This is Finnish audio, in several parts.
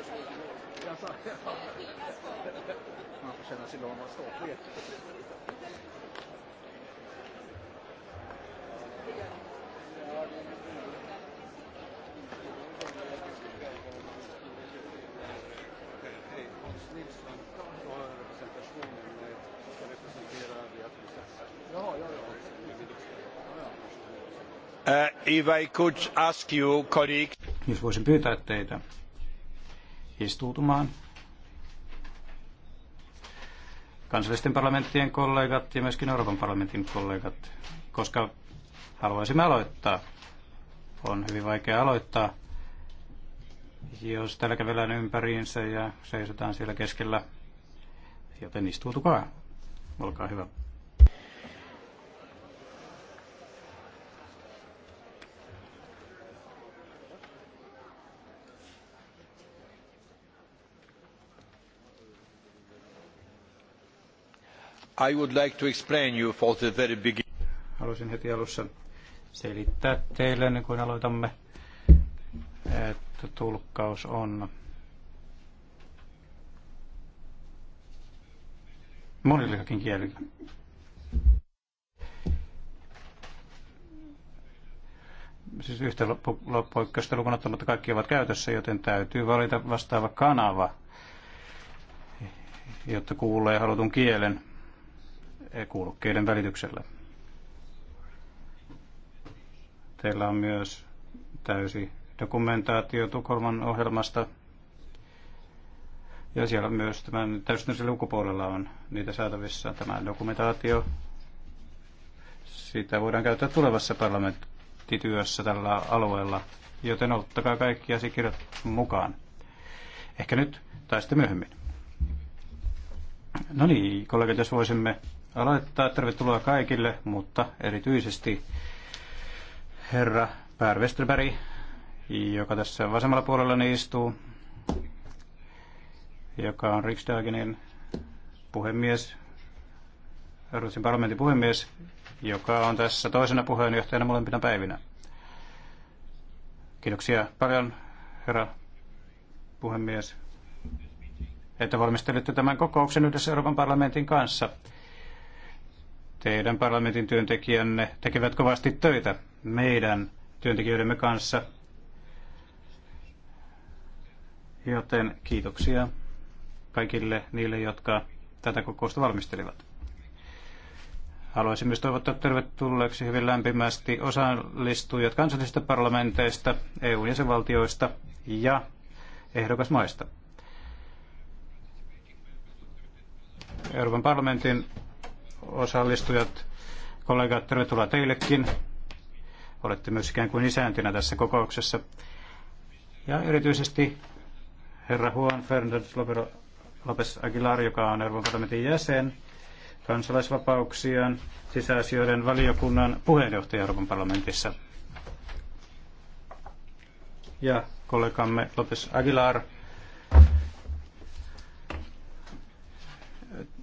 Man får känna sig lam av Uh, If I could ask you, colleague... Jos voisin pyytää teitä, istuutumaan. Kansallisten parlamenttien kollegat ja myöskin Euroopan parlamentin kollegat, koska haluaisimme aloittaa. On hyvin vaikea aloittaa, jos täällä kävellään ympäriinsä ja seisotaan siellä keskellä. Joten istuutukaa. Olkaa hyvä. Haluaisin heti alussa selittää teille, ennen kuin aloitamme, että tulkkaus on monillakin kielillä. Siis yhtä loppuoikeusta lukuun ottamatta kaikki ovat käytössä, joten täytyy valita vastaava kanava, jotta kuulee halutun kielen kuulokkeiden välityksellä. Teillä on myös täysi dokumentaatio Tukholman ohjelmasta. Ja siellä myös tämän täysin ulkopuolella on niitä saatavissa tämä dokumentaatio. Sitä voidaan käyttää tulevassa parlamenttityössä tällä alueella, joten ottakaa kaikki asiakirjat mukaan. Ehkä nyt tai sitten myöhemmin. No niin, kollegat, jos voisimme aloittaa. Tervetuloa kaikille, mutta erityisesti herra Pär Westerberg, joka tässä vasemmalla puolella istuu, joka on Riksdagenin puhemies, Ruotsin parlamentin puhemies, joka on tässä toisena puheenjohtajana molempina päivinä. Kiitoksia paljon, herra puhemies, että valmistelitte tämän kokouksen yhdessä Euroopan parlamentin kanssa teidän parlamentin työntekijänne tekevät kovasti töitä meidän työntekijöidemme kanssa. Joten kiitoksia kaikille niille, jotka tätä kokousta valmistelivat. Haluaisin myös toivottaa tervetulleeksi hyvin lämpimästi osallistujat kansallisista parlamenteista, EUn jäsenvaltioista ja ehdokasmaista. Euroopan parlamentin osallistujat, kollegat, tervetuloa teillekin. Olette myös ikään kuin isäntinä tässä kokouksessa. Ja erityisesti herra Juan Fernandez López Aguilar, joka on Euroopan parlamentin jäsen, kansalaisvapauksien sisäasioiden valiokunnan puheenjohtaja Euroopan parlamentissa. Ja kollegamme López Aguilar,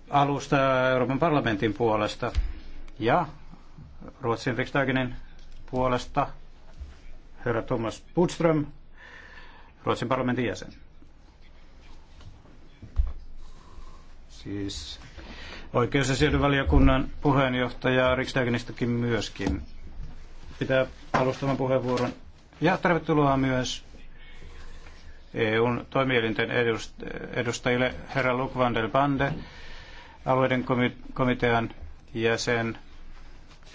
alusta Euroopan parlamentin puolesta ja Ruotsin riksdagenin puolesta herra Thomas Budström, Ruotsin parlamentin jäsen. Siis oikeusasioiden puheenjohtaja Riksdagenistakin myöskin pitää alustavan puheenvuoron. Ja tervetuloa myös EUn toimielinten edustajille herra Luke van der Bande, alueiden komitean jäsen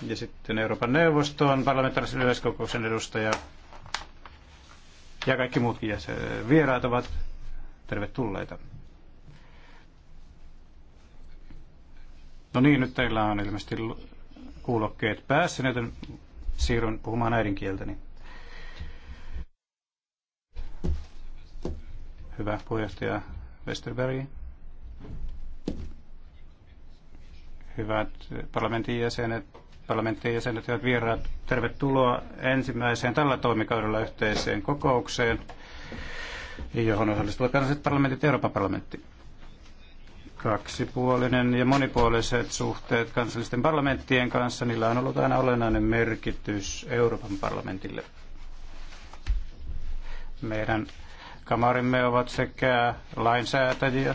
ja sitten Euroopan neuvoston parlamentaarisen yleiskokouksen edustaja ja kaikki muutkin jäsen, vieraat ovat tervetulleita. No niin, nyt teillä on ilmeisesti kuulokkeet päässä, niin joten siirryn puhumaan äidinkieltäni. Hyvä puheenjohtaja Westerberg. hyvät parlamentin jäsenet, parlamentin jäsenet, hyvät vieraat, tervetuloa ensimmäiseen tällä toimikaudella yhteiseen kokoukseen, johon osallistuu kansalliset parlamentit ja Euroopan parlamentti. Kaksipuolinen ja monipuoliset suhteet kansallisten parlamenttien kanssa, niillä on ollut aina olennainen merkitys Euroopan parlamentille. Meidän kamarimme ovat sekä lainsäätäjiä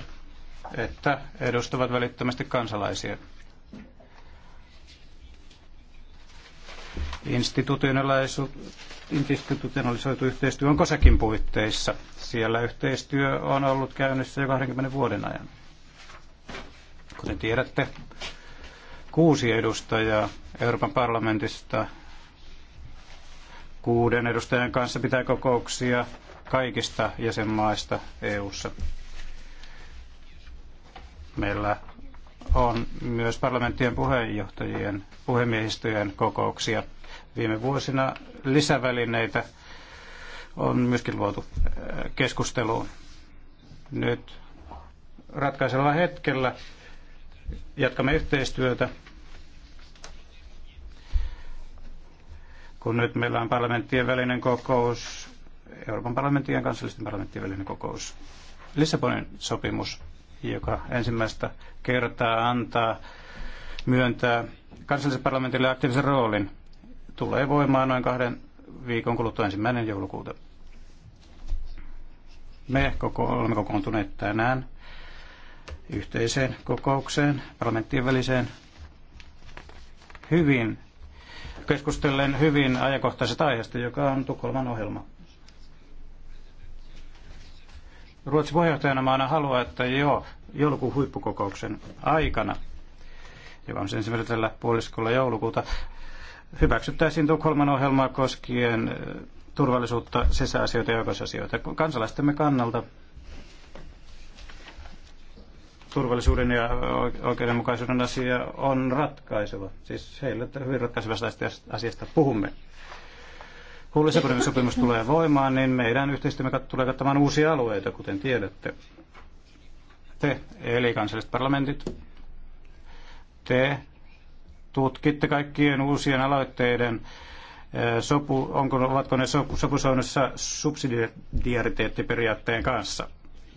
että edustavat välittömästi kansalaisia. institutionalisoitu yhteistyö on kosakin puitteissa. Siellä yhteistyö on ollut käynnissä jo 20 vuoden ajan. Kuten tiedätte, kuusi edustajaa Euroopan parlamentista kuuden edustajan kanssa pitää kokouksia kaikista jäsenmaista EU:ssa. Meillä on myös parlamenttien puheenjohtajien, puhemiehistöjen kokouksia – Viime vuosina lisävälineitä on myöskin luotu äh, keskusteluun. Nyt ratkaisella hetkellä jatkamme yhteistyötä. Kun nyt meillä on parlamenttien välinen kokous, Euroopan parlamentin ja kansallisten parlamenttien välinen kokous. Lissabonin sopimus, joka ensimmäistä kertaa antaa myöntää kansallisen parlamentille aktiivisen roolin tulee voimaan noin kahden viikon kuluttua ensimmäinen joulukuuta. Me koko, olemme kokoontuneet tänään yhteiseen kokoukseen, parlamenttien väliseen hyvin, keskustellen hyvin ajankohtaisesta aiheesta, joka on Tukholman ohjelma. Ruotsin puheenjohtajana maana haluaa, että jo joulukuun huippukokouksen aikana, joka on siis ensimmäisellä puoliskolla joulukuuta, hyväksyttäisiin Tukholman ohjelmaa koskien turvallisuutta, sisäasioita ja oikeusasioita. Kansalaistemme kannalta turvallisuuden ja oikeudenmukaisuuden asia on ratkaiseva. Siis heille hyvin ratkaisevasta asiasta puhumme. Kun sopimus tulee voimaan, niin meidän yhteistyömme tulee kattamaan uusia alueita, kuten tiedätte. Te, eli kansalliset parlamentit, te tutkitte kaikkien uusien aloitteiden sopu, onko, ovatko ne sopu, sopusoinnissa subsidiariteettiperiaatteen kanssa.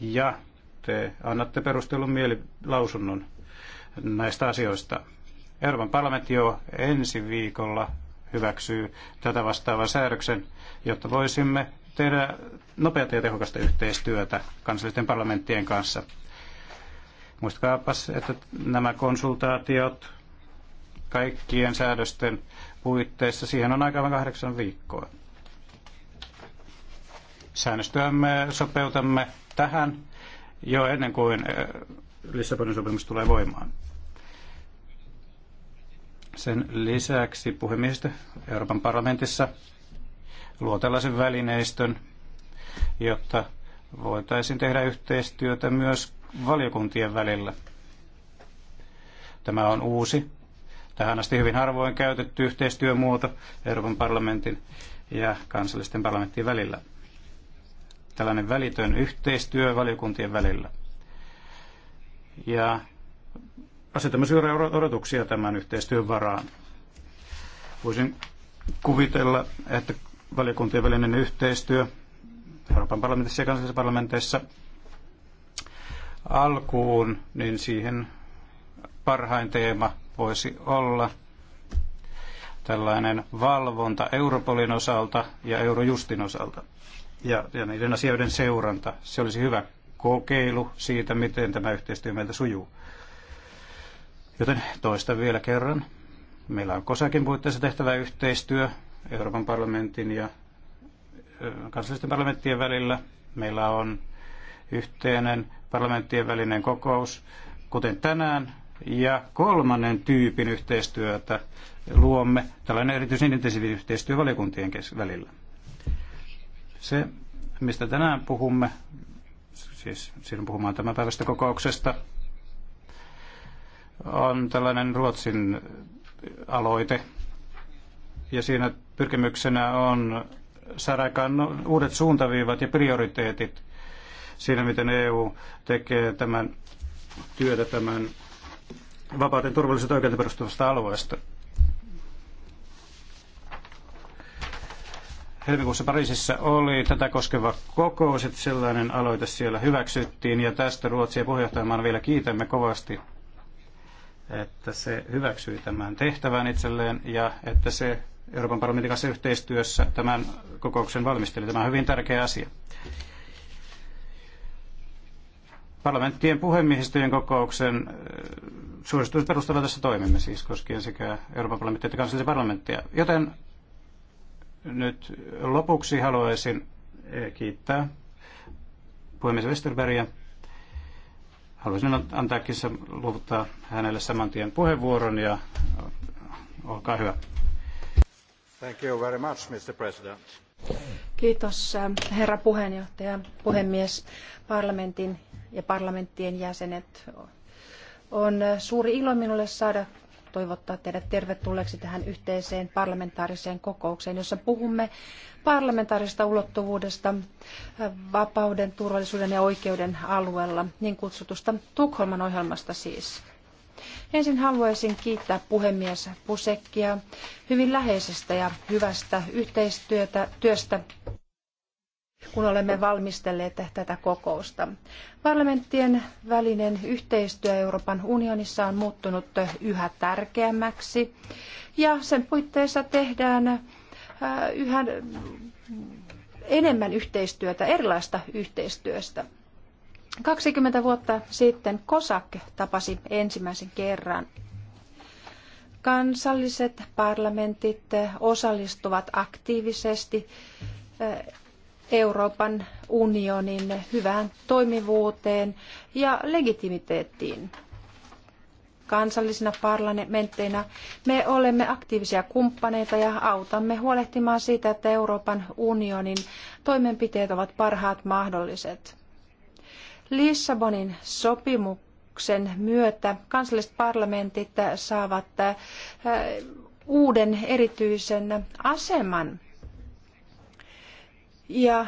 Ja te annatte perustelun mielilausunnon näistä asioista. Euroopan parlamentti jo ensi viikolla hyväksyy tätä vastaavan säädöksen, jotta voisimme tehdä nopeata ja tehokasta yhteistyötä kansallisten parlamenttien kanssa. Muistakaapas, että nämä konsultaatiot kaikkien säädösten puitteissa. Siihen on aikaa kahdeksan viikkoa. Säännöstöämme sopeutamme tähän jo ennen kuin eh, Lissabonin sopimus tulee voimaan. Sen lisäksi puhemiehistö Euroopan parlamentissa luo tällaisen välineistön, jotta voitaisiin tehdä yhteistyötä myös valiokuntien välillä. Tämä on uusi tähän asti hyvin harvoin käytetty yhteistyömuoto Euroopan parlamentin ja kansallisten parlamenttien välillä. Tällainen välitön yhteistyö valiokuntien välillä. Ja asetamme suuria odotuksia tämän yhteistyön varaan. Voisin kuvitella, että valiokuntien välinen yhteistyö Euroopan parlamentissa ja kansallisissa parlamenteissa alkuun, niin siihen parhain teema voisi olla tällainen valvonta Europolin osalta ja Eurojustin osalta ja, ja niiden asioiden seuranta. Se olisi hyvä kokeilu siitä, miten tämä yhteistyö meiltä sujuu. Joten toista vielä kerran. Meillä on kosakin puitteissa tehtävä yhteistyö Euroopan parlamentin ja kansallisten parlamenttien välillä. Meillä on yhteinen parlamenttien välinen kokous, kuten tänään, ja kolmannen tyypin yhteistyötä luomme, tällainen erityisen intensiivinen yhteistyö valiokuntien välillä. Se, mistä tänään puhumme, siis siinä puhumaan tämän päivästä kokouksesta, on tällainen Ruotsin aloite. Ja siinä pyrkimyksenä on saada aikaan no, uudet suuntaviivat ja prioriteetit siinä, miten EU tekee tämän työtä tämän vapauteen turvallisuuteen oikeuteen perustuvasta alueesta. Helmikuussa Pariisissa oli tätä koskeva kokous, että sellainen aloite siellä hyväksyttiin ja tästä Ruotsia puheenjohtajamaan vielä kiitämme kovasti, että se hyväksyi tämän tehtävän itselleen ja että se Euroopan parlamentin kanssa yhteistyössä tämän kokouksen valmisteli. Tämä on hyvin tärkeä asia. Parlamenttien puhemiehistöjen kokouksen suositusten tässä toimimme siis koskien sekä Euroopan parlamenttia että kansallisia parlamenttia. Joten nyt lopuksi haluaisin eh, kiittää puhemies Westerbergia. Haluaisin kissa luovuttaa hänelle saman tien puheenvuoron ja eh, olkaa hyvä. Thank you very much, Mr. President. Kiitos eh, herra puheenjohtaja, puhemies, parlamentin ja parlamenttien jäsenet, on suuri ilo minulle saada toivottaa teidät tervetulleeksi tähän yhteiseen parlamentaariseen kokoukseen, jossa puhumme parlamentaarisesta ulottuvuudesta vapauden, turvallisuuden ja oikeuden alueella, niin kutsutusta Tukholman ohjelmasta siis. Ensin haluaisin kiittää puhemies Pusekkia hyvin läheisestä ja hyvästä yhteistyöstä kun olemme valmistelleet tätä kokousta. Parlamenttien välinen yhteistyö Euroopan unionissa on muuttunut yhä tärkeämmäksi ja sen puitteissa tehdään äh, yhä enemmän yhteistyötä, erilaista yhteistyöstä. 20 vuotta sitten COSAC tapasi ensimmäisen kerran. Kansalliset parlamentit osallistuvat aktiivisesti äh, Euroopan unionin hyvään toimivuuteen ja legitimiteettiin. Kansallisina parlamentteina me olemme aktiivisia kumppaneita ja autamme huolehtimaan siitä, että Euroopan unionin toimenpiteet ovat parhaat mahdolliset. Lissabonin sopimuksen myötä kansalliset parlamentit saavat äh, uuden erityisen aseman ja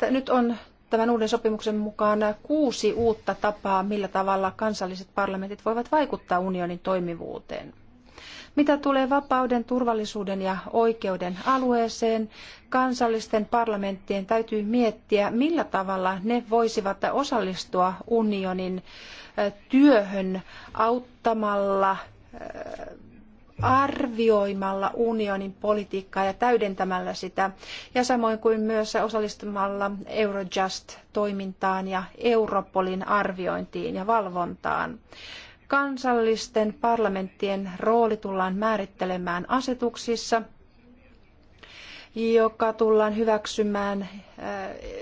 äh, nyt on tämän uuden sopimuksen mukaan kuusi uutta tapaa, millä tavalla kansalliset parlamentit voivat vaikuttaa unionin toimivuuteen. Mitä tulee vapauden, turvallisuuden ja oikeuden alueeseen, kansallisten parlamenttien täytyy miettiä, millä tavalla ne voisivat osallistua unionin äh, työhön auttamalla äh, arvioimalla unionin politiikkaa ja täydentämällä sitä, ja samoin kuin myös osallistumalla Eurojust-toimintaan ja Europolin arviointiin ja valvontaan. Kansallisten parlamenttien rooli tullaan määrittelemään asetuksissa, joka tullaan hyväksymään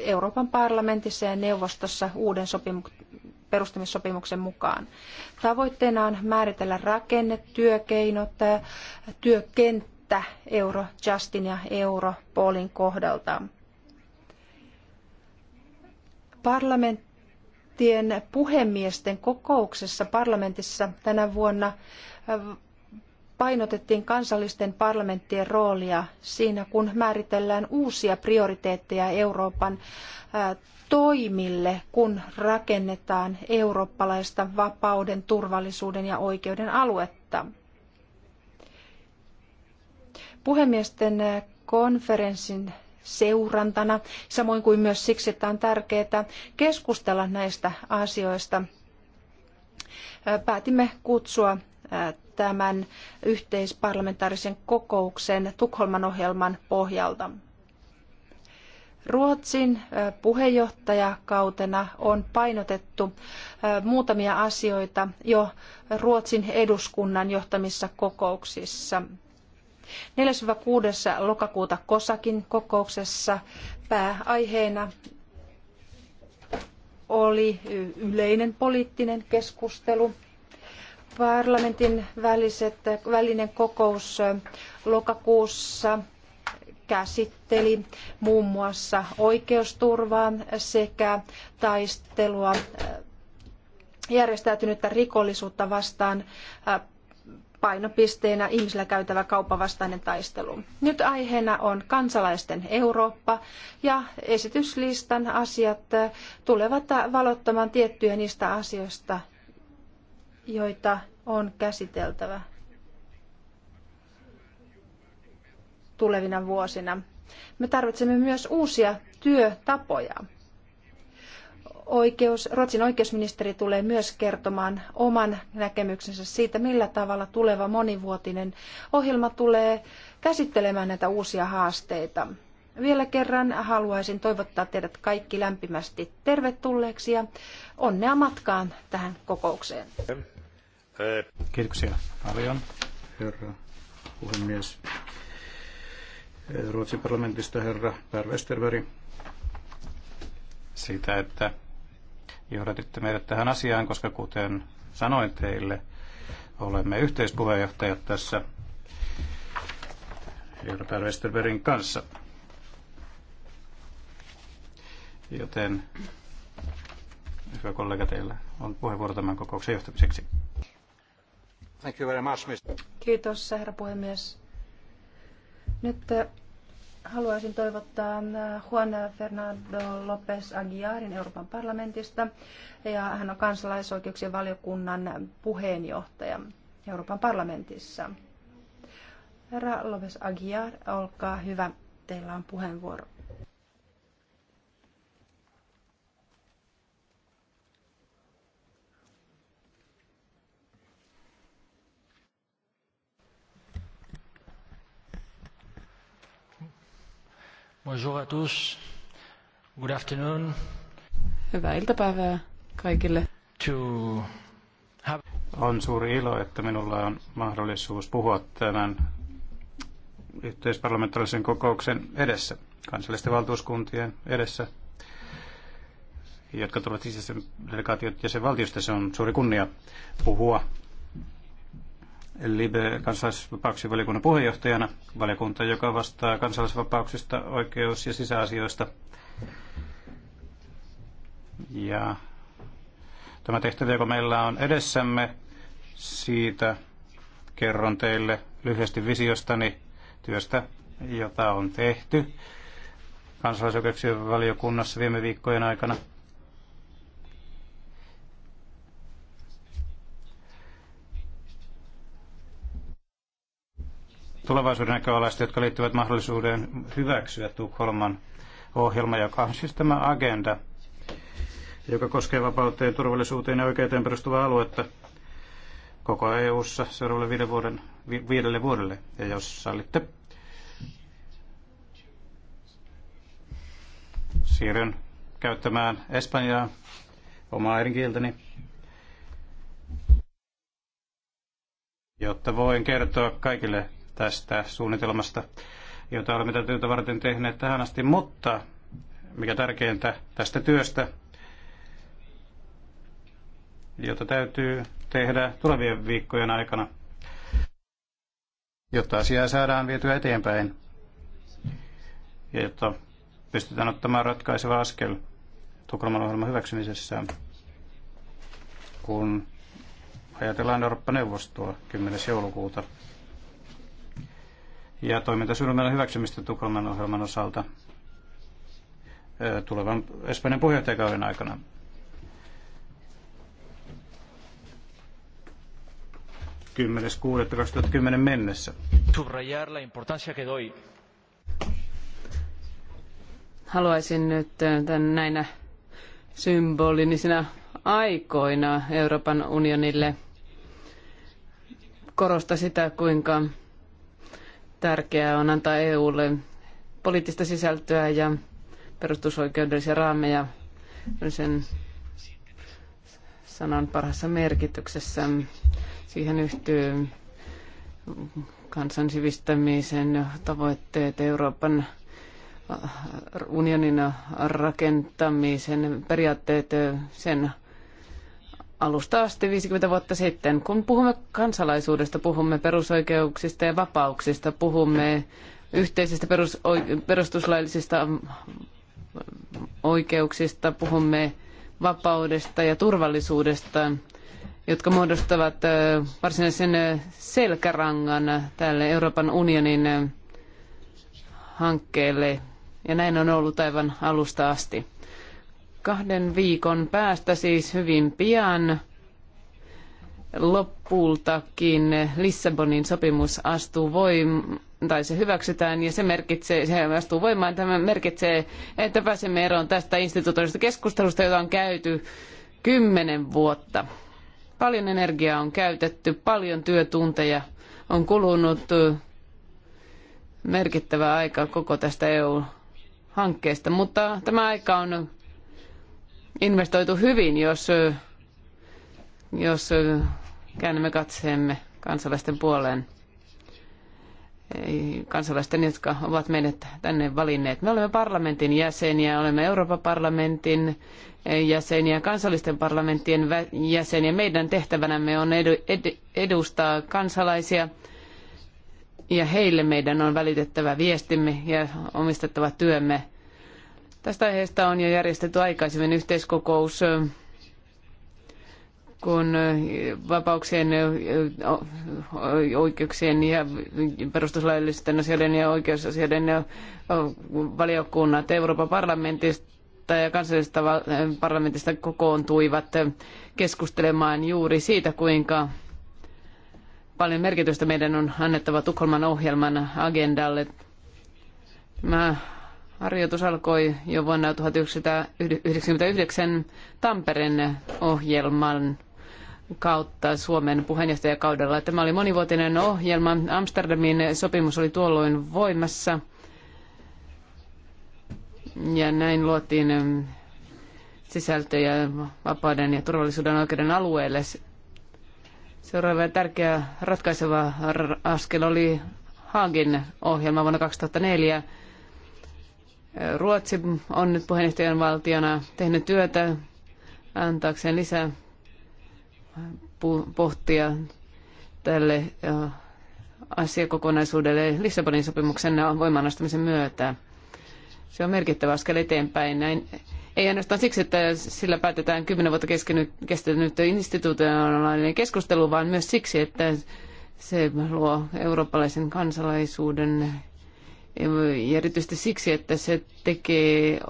Euroopan parlamentissa ja neuvostossa uuden sopimuksen perustamissopimuksen mukaan. Tavoitteena on määritellä rakenne, työkeinot, työkenttä Eurojustin ja Europolin kohdalta. Parlamenttien puhemiesten kokouksessa parlamentissa tänä vuonna painotettiin kansallisten parlamenttien roolia siinä, kun määritellään uusia prioriteetteja Euroopan toimille, kun rakennetaan eurooppalaista vapauden, turvallisuuden ja oikeuden aluetta. Puhemiesten konferenssin seurantana, samoin kuin myös siksi, että on tärkeää keskustella näistä asioista. Päätimme kutsua tämän yhteisparlamentaarisen kokouksen Tukholman ohjelman pohjalta. Ruotsin puheenjohtajakautena on painotettu muutamia asioita jo Ruotsin eduskunnan johtamissa kokouksissa. 4-6. lokakuuta Kosakin kokouksessa pääaiheena oli yleinen poliittinen keskustelu. Parlamentin väliset, välinen kokous lokakuussa käsitteli muun muassa oikeusturvaa sekä taistelua äh, järjestäytynyttä rikollisuutta vastaan äh, painopisteenä ihmisillä käytävä kaupan vastainen taistelu. Nyt aiheena on kansalaisten Eurooppa ja esityslistan asiat äh, tulevat valottamaan tiettyjä niistä asioista, joita on käsiteltävä. tulevina vuosina. Me tarvitsemme myös uusia työtapoja. Oikeus, Ruotsin oikeusministeri tulee myös kertomaan oman näkemyksensä siitä, millä tavalla tuleva monivuotinen ohjelma tulee käsittelemään näitä uusia haasteita. Vielä kerran haluaisin toivottaa teidät kaikki lämpimästi tervetulleeksi ja onnea matkaan tähän kokoukseen. Kiitoksia paljon, herra puhemies. Ruotsin parlamentista herra Per Westerberg siitä, että johdatitte meidät tähän asiaan, koska kuten sanoin teille, olemme yhteispuheenjohtajat tässä herra Per Westerbergin kanssa. Joten hyvä kollega teillä on puheenvuoro tämän kokouksen johtamiseksi. Thank you very much, Mr. Kiitos, herra puhemies. Nyt äh, haluaisin toivottaa äh, Juan Fernando López Aguiarin Euroopan parlamentista ja hän on kansalaisoikeuksien valiokunnan puheenjohtaja Euroopan parlamentissa. Herra López Aguiar, olkaa hyvä, teillä on puheenvuoro. Bonjour à tous. Good afternoon. Hyvää iltapäivää kaikille. To have... On suuri ilo, että minulla on mahdollisuus puhua tämän yhteisparlamentaarisen kokouksen edessä, kansallisten valtuuskuntien edessä, jotka tulevat sisäisen delegaatiot ja sen valtiosta. Se on suuri kunnia puhua Libe kansalaisvapauksien puheenjohtajana, valiokunta, joka vastaa kansalaisvapauksista, oikeus- ja sisäasioista. Ja tämä tehtävä, joka meillä on edessämme, siitä kerron teille lyhyesti visiostani työstä, jota on tehty kansalaisoikeuksien valiokunnassa viime viikkojen aikana – tulevaisuuden näköalasta, jotka liittyvät mahdollisuuteen hyväksyä Tukholman ohjelma, joka on siis tämä agenda, joka koskee vapauteen, turvallisuuteen ja oikeuteen perustuvaa aluetta koko EU-ssa seuraavalle viiden vuoden, vi, viidelle vuodelle. Ja jos sallitte, siirryn käyttämään Espanjaa, omaa äidinkieltäni, jotta voin kertoa kaikille tästä suunnitelmasta, jota olemme tätä työtä varten tehneet tähän asti, mutta mikä tärkeintä tästä työstä, jota täytyy tehdä tulevien viikkojen aikana, jotta asiaa saadaan vietyä eteenpäin ja jotta pystytään ottamaan ratkaiseva askel Tukholman ohjelman hyväksymisessä, kun ajatellaan Eurooppa-neuvostoa 10. joulukuuta ja toimintasuunnitelman hyväksymistä Tukholman ohjelman osalta tulevan Espanjan puheenjohtajakauden aikana. kymmenen mennessä. Subrayar la importancia que doy. Haluaisin nyt tämän näinä symbolinisina aikoina Euroopan unionille korostaa sitä, kuinka Tärkeää on antaa EUlle poliittista sisältöä ja perustusoikeudellisia raameja sen sanan parhassa merkityksessä. Siihen yhtyy kansan sivistämisen tavoitteet Euroopan unionin rakentamisen periaatteet, sen alusta asti 50 vuotta sitten. Kun puhumme kansalaisuudesta, puhumme perusoikeuksista ja vapauksista, puhumme yhteisistä perustuslaillisista oikeuksista, puhumme vapaudesta ja turvallisuudesta, jotka muodostavat varsinaisen selkärangan tälle Euroopan unionin hankkeelle. Ja näin on ollut aivan alusta asti kahden viikon päästä, siis hyvin pian, lopultakin Lissabonin sopimus astuu voimaan tai se hyväksytään ja se merkitsee, se astuu voimaan. Tämä merkitsee, että pääsemme eroon tästä instituutioista keskustelusta, jota on käyty kymmenen vuotta. Paljon energiaa on käytetty, paljon työtunteja on kulunut merkittävä aika koko tästä EU-hankkeesta, mutta tämä aika on investoitu hyvin, jos, jos käännämme katseemme kansalaisten puoleen kansalaisten, jotka ovat meidät tänne valinneet. Me olemme parlamentin jäseniä, olemme Euroopan parlamentin jäseniä, kansallisten parlamenttien jäseniä. Meidän tehtävänämme on edustaa kansalaisia ja heille meidän on välitettävä viestimme ja omistettava työmme Tästä aiheesta on jo järjestetty aikaisemmin yhteiskokous, kun vapauksien, oikeuksien ja perustuslaillisten asioiden ja oikeusasioiden ja valiokunnat Euroopan parlamentista ja kansallisesta parlamentista kokoontuivat keskustelemaan juuri siitä, kuinka paljon merkitystä meidän on annettava Tukholman ohjelman agendalle. Tämä Harjoitus alkoi jo vuonna 1999 Tampereen ohjelman kautta Suomen puheenjohtajakaudella. Tämä oli monivuotinen ohjelma. Amsterdamin sopimus oli tuolloin voimassa. Ja näin luotiin ähm, sisältöjä vapauden ja turvallisuuden oikeuden alueelle. Seuraava tärkeä ratkaiseva askel oli Haagin ohjelma vuonna 2004 Ruotsi on nyt puheenjohtajan valtiona tehnyt työtä antaakseen lisää pohtia tälle asiakokonaisuudelle Lissabonin sopimuksen voimaanastamisen myötä. Se on merkittävä askel eteenpäin. Näin, ei ainoastaan siksi, että sillä päätetään kymmenen vuotta kestänyt institutionaalinen keskustelu, vaan myös siksi, että se luo eurooppalaisen kansalaisuuden ja erityisesti siksi, että se tekee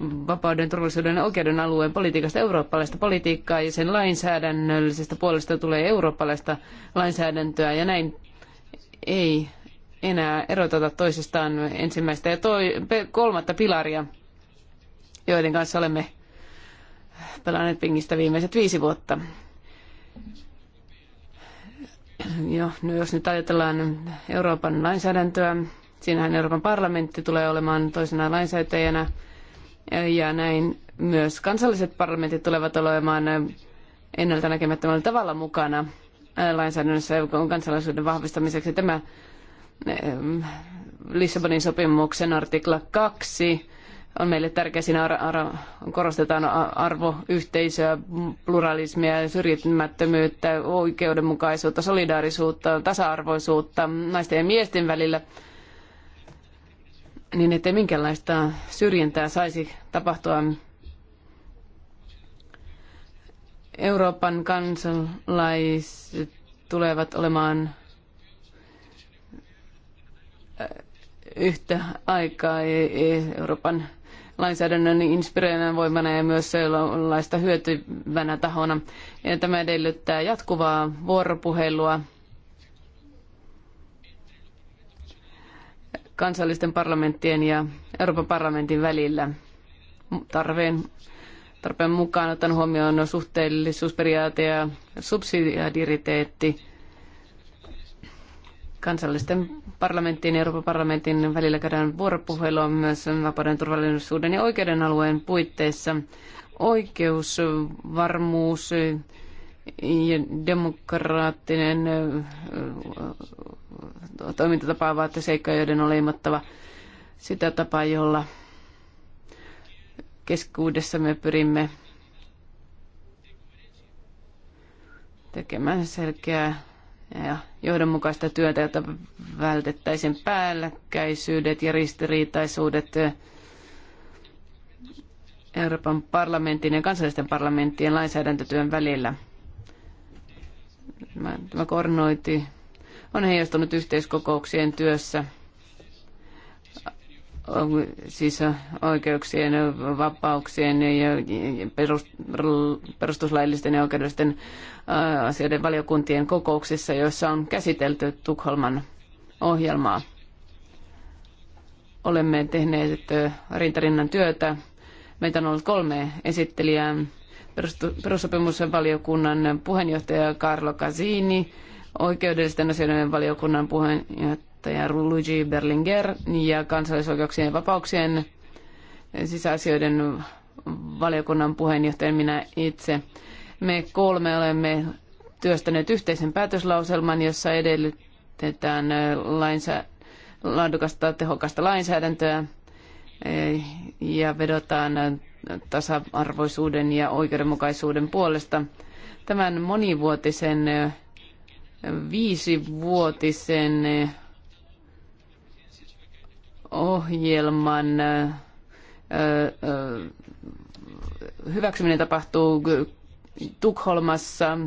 vapauden, turvallisuuden ja oikeuden alueen politiikasta eurooppalaista politiikkaa ja sen lainsäädännöllisestä puolesta tulee eurooppalaista lainsäädäntöä ja näin ei enää eroteta toisistaan ensimmäistä ja toi, kolmatta pilaria, joiden kanssa olemme pelanneet pingistä viimeiset viisi vuotta. Jo, no jos nyt ajatellaan Euroopan lainsäädäntöä, Siinähän Euroopan parlamentti tulee olemaan toisena lainsäätäjänä ja näin myös kansalliset parlamentit tulevat olemaan ennalta näkemättömällä tavalla mukana äh, lainsäädännössä kansalaisuuden vahvistamiseksi. Tämä ähm, Lissabonin sopimuksen artikla 2 on meille tärkeä. Siinä ar- ar- korostetaan arvoyhteisöä, pluralismia, syrjimättömyyttä, oikeudenmukaisuutta, solidaarisuutta, tasa-arvoisuutta naisten ja miesten välillä – niin ettei minkäänlaista syrjintää saisi tapahtua Euroopan kansalaiset tulevat olemaan äh, yhtä aikaa e- e- Euroopan lainsäädännön inspiroivana voimana ja myös sellaista hyötyvänä tahona. Ja tämä edellyttää jatkuvaa vuoropuhelua kansallisten parlamenttien ja Euroopan parlamentin välillä tarpeen, tarpeen mukaan otan huomioon suhteellisuusperiaate ja subsidiariteetti kansallisten parlamenttien ja Euroopan parlamentin välillä käydään vuoropuhelua myös vapauden, turvallisuuden ja oikeuden alueen puitteissa. Oikeusvarmuus ja demokraattinen toimintatapa ovat seikka, joiden on leimattava sitä tapaa, jolla me pyrimme tekemään selkeää ja johdonmukaista työtä, jota vältettäisiin päällekkäisyydet ja ristiriitaisuudet Euroopan parlamentin ja kansallisten parlamenttien lainsäädäntötyön välillä. Tämä koordinointi on heijastunut yhteiskokouksien työssä siis oikeuksien, vapauksien ja perustuslaillisten ja oikeudellisten asioiden valiokuntien kokouksissa, joissa on käsitelty Tukholman ohjelmaa. Olemme tehneet rintarinnan työtä. Meitä on ollut kolme esittelijää perussopimusvaliokunnan puheenjohtaja Carlo Casini, oikeudellisten asioiden valiokunnan puheenjohtaja Luigi Berlinger ja kansallisoikeuksien ja vapauksien sisäasioiden valiokunnan puheenjohtaja minä itse. Me kolme olemme työstäneet yhteisen päätöslauselman, jossa edellytetään lainsä, laadukasta tehokasta lainsäädäntöä ja vedotaan tasa-arvoisuuden ja oikeudenmukaisuuden puolesta. Tämän monivuotisen viisivuotisen ohjelman hyväksyminen tapahtuu Tukholmassa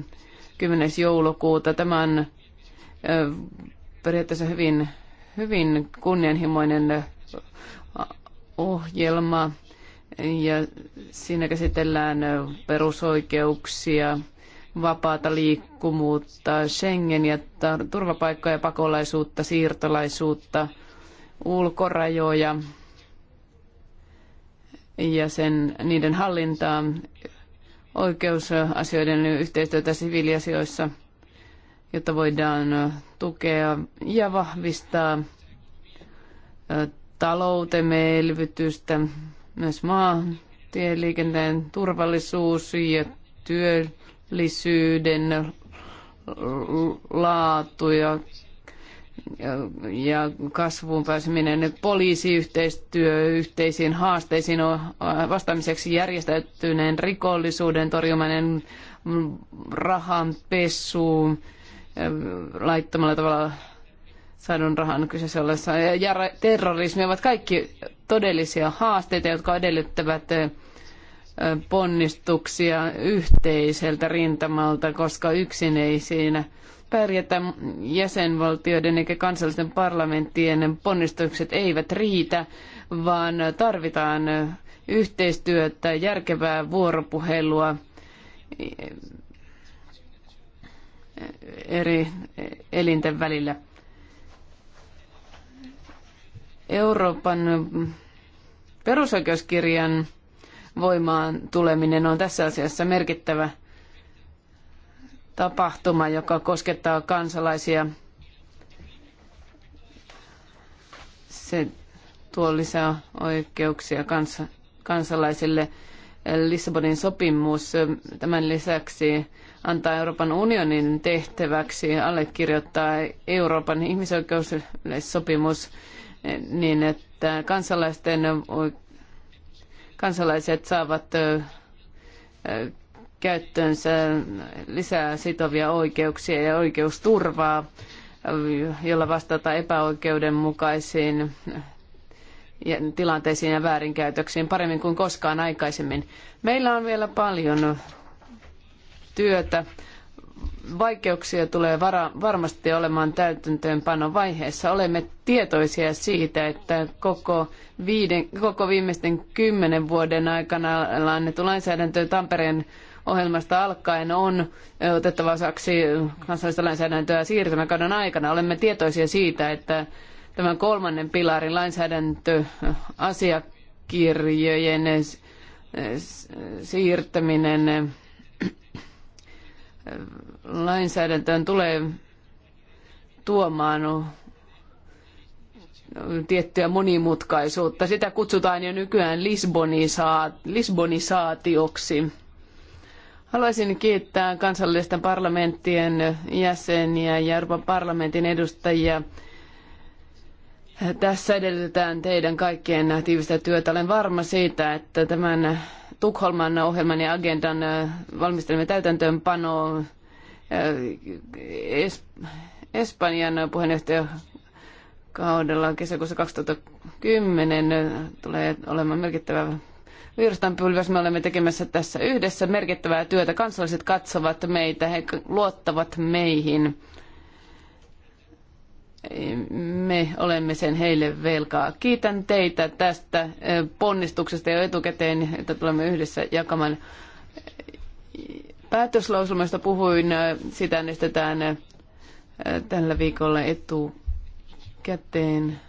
10. joulukuuta. Tämä on periaatteessa hyvin, hyvin kunnianhimoinen ohjelma ja siinä käsitellään perusoikeuksia, vapaata liikkumuutta, Schengen turvapaikkaa ja pakolaisuutta, siirtolaisuutta, ulkorajoja ja sen, niiden hallintaa, oikeusasioiden yhteistyötä siviiliasioissa, jotta voidaan tukea ja vahvistaa taloutemme elvytystä, myös maantieliikenteen turvallisuus ja työllisyyden laatu ja, ja kasvuun pääseminen, poliisiyhteistyö yhteisiin haasteisiin äh, vastaamiseksi järjestäytyneen rikollisuuden torjuminen, rahanpesu, äh, laittomalla tavalla saadun rahan kyseessä ollessa. Ja terrorismi ovat kaikki todellisia haasteita, jotka edellyttävät ponnistuksia yhteiseltä rintamalta, koska yksin ei siinä pärjätä jäsenvaltioiden eikä kansallisten parlamenttien ponnistukset eivät riitä, vaan tarvitaan yhteistyötä, järkevää vuoropuhelua eri elinten välillä. Euroopan perusoikeuskirjan voimaan tuleminen on tässä asiassa merkittävä tapahtuma, joka koskettaa kansalaisia. Se tuo lisää oikeuksia kans, kansalaisille. Lissabonin sopimus tämän lisäksi antaa Euroopan unionin tehtäväksi allekirjoittaa Euroopan ihmisoikeussopimus niin, että kansalaisten, kansalaiset saavat käyttöönsä lisää sitovia oikeuksia ja oikeusturvaa, jolla vastata epäoikeudenmukaisiin tilanteisiin ja väärinkäytöksiin paremmin kuin koskaan aikaisemmin. Meillä on vielä paljon työtä vaikeuksia tulee vara, varmasti olemaan täytäntöönpanon vaiheessa. Olemme tietoisia siitä, että koko, viiden, koko viimeisten kymmenen vuoden aikana annettu lainsäädäntö Tampereen ohjelmasta alkaen on otettava osaksi kansallista lainsäädäntöä siirtymäkauden aikana. Olemme tietoisia siitä, että tämän kolmannen pilarin lainsäädäntöasiakirjojen siirtäminen lainsäädäntöön tulee tuomaan tiettyä monimutkaisuutta. Sitä kutsutaan jo nykyään Lisbonisa- Lisbonisaatioksi. Haluaisin kiittää kansallisten parlamenttien jäseniä ja Euroopan parlamentin edustajia tässä edellytetään teidän kaikkien tiivistä työtä. Olen varma siitä, että tämän Tukholman ohjelman ja agendan valmistelemme täytäntöönpanoon es- Espanjan puheenjohtajakaudella kesäkuussa 2010 tulee olemaan merkittävä virstanpylväs. Me olemme tekemässä tässä yhdessä merkittävää työtä. Kansalaiset katsovat meitä, he luottavat meihin me olemme sen heille velkaa. Kiitän teitä tästä ponnistuksesta jo etukäteen, että tulemme yhdessä jakamaan päätöslauselmasta puhuin. Sitä äänestetään tällä viikolla etukäteen.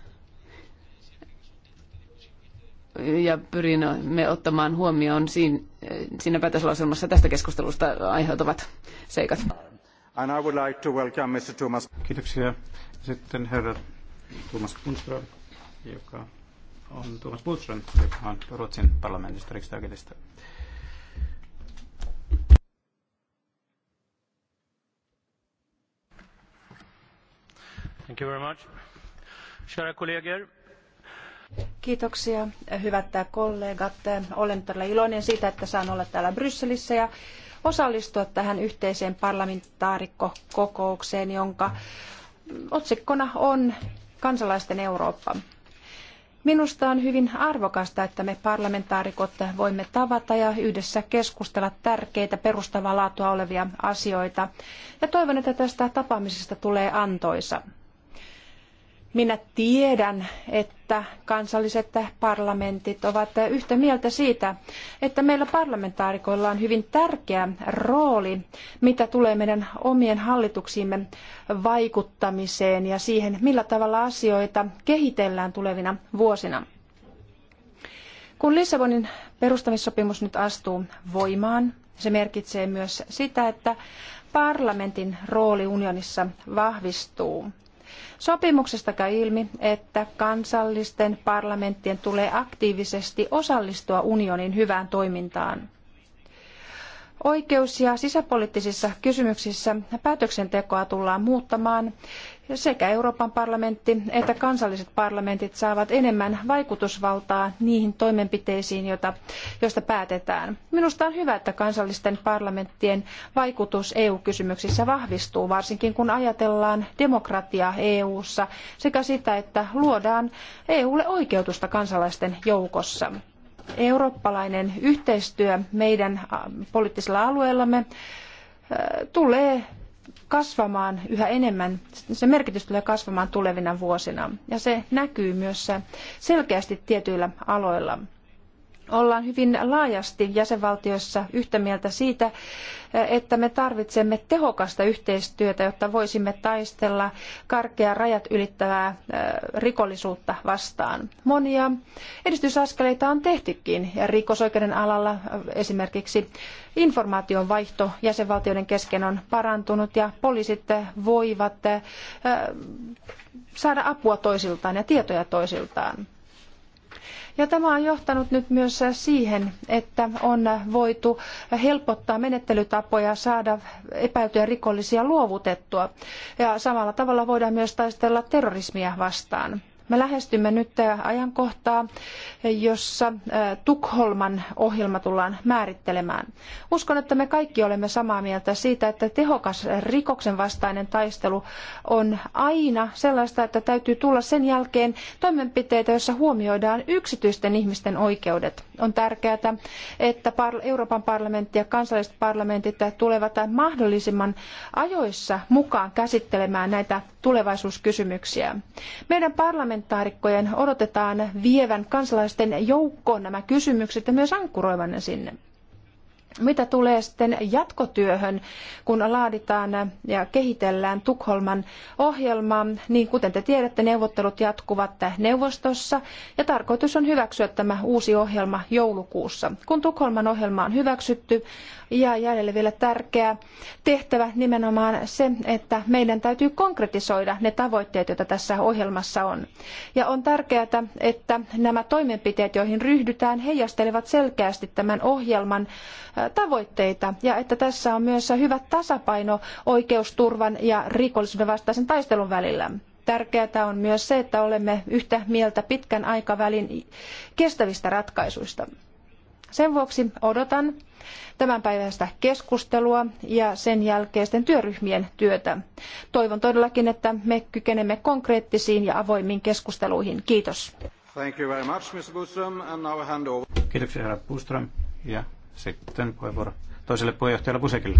Ja pyrin me ottamaan huomioon siinä päätöslauselmassa tästä keskustelusta aiheutuvat seikat. And I would like to welcome Mr. Thomas. Kiitoksia. Sitten herra Tuomas Kunström, joka on Tuomas Budström, joka on Ruotsin parlamentista riksdagenista. Thank you very much. Kära kollegor. Kiitoksia, hyvät kollegat. Olen todella iloinen siitä, että saan olla täällä Brysselissä ja osallistua tähän yhteiseen parlamentaarikkokokoukseen, jonka otsikkona on kansalaisten Eurooppa. Minusta on hyvin arvokasta, että me parlamentaarikot voimme tavata ja yhdessä keskustella tärkeitä perustavaa laatua olevia asioita. Ja toivon, että tästä tapaamisesta tulee antoisa. Minä tiedän, että kansalliset parlamentit ovat yhtä mieltä siitä, että meillä parlamentaarikoilla on hyvin tärkeä rooli, mitä tulee meidän omien hallituksiimme vaikuttamiseen ja siihen, millä tavalla asioita kehitellään tulevina vuosina. Kun Lissabonin perustamissopimus nyt astuu voimaan, se merkitsee myös sitä, että parlamentin rooli unionissa vahvistuu. Sopimuksesta käy ilmi, että kansallisten parlamenttien tulee aktiivisesti osallistua unionin hyvään toimintaan. Oikeus- ja sisäpoliittisissa kysymyksissä päätöksentekoa tullaan muuttamaan. Sekä Euroopan parlamentti että kansalliset parlamentit saavat enemmän vaikutusvaltaa niihin toimenpiteisiin, joista päätetään. Minusta on hyvä, että kansallisten parlamenttien vaikutus EU-kysymyksissä vahvistuu, varsinkin kun ajatellaan demokratiaa EU-ssa sekä sitä, että luodaan EUlle oikeutusta kansalaisten joukossa eurooppalainen yhteistyö meidän poliittisella alueellamme tulee kasvamaan yhä enemmän, se merkitys tulee kasvamaan tulevina vuosina ja se näkyy myös selkeästi tietyillä aloilla ollaan hyvin laajasti jäsenvaltioissa yhtä mieltä siitä, että me tarvitsemme tehokasta yhteistyötä, jotta voisimme taistella karkea rajat ylittävää rikollisuutta vastaan. Monia edistysaskeleita on tehtykin rikosoikeuden alalla esimerkiksi informaation vaihto jäsenvaltioiden kesken on parantunut ja poliisit voivat saada apua toisiltaan ja tietoja toisiltaan. Ja tämä on johtanut nyt myös siihen, että on voitu helpottaa menettelytapoja saada epäiltyjä rikollisia luovutettua. Ja samalla tavalla voidaan myös taistella terrorismia vastaan. Me lähestymme nyt ajankohtaa, jossa Tukholman ohjelma tullaan määrittelemään. Uskon, että me kaikki olemme samaa mieltä siitä, että tehokas rikoksen vastainen taistelu on aina sellaista, että täytyy tulla sen jälkeen toimenpiteitä, joissa huomioidaan yksityisten ihmisten oikeudet. On tärkeää, että Euroopan parlamentti ja kansalliset parlamentit tulevat mahdollisimman ajoissa mukaan käsittelemään näitä tulevaisuuskysymyksiä. Meidän parlamentti parlamentaarikkojen odotetaan vievän kansalaisten joukkoon nämä kysymykset ja myös ankkuroivan ne sinne. Mitä tulee sitten jatkotyöhön, kun laaditaan ja kehitellään Tukholman ohjelmaa, niin kuten te tiedätte, neuvottelut jatkuvat neuvostossa ja tarkoitus on hyväksyä tämä uusi ohjelma joulukuussa. Kun Tukholman ohjelma on hyväksytty, ja jäljelle vielä tärkeä tehtävä nimenomaan se, että meidän täytyy konkretisoida ne tavoitteet, joita tässä ohjelmassa on. Ja on tärkeää, että nämä toimenpiteet, joihin ryhdytään, heijastelevat selkeästi tämän ohjelman tavoitteita ja että tässä on myös hyvä tasapaino oikeusturvan ja rikollisuuden vastaisen taistelun välillä. Tärkeää on myös se, että olemme yhtä mieltä pitkän aikavälin kestävistä ratkaisuista. Sen vuoksi odotan tämänpäiväistä keskustelua ja sen jälkeisten työryhmien työtä. Toivon todellakin, että me kykenemme konkreettisiin ja avoimiin keskusteluihin. Kiitos. Thank you very much, Mr. and now hand over. Kiitoksia, herra sitten puheenvuoro toiselle puheenjohtajalle Pusekille.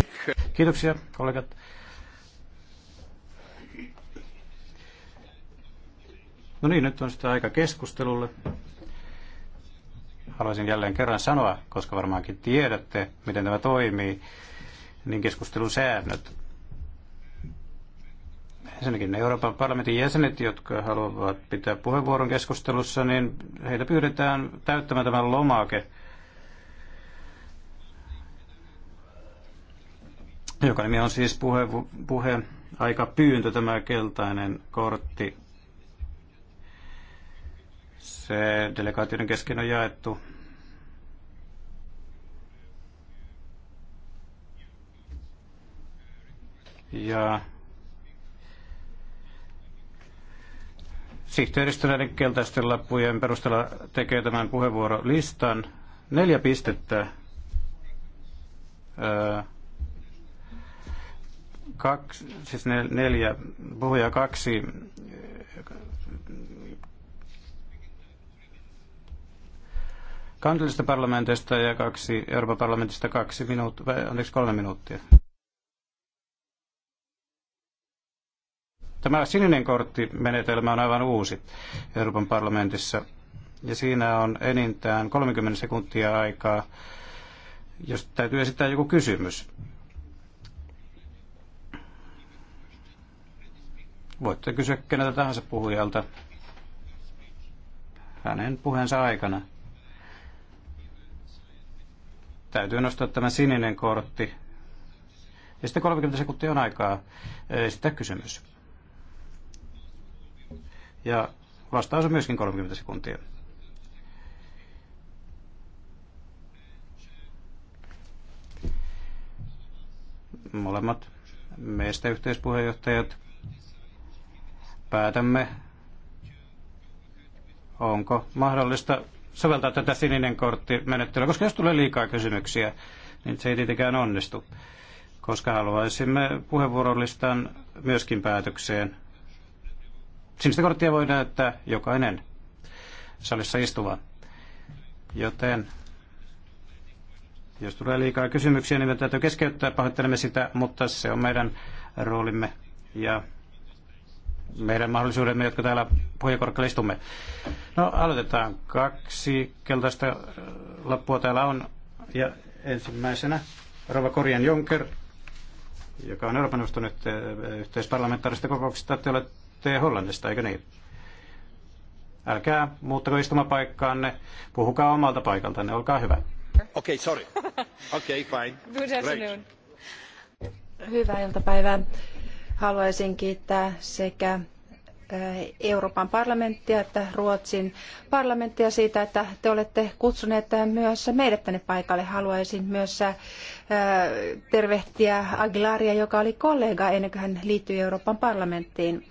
Kiitoksia kollegat. No niin, nyt on sitten aika keskustelulle. Haluaisin jälleen kerran sanoa, koska varmaankin tiedätte, miten tämä toimii, niin keskustelun säännöt. Ensinnäkin ne Euroopan parlamentin jäsenet, jotka haluavat pitää puheenvuoron keskustelussa, niin heitä pyydetään täyttämään tämän lomake – joka nimi on siis puhe, puhe aika pyyntö tämä keltainen kortti. Se delegaatioiden kesken on jaettu. Ja sihteeristö näiden keltaisten lappujen perusteella tekee tämän puheenvuorolistan. Neljä pistettä. Öö, kaksi, siis neljä puhuja kaksi kansallisesta parlamentista ja kaksi Euroopan parlamentista kaksi minuuttia, anteeksi kolme minuuttia. Tämä sininen korttimenetelmä on aivan uusi Euroopan parlamentissa ja siinä on enintään 30 sekuntia aikaa, jos täytyy esittää joku kysymys. Voitte kysyä keneltä tahansa puhujalta hänen puheensa aikana. Täytyy nostaa tämä sininen kortti. Ja sitten 30 sekuntia on aikaa esittää kysymys. Ja vastaus on myöskin 30 sekuntia. Molemmat meistä yhteispuheenjohtajat päätämme, onko mahdollista soveltaa tätä sininen kortti menettelyä, koska jos tulee liikaa kysymyksiä, niin se ei tietenkään onnistu, koska haluaisimme puheenvuorolistan myöskin päätökseen. Sinistä korttia voi näyttää jokainen salissa istuva. Joten jos tulee liikaa kysymyksiä, niin me täytyy keskeyttää, pahoittelemme sitä, mutta se on meidän roolimme. Ja meidän mahdollisuudemme, jotka täällä puheenkorkkalla istumme. No aloitetaan. Kaksi keltaista äh, lappua täällä on. Ja ensimmäisenä Rova Korjan Jonker, joka on Euroopan neuvoston äh, yhteisparlamentaarista kokouksesta. Te olette Hollannista, eikö niin? Älkää muuttako istumapaikkaanne, puhukaa omalta paikaltanne, olkaa hyvä. Okei, okay, sorry. Okei, okay, fine. Good afternoon. Hyvää iltapäivää. Haluaisin kiittää sekä eh, Euroopan parlamenttia että Ruotsin parlamenttia siitä, että te olette kutsuneet myös meidät tänne paikalle. Haluaisin myös eh, tervehtiä Aguilaria, joka oli kollega ennen kuin hän liittyi Euroopan parlamenttiin.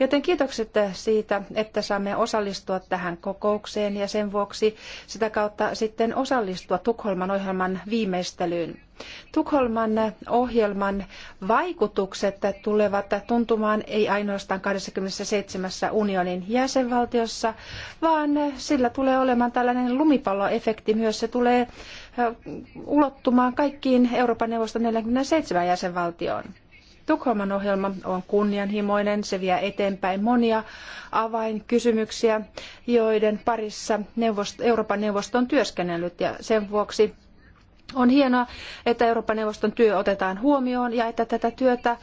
Joten kiitokset siitä, että saamme osallistua tähän kokoukseen ja sen vuoksi sitä kautta sitten osallistua Tukholman ohjelman viimeistelyyn. Tukholman ohjelman vaikutukset tulevat tuntumaan ei ainoastaan 27 unionin jäsenvaltiossa, vaan sillä tulee olemaan tällainen lumipalloefekti myös. Se tulee ulottumaan kaikkiin Euroopan neuvoston 47 jäsenvaltioon. Tukholman ohjelma on kunnianhimoinen, se vie eteenpäin monia avainkysymyksiä, joiden parissa Euroopan neuvosto on työskennellyt ja sen vuoksi on hienoa, että Euroopan neuvoston työ otetaan huomioon ja että tätä työtä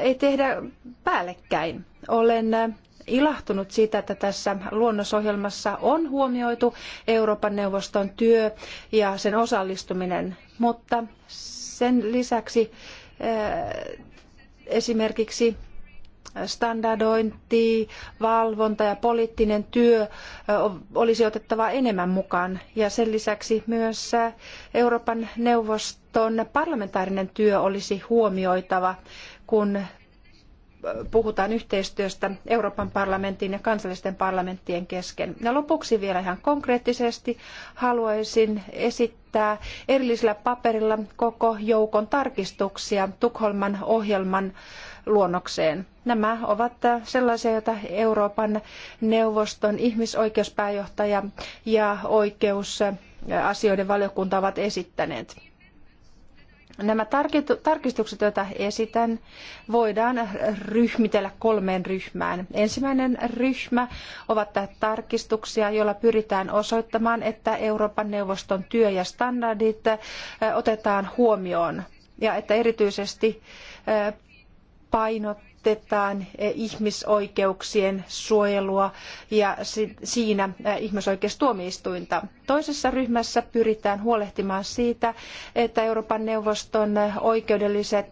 ei tehdä päällekkäin. Olen ilahtunut siitä, että tässä luonnosohjelmassa on huomioitu Euroopan neuvoston työ ja sen osallistuminen, mutta sen lisäksi esimerkiksi standardointi, valvonta ja poliittinen työ olisi otettava enemmän mukaan. Ja sen lisäksi myös Euroopan neuvoston parlamentaarinen työ olisi huomioitava, kun puhutaan yhteistyöstä Euroopan parlamentin ja kansallisten parlamenttien kesken. Ja lopuksi vielä ihan konkreettisesti haluaisin esittää erillisellä paperilla koko joukon tarkistuksia Tukholman ohjelman äh, luonnokseen. Nämä ovat sellaisia, joita Euroopan neuvoston ihmisoikeuspääjohtaja ja oikeusasioiden valiokunta ovat esittäneet. Nämä tarkistukset, joita esitän, voidaan ryhmitellä kolmeen ryhmään. Ensimmäinen ryhmä ovat tarkistuksia, joilla pyritään osoittamaan, että Euroopan neuvoston työ ja standardit otetaan huomioon ja että erityisesti painotetaan eh, ihmisoikeuksien suojelua ja siinä eh, ihmisoikeustuomioistuinta. Toisessa ryhmässä pyritään huolehtimaan siitä, että Euroopan neuvoston eh, oikeudelliset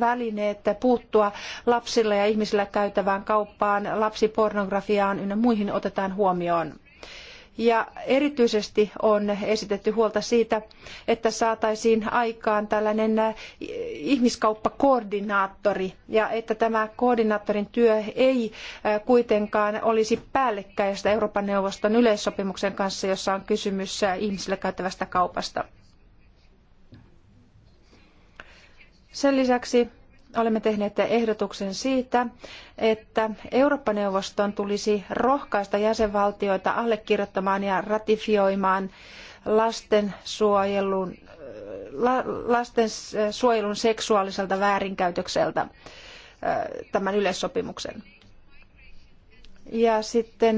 välineet puuttua lapsilla ja ihmisillä käytävään kauppaan, lapsipornografiaan ynnä muihin otetaan huomioon. Ja erityisesti on esitetty huolta siitä, että saataisiin aikaan tällainen äh, ihmiskauppakoordinaattori ja että tämä koordinaattorin työ ei äh, kuitenkaan olisi päällekkäistä Euroopan neuvoston yleissopimuksen kanssa, jossa on kysymys äh, ihmisille käytävästä kaupasta. Sen lisäksi olemme tehneet ehdotuksen siitä, että Eurooppa-neuvoston tulisi rohkaista jäsenvaltioita allekirjoittamaan ja ratifioimaan lastensuojelun, lastensuojelun seksuaaliselta väärinkäytökseltä tämän yleissopimuksen. Ja sitten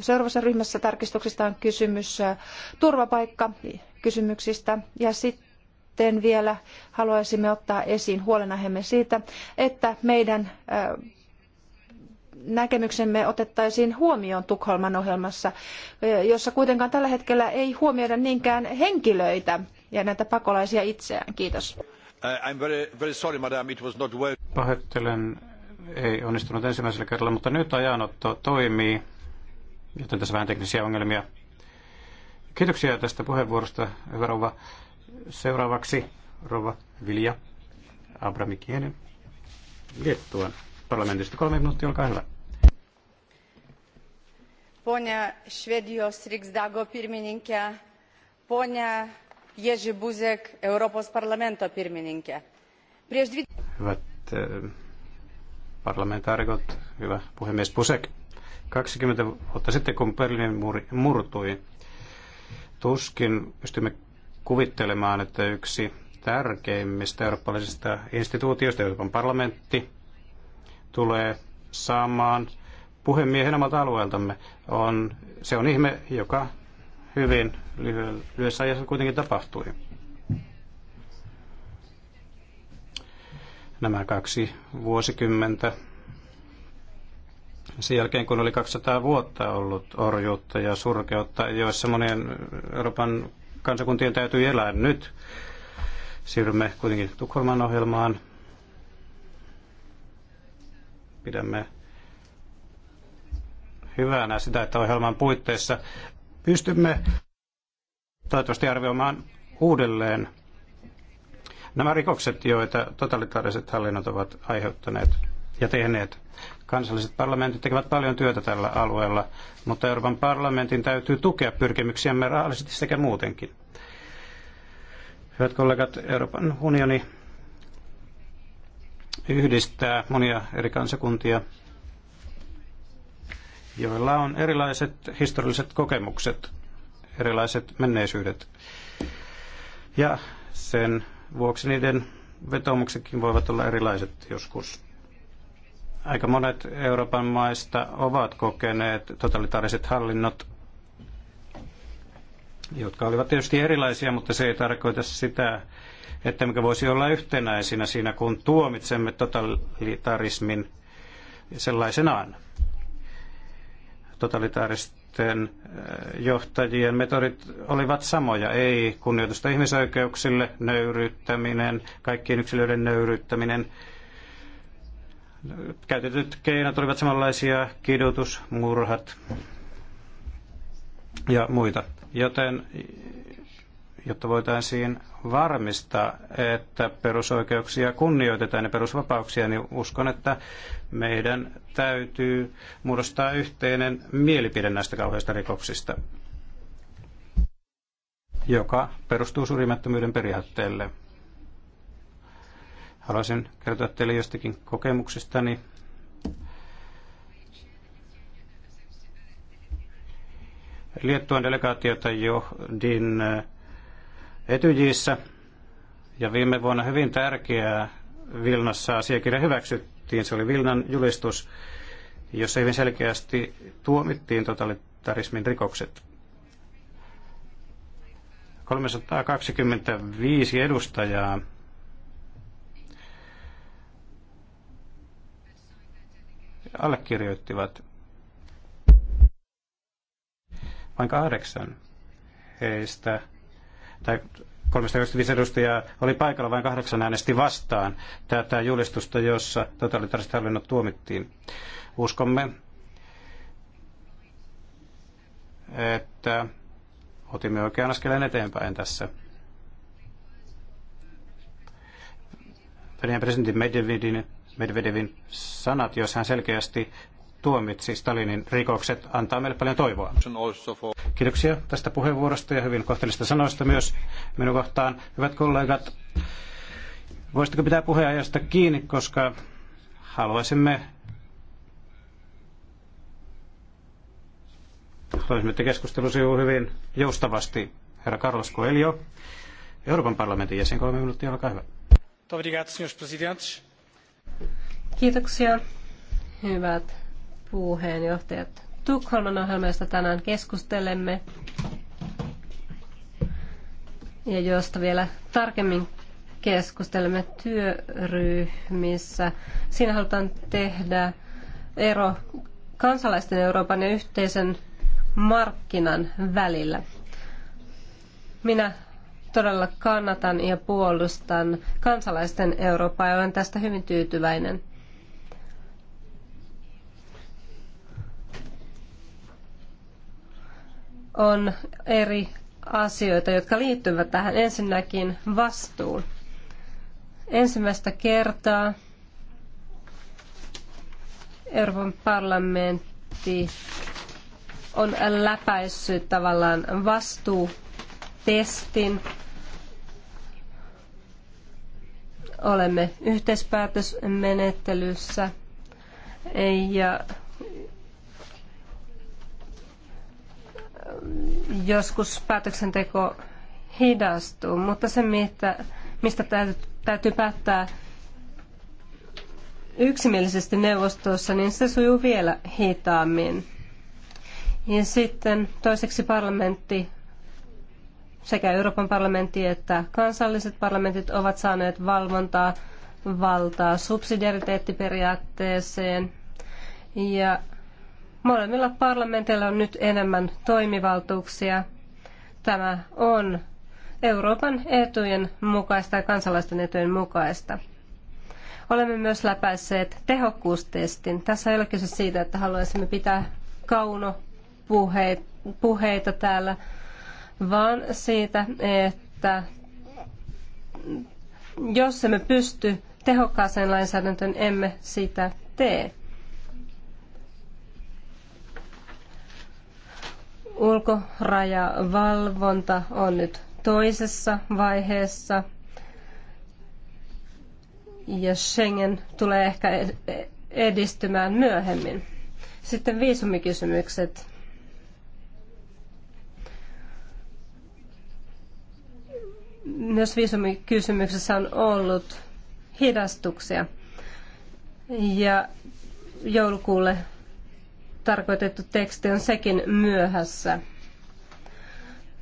seuraavassa ryhmässä tarkistuksista on kysymys turvapaikka kysymyksistä ja sitten sitten vielä haluaisimme ottaa esiin huolenaiheemme siitä, että meidän äh, näkemyksemme otettaisiin huomioon Tukholman ohjelmassa, äh, jossa kuitenkaan tällä hetkellä ei huomioida niinkään henkilöitä ja näitä pakolaisia itseään. Kiitos. Uh, I'm very, very sorry, madam. It was not well. Pahoittelen, ei onnistunut ensimmäisellä kerralla, mutta nyt ajanotto toimii, joten tässä vähän teknisiä ongelmia. Kiitoksia tästä puheenvuorosta, hyvä rouva. Seuraavaksi Rova Vilja Abramikienen Liettuan parlamentista. Kolme minuuttia, olkaa hyvä. Ponia Švedijos Riksdago pirmininkė, ponia Ježi Buzek, Europos parlamento pirmininkė. Prieš dvi... Hyvät e, parlamentaarikot, hyvä puhemies Pusek. 20 vuotta sitten, kun Berliinin muuri murtui, tuskin pystymme kuvittelemaan, että yksi tärkeimmistä eurooppalaisista instituutioista, Euroopan parlamentti, tulee saamaan puhemiehen omalta alueeltamme. On, se on ihme, joka hyvin lyhyessä ajassa kuitenkin tapahtui. Nämä kaksi vuosikymmentä sen jälkeen, kun oli 200 vuotta ollut orjuutta ja surkeutta, joissa monien Euroopan kansakuntien täytyy elää nyt. Siirrymme kuitenkin Tukholman ohjelmaan. Pidämme hyvänä sitä, että ohjelman puitteissa pystymme toivottavasti arvioimaan uudelleen nämä rikokset, joita totalitaariset hallinnot ovat aiheuttaneet ja tehneet. Kansalliset parlamentit tekevät paljon työtä tällä alueella, mutta Euroopan parlamentin täytyy tukea pyrkimyksiämme rahallisesti sekä muutenkin. Hyvät kollegat, Euroopan unioni yhdistää monia eri kansakuntia, joilla on erilaiset historialliset kokemukset, erilaiset menneisyydet. Ja sen vuoksi niiden vetomuksetkin voivat olla erilaiset joskus. Aika monet Euroopan maista ovat kokeneet totalitaariset hallinnot, jotka olivat tietysti erilaisia, mutta se ei tarkoita sitä, että mikä voisi olla yhtenäisinä siinä, kun tuomitsemme totalitarismin sellaisenaan. Totalitaaristen äh, johtajien metodit olivat samoja, ei kunnioitusta ihmisoikeuksille, nöyryyttäminen, kaikkien yksilöiden nöyryyttäminen, käytetyt keinot olivat samanlaisia, kidutus, murhat ja muita. Joten jotta voitaisiin varmistaa, että perusoikeuksia kunnioitetaan ja perusvapauksia, niin uskon, että meidän täytyy muodostaa yhteinen mielipide näistä kauheista rikoksista, joka perustuu surimattomuuden periaatteelle. Haluaisin kertoa teille jostakin kokemuksestani. Liettuan delegaatiota johdin eh, Etyjissä ja viime vuonna hyvin tärkeää Vilnassa asiakirja hyväksyttiin. Se oli Vilnan julistus, jossa hyvin selkeästi tuomittiin totalitarismin rikokset. 325 edustajaa allekirjoittivat vain kahdeksan heistä, tai 395 edustajaa oli paikalla, vain kahdeksan äänesti vastaan tätä julistusta, jossa totalitaariset hallinnot tuomittiin. Uskomme, että otimme oikean askeleen eteenpäin tässä. Venäjän presidentin Medvedevin Medvedevin sanat, jos hän selkeästi tuomitsi Stalinin rikokset, antaa meille paljon toivoa. Kiitoksia tästä puheenvuorosta ja hyvin kohtelista sanoista myös minun kohtaan. Hyvät kollegat, voisitteko pitää puheenajasta kiinni, koska haluaisimme, haluaisimme että keskustelu sujuu hyvin joustavasti. Herra Carlos Coelho, Euroopan parlamentin jäsen, kolme minuuttia, olkaa hyvä. Obrigado, senhor Kiitoksia, hyvät puheenjohtajat. Tukholman ohjelmasta tänään keskustelemme ja josta vielä tarkemmin keskustelemme työryhmissä. Siinä halutaan tehdä ero kansalaisten Euroopan ja yhteisen markkinan välillä. Minä todella kannatan ja puolustan kansalaisten Eurooppaa ja olen tästä hyvin tyytyväinen. On eri asioita, jotka liittyvät tähän. Ensinnäkin vastuu. Ensimmäistä kertaa Euroopan parlamentti on läpäissyt tavallaan vastuutestin olemme yhteispäätösmenettelyssä ja mm, joskus päätöksenteko hidastuu, mutta se mistä, mistä täytyy päättää yksimielisesti neuvostossa, niin se sujuu vielä hitaammin. Ja sitten toiseksi parlamentti sekä Euroopan parlamentti että kansalliset parlamentit ovat saaneet valvontaa valtaa subsidiariteettiperiaatteeseen. Ja molemmilla parlamenteilla on nyt enemmän toimivaltuuksia. Tämä on Euroopan etujen mukaista ja kansalaisten etujen mukaista. Olemme myös läpäisseet tehokkuustestin. Tässä ei ole kyse siitä, että haluaisimme pitää kaunopuheita täällä vaan siitä, että jos emme pysty tehokkaaseen lainsäädäntöön, emme sitä tee. Ulkorajavalvonta on nyt toisessa vaiheessa ja Schengen tulee ehkä e- e- edistymään myöhemmin. Sitten viisumikysymykset. myös viisumikysymyksessä on ollut hidastuksia. Ja joulukuulle tarkoitettu teksti on sekin myöhässä.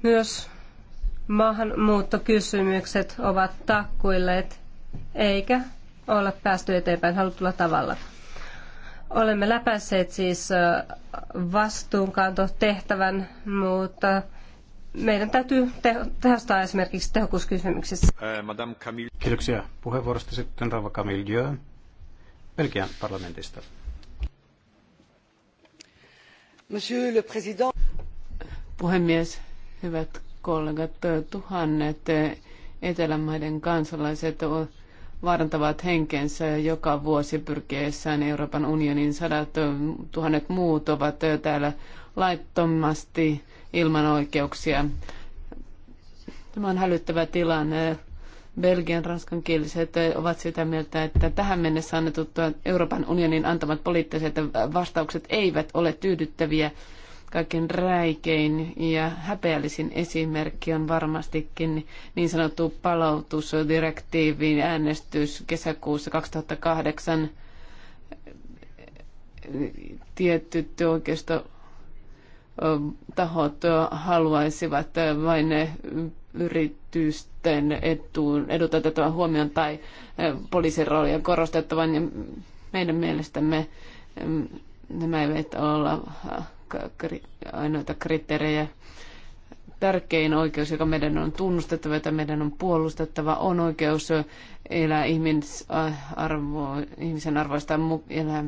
Myös maahanmuuttokysymykset ovat takkuilleet, eikä olla päästy eteenpäin halutulla tavalla. Olemme läpäisseet siis vastuunkanto tehtävän, mutta meidän täytyy tehostaa esimerkiksi tehokkuuskysymyksissä. Äh, Madame Kiitoksia puheenvuorosta sitten Rava Camille Dieu, Belgian parlamentista. Monsieur le Président. Puhemies, hyvät kollegat, tuhannet etelämaiden kansalaiset vaarantavat henkensä joka vuosi pyrkiessään Euroopan unionin sadat tuhannet muut ovat täällä laittomasti ilman oikeuksia. Tämä on hälyttävä tilanne. Belgian ranskankieliset ovat sitä mieltä, että tähän mennessä annetut Euroopan unionin antamat poliittiset vastaukset eivät ole tyydyttäviä. Kaiken räikein ja häpeällisin esimerkki on varmastikin niin sanottu palautusdirektiiviin äänestys kesäkuussa 2008. Tietyt oikeisto tahot haluaisivat vain yritysten etuun edutettavan huomioon tai poliisin roolia korostettavan. Ja meidän mielestämme nämä eivät olla ainoita kriteerejä. Tärkein oikeus, joka meidän on tunnustettava, ja meidän on puolustettava, on oikeus elää ihmisarvo, ihmisen arvoista, elää,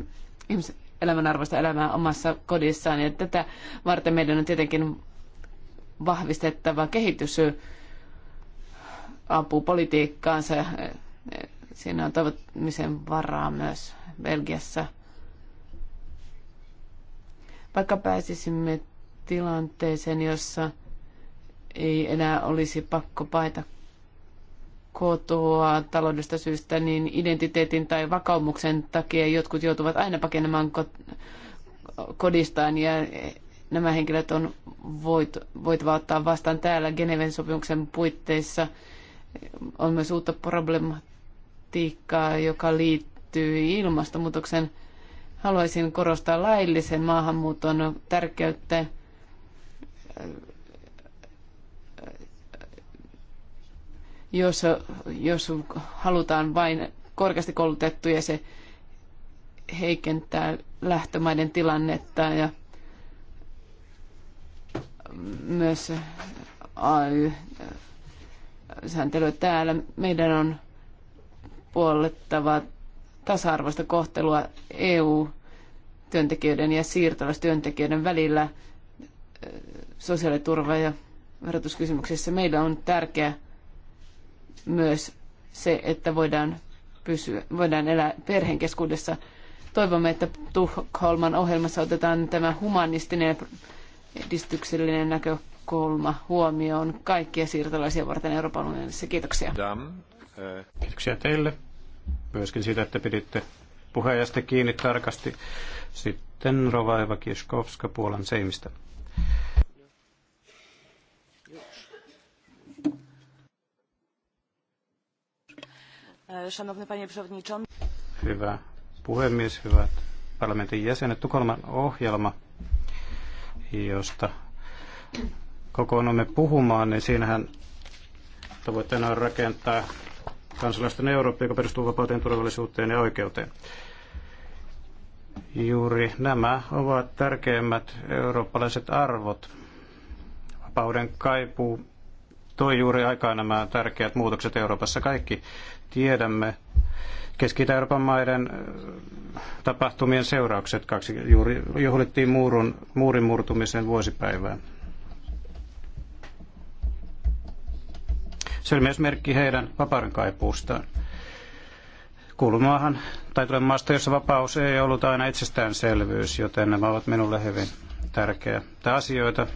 elämänarvoista elämää omassa kodissaan. Ja tätä varten meidän on tietenkin vahvistettava kehitys apupolitiikkaansa. Siinä on toivottamisen varaa myös Belgiassa. Vaikka pääsisimme tilanteeseen, jossa ei enää olisi pakko paita kotoa taloudellista syystä, niin identiteetin tai vakaumuksen takia jotkut joutuvat aina pakenemaan kodistaan ja nämä henkilöt on voit, voitava ottaa vastaan täällä Geneven sopimuksen puitteissa. On myös uutta problematiikkaa, joka liittyy ilmastonmuutoksen. Haluaisin korostaa laillisen maahanmuuton tärkeyttä jos, jos halutaan vain korkeasti koulutettuja, se heikentää lähtömaiden tilannetta ja myös AY-sääntelyä täällä. Meidän on puollettava tasa-arvoista kohtelua EU-työntekijöiden ja siirtolaistyöntekijöiden välillä sosiaaliturva- ja verotuskysymyksissä. Meillä on tärkeää myös se, että voidaan, pysyä, voidaan elää perheen keskuudessa. Toivomme, että Tukholman ohjelmassa otetaan tämä humanistinen edistyksellinen näkökulma huomioon kaikkia siirtolaisia varten Euroopan unionissa. Kiitoksia. Eh. Kiitoksia teille. Myöskin siitä, että piditte puheenjohtajasta kiinni tarkasti. Sitten Rova Eva Kieskovska Puolan seimistä. E, szanowny panie przewodniczący. Hyvä puhemies, hyvät parlamentin jäsenet. Tukholman ohjelma, josta kokoonnumme puhumaan, niin siinähän tavoitteena on rakentaa kansalaisten Eurooppa, joka perustuu vapauteen, turvallisuuteen ja oikeuteen. Juuri nämä ovat tärkeimmät eurooppalaiset arvot. Vapauden kaipuu toi juuri aikaan nämä tärkeät muutokset Euroopassa. Kaikki tiedämme Keski-Euroopan maiden tapahtumien seuraukset. Kaksi, juuri juhlittiin muurun, muurin murtumisen vuosipäivää. Se oli myös merkki heidän kaipuustaan. Kulmaahan tai tulen maasta, jossa vapaus ei ollut aina itsestäänselvyys, joten nämä ovat minulle hyvin tärkeitä asioita,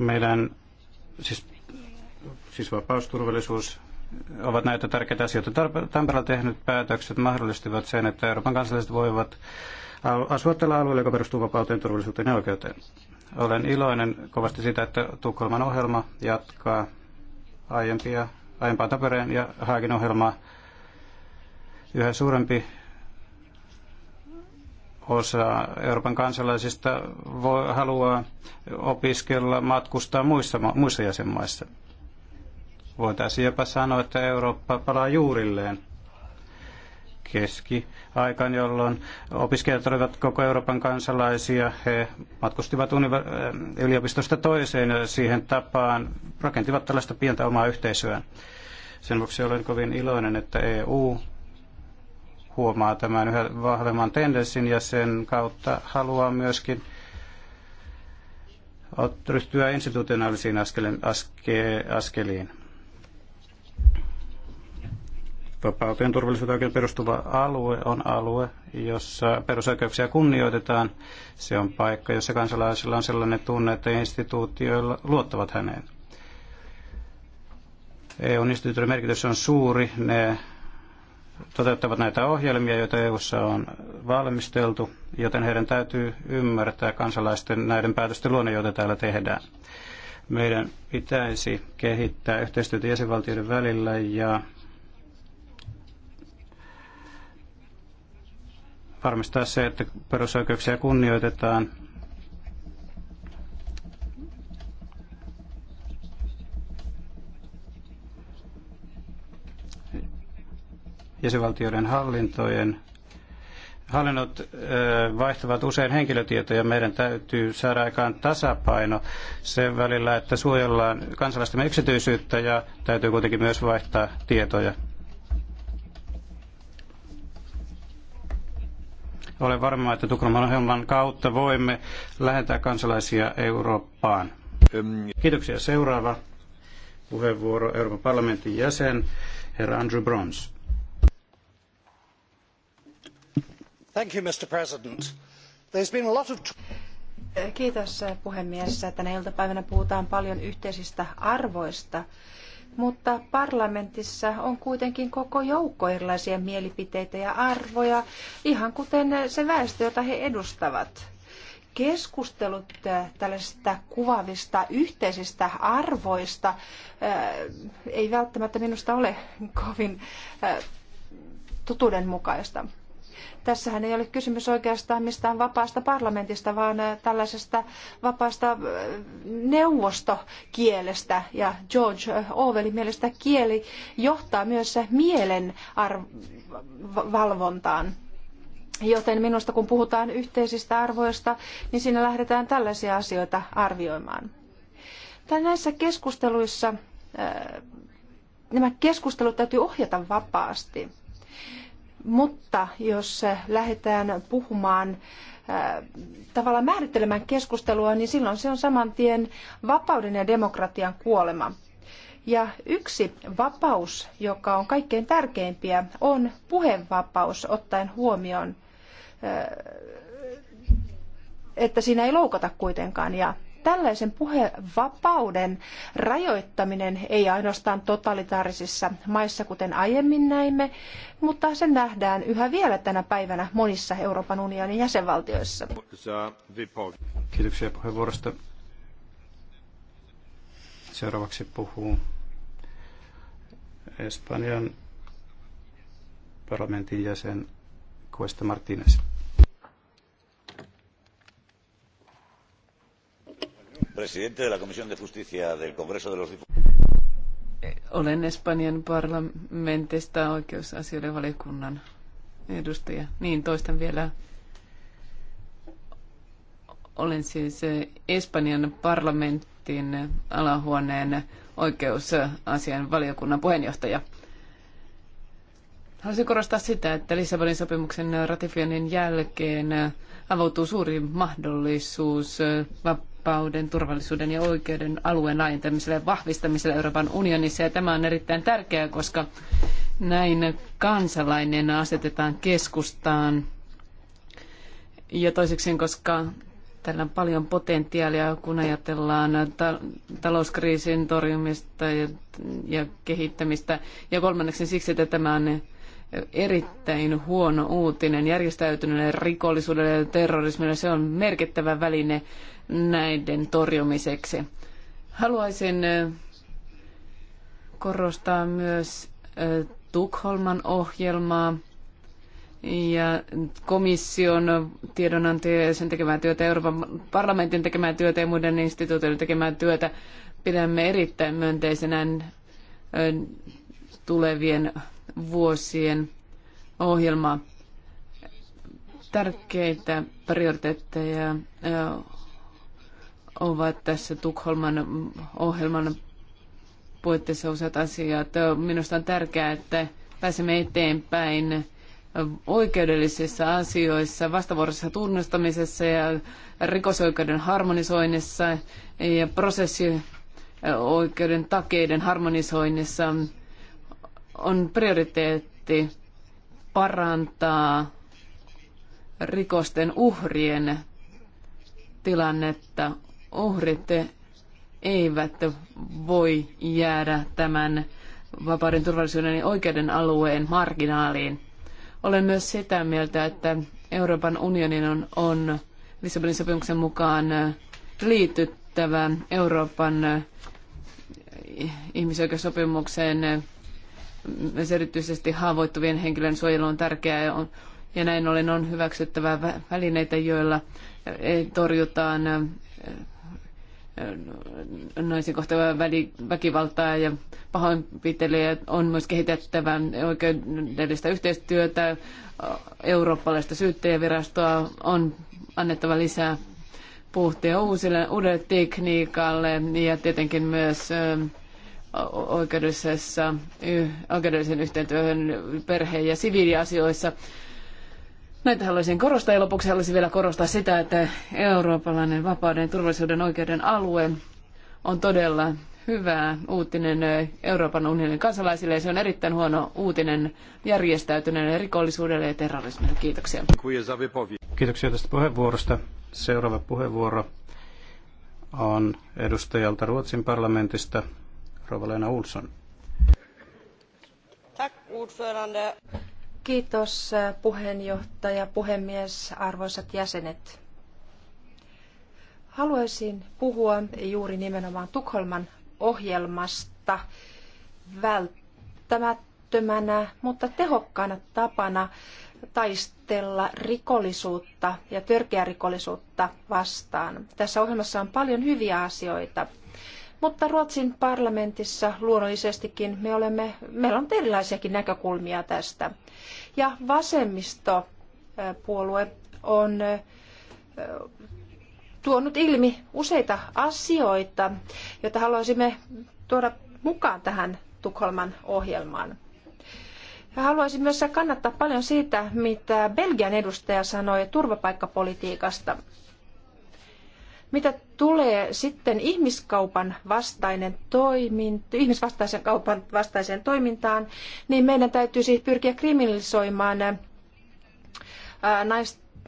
Meidän siis, siis vapausturvallisuus ovat näitä tärkeitä asioita. Tampereella tehnyt päätökset mahdollistivat sen, että Euroopan kansalaiset voivat asua tällä alueella, joka perustuu vapauteen, turvallisuuteen ja oikeuteen. Olen iloinen kovasti siitä, että Tukholman ohjelma jatkaa aiempia, aiempaa Tampereen ja Haagin ohjelmaa. Yhä suurempi osa Euroopan kansalaisista voi, haluaa opiskella, matkustaa muissa, muissa jäsenmaissa. Voitaisiin jopa sanoa, että Eurooppa palaa juurilleen keskiaikaan, jolloin opiskelijat olivat koko Euroopan kansalaisia. He matkustivat äh, yliopistosta toiseen ja siihen tapaan rakentivat tällaista pientä omaa yhteisöään. Sen vuoksi olen kovin iloinen, että EU huomaa tämän yhä vahvemman tendenssin ja sen kautta haluaa myöskin ryhtyä institutionaalisiin askelen, aske, askeliin. Vapauteen turvallisuuteen perustuva alue on alue, jossa perusoikeuksia kunnioitetaan. Se on paikka, jossa kansalaisilla on sellainen tunne, että instituutioilla luottavat häneen. eu instituutioiden merkitys on suuri. Ne toteuttavat näitä ohjelmia, joita EU:ssa on valmisteltu, joten heidän täytyy ymmärtää kansalaisten näiden päätösten luonne, joita täällä tehdään. Meidän pitäisi kehittää yhteistyötä jäsenvaltioiden välillä ja varmistaa se, että perusoikeuksia kunnioitetaan jäsenvaltioiden hallintojen hallinnot vaihtavat usein henkilötietoja. Meidän täytyy saada aikaan tasapaino sen välillä, että suojellaan kansalaistemme yksityisyyttä ja täytyy kuitenkin myös vaihtaa tietoja. Olen varma, että Tukholman ohjelman kautta voimme lähettää kansalaisia Eurooppaan. Kiitoksia. Seuraava puheenvuoro Euroopan parlamentin jäsen, herra Andrew Brons. mr president there has been a lot of Kiitos äh, puhemies. Tänä iltapäivänä puhutaan paljon yhteisistä arvoista, mutta parlamentissa on kuitenkin koko joukko erilaisia mielipiteitä ja arvoja, ihan kuten se väestö, jota he edustavat. Keskustelut äh, tällaisista kuvaavista yhteisistä arvoista äh, ei välttämättä minusta ole kovin totuudenmukaista. Tässähän ei ole kysymys oikeastaan mistään vapaasta parlamentista, vaan äh, tällaisesta vapaasta äh, neuvostokielestä. Ja George äh, Orwellin mielestä kieli johtaa myös mielen valvontaan. Joten minusta kun puhutaan yhteisistä arvoista, niin siinä lähdetään tällaisia asioita arvioimaan. Tän näissä keskusteluissa nämä keskustelut täytyy ohjata vapaasti. Mutta jos lähdetään puhumaan äh, tavallaan määrittelemään keskustelua, niin silloin se on saman tien vapauden ja demokratian kuolema. Ja yksi vapaus, joka on kaikkein tärkeimpiä, on puhevapaus ottaen huomioon, äh, että siinä ei loukata kuitenkaan. Ja tällaisen puhevapauden rajoittaminen ei ainoastaan totalitaarisissa maissa, kuten aiemmin näimme, mutta se nähdään yhä vielä tänä päivänä monissa Euroopan unionin jäsenvaltioissa. Kiitoksia puheenvuorosta. Seuraavaksi puhuu Espanjan parlamentin jäsen Cuesta Martínez. presidente de la Comisión de Justicia del Congreso de los Diputados. Eh, olen Espanjan parlamentista oikeusasioiden valiokunnan edustaja. Niin, toistan vielä. Olen siis eh, Espanjan parlamentin alahuoneen oikeusasian valiokunnan puheenjohtaja. Haluaisin korostaa sitä, että Lissabonin sopimuksen ratifioinnin jälkeen avautuu suuri mahdollisuus eh, vapauden, turvallisuuden ja oikeuden alueen laajentamiselle ja vahvistamiselle Euroopan unionissa. Ja tämä on erittäin tärkeää, koska näin kansalainen asetetaan keskustaan. Ja toiseksi, koska tällä on paljon potentiaalia, kun ajatellaan ta- talouskriisin torjumista ja, ja kehittämistä. Ja kolmanneksi siksi, että tämä on erittäin huono uutinen järjestäytyneelle rikollisuudelle ja terrorismille. Se on merkittävä väline näiden torjumiseksi. Haluaisin korostaa myös Tukholman ohjelmaa ja komission tiedonantoja ja sen tekemää työtä, Euroopan parlamentin tekemää työtä ja muiden instituutioiden tekemää työtä pidämme erittäin myönteisenä tulevien vuosien ohjelma Tärkeitä prioriteetteja ovat tässä Tukholman ohjelman puitteissa useat asiat. Minusta on tärkeää, että pääsemme eteenpäin oikeudellisissa asioissa, vastavuorossa tunnustamisessa ja rikosoikeuden harmonisoinnissa ja prosessioikeuden takeiden harmonisoinnissa on prioriteetti parantaa rikosten uhrien tilannetta. Uhrit eivät voi jäädä tämän vapauden, turvallisuuden ja oikeuden alueen marginaaliin. Olen myös sitä mieltä, että Euroopan unionin on, on Lissabonin sopimuksen mukaan liityttävä Euroopan ihmisoikeussopimukseen myös erityisesti haavoittuvien henkilön suojelu on tärkeää ja, on, ja näin ollen on hyväksyttävää välineitä, joilla torjutaan naisen kohtaan väkivaltaa ja pahoinpitelyä. On myös kehitettävä oikeudellista yhteistyötä, eurooppalaista syyttäjävirastoa on annettava lisää puhtia uusille, uudelle tekniikalle ja tietenkin myös oikeudellisessa, oikeudellisen yhteentyöhön perheen ja siviiliasioissa. Näitä haluaisin korostaa ja lopuksi haluaisin vielä korostaa sitä, että eurooppalainen vapauden ja turvallisuuden oikeuden alue on todella hyvä uutinen Euroopan unionin kansalaisille ja se on erittäin huono uutinen järjestäytyneelle rikollisuudelle ja terrorismille. Kiitoksia. Kiitoksia tästä puheenvuorosta. Seuraava puheenvuoro on edustajalta Ruotsin parlamentista Rovalena Olsson. Kiitos eh, puheenjohtaja, puhemies, arvoisat jäsenet. Haluaisin puhua juuri nimenomaan Tukholman ohjelmasta välttämättömänä, mutta tehokkaana tapana taistella rikollisuutta ja törkeää rikollisuutta vastaan. Tässä ohjelmassa on paljon hyviä asioita. Mutta Ruotsin parlamentissa luonnollisestikin me olemme, meillä on erilaisiakin näkökulmia tästä. Ja vasemmistopuolue on tuonut ilmi useita asioita, joita haluaisimme tuoda mukaan tähän Tukholman ohjelmaan. Ja haluaisin myös kannattaa paljon siitä, mitä Belgian edustaja sanoi turvapaikkapolitiikasta. Mitä tulee sitten ihmiskaupan vastainen toiminta, ihmisvastaisen kaupan vastaiseen toimintaan, niin meidän täytyisi siis pyrkiä kriminalisoimaan äh,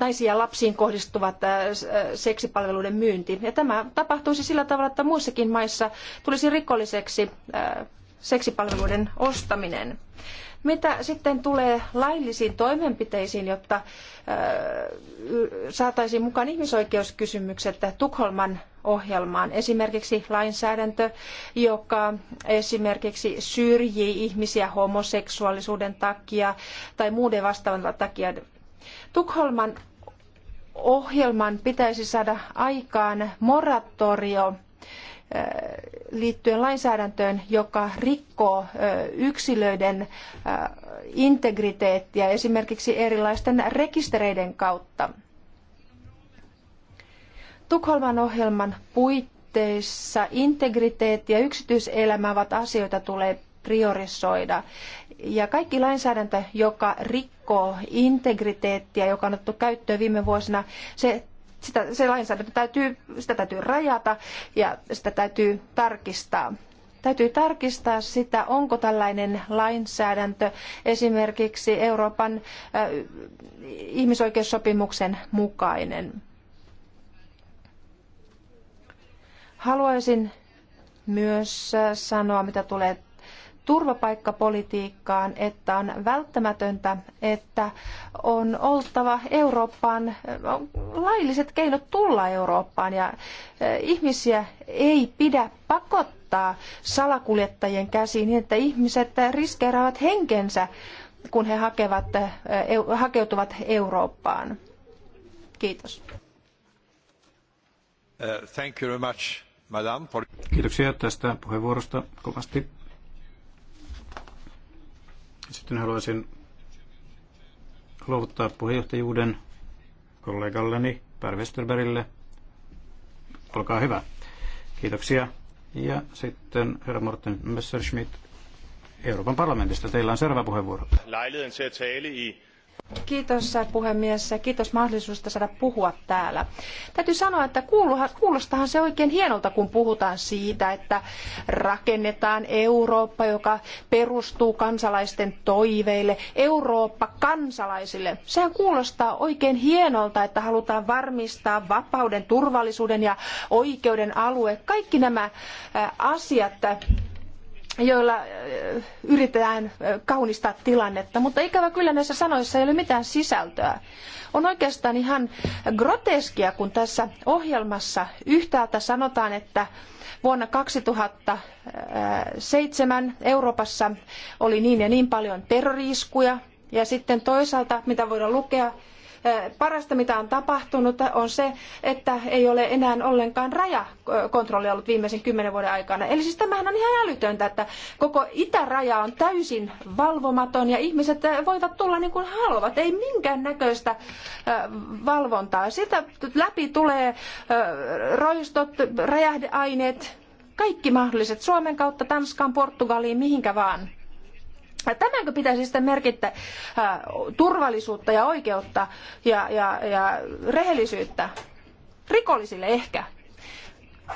naisiin ja lapsiin kohdistuvat äh, äh, seksipalveluiden myynti. Ja tämä tapahtuisi sillä tavalla, että muissakin maissa tulisi rikolliseksi seksipalveluiden ostaminen. Mitä sitten tulee laillisiin toimenpiteisiin, jotta saataisiin mukaan ihmisoikeuskysymykset Tukholman ohjelmaan. Esimerkiksi lainsäädäntö, joka esimerkiksi syrjii ihmisiä homoseksuaalisuuden takia tai muuden vastaavan takia. Tukholman ohjelman pitäisi saada aikaan moratorio liittyen lainsäädäntöön, joka rikkoo yksilöiden integriteettiä esimerkiksi erilaisten rekistereiden kautta. Tukholman ohjelman puitteissa integriteetti ja yksityiselämä ovat asioita tulee priorisoida. Ja kaikki lainsäädäntö, joka rikkoo integriteettiä, joka on otettu käyttöön viime vuosina, se sitä, se lainsäädäntö täytyy, sitä täytyy rajata ja sitä täytyy tarkistaa. Täytyy tarkistaa sitä, onko tällainen lainsäädäntö esimerkiksi Euroopan äh, ihmisoikeussopimuksen mukainen. Haluaisin myös äh, sanoa, mitä tulee turvapaikkapolitiikkaan, että on välttämätöntä, että on oltava Eurooppaan lailliset keinot tulla Eurooppaan ja e, ihmisiä ei pidä pakottaa salakuljettajien käsiin niin, että ihmiset riskeeraavat henkensä, kun he hakevat, e, e, hakeutuvat Eurooppaan. Kiitos. Uh, thank you very much, madam. Kiitoksia tästä puheenvuorosta kovasti. Sitten haluaisin luovuttaa puheenjohtajuuden kollegalleni Per Westerbergille. Olkaa hyvä. Kiitoksia. Ja sitten herra Morten Messerschmidt Euroopan parlamentista. Teillä on seuraava puheenvuoro. Lejligheden til at tale i Kiitos puhemies ja kiitos mahdollisuudesta saada puhua täällä. Täytyy sanoa, että kuulostahan se oikein hienolta, kun puhutaan siitä, että rakennetaan Eurooppa, joka perustuu kansalaisten toiveille, Eurooppa kansalaisille. Sehän kuulostaa oikein hienolta, että halutaan varmistaa vapauden, turvallisuuden ja oikeuden alue. Kaikki nämä asiat joilla äh, yritetään äh, kaunistaa tilannetta, mutta ikävä kyllä näissä sanoissa ei ole mitään sisältöä. On oikeastaan ihan groteskia, kun tässä ohjelmassa yhtäältä sanotaan, että vuonna 2007 Euroopassa oli niin ja niin paljon terroriiskuja, ja sitten toisaalta, mitä voidaan lukea Parasta, mitä on tapahtunut, on se, että ei ole enää ollenkaan rajakontrollia ollut viimeisen kymmenen vuoden aikana. Eli siis tämähän on ihan älytöntä, että koko itäraja on täysin valvomaton ja ihmiset voivat tulla niin kuin haluavat. Ei minkään näköistä valvontaa. Sitä läpi tulee roistot, räjähdeaineet, kaikki mahdolliset Suomen kautta Tanskaan, Portugaliin, mihinkä vaan. Tämänkö pitäisi sitten merkittä turvallisuutta ja oikeutta ja, ja, ja rehellisyyttä? Rikollisille ehkä.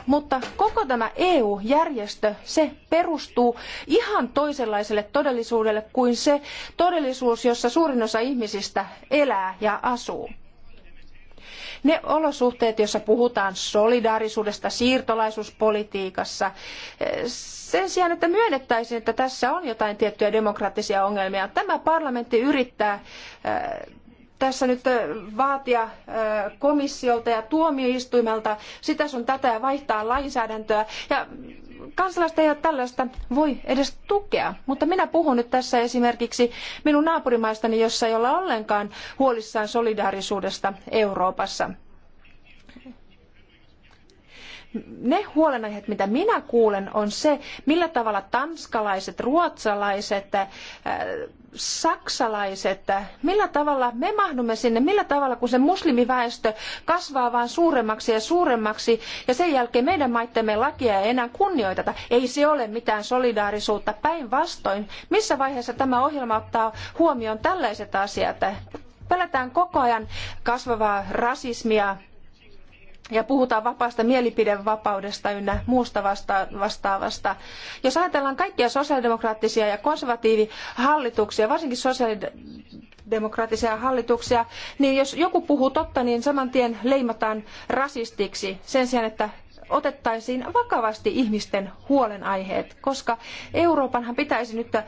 Mutta koko tämä EU-järjestö, se perustuu ihan toisenlaiselle todellisuudelle kuin se todellisuus, jossa suurin osa ihmisistä elää ja asuu. Ne olosuhteet, joissa puhutaan solidaarisuudesta siirtolaisuuspolitiikassa, sen sijaan, että myönnettäisiin, että tässä on jotain tiettyjä demokraattisia ongelmia, tämä parlamentti yrittää äh, tässä nyt äh, vaatia äh, komissiolta ja tuomioistuimelta sitä sun tätä ja vaihtaa lainsäädäntöä. Ja kansalaiset eivät tällaista voi edes tukea, mutta minä puhun nyt tässä esimerkiksi minun naapurimaistani, jossa ei olla ollenkaan huolissaan solidaarisuudesta Euroopassa ne huolenaiheet, mitä minä kuulen, on se, millä tavalla tanskalaiset, ruotsalaiset äh, saksalaiset, millä tavalla me mahdumme sinne, millä tavalla kun se muslimiväestö kasvaa vain suuremmaksi ja suuremmaksi ja sen jälkeen meidän maittemme lakia ei enää kunnioiteta. Ei se ole mitään solidaarisuutta, päinvastoin. Missä vaiheessa tämä ohjelma ottaa huomioon tällaiset asiat? Pelätään koko ajan kasvavaa rasismia, ja puhutaan vapaasta mielipidevapaudesta ynnä muusta vasta- vastaavasta. Jos ajatellaan kaikkia sosiaalidemokraattisia ja konservatiivihallituksia, varsinkin sosiaalidemokraattisia hallituksia, niin jos joku puhuu totta, niin saman tien leimataan rasistiksi sen sijaan, että otettaisiin vakavasti ihmisten huolenaiheet, koska Euroopanhan pitäisi nyt äh,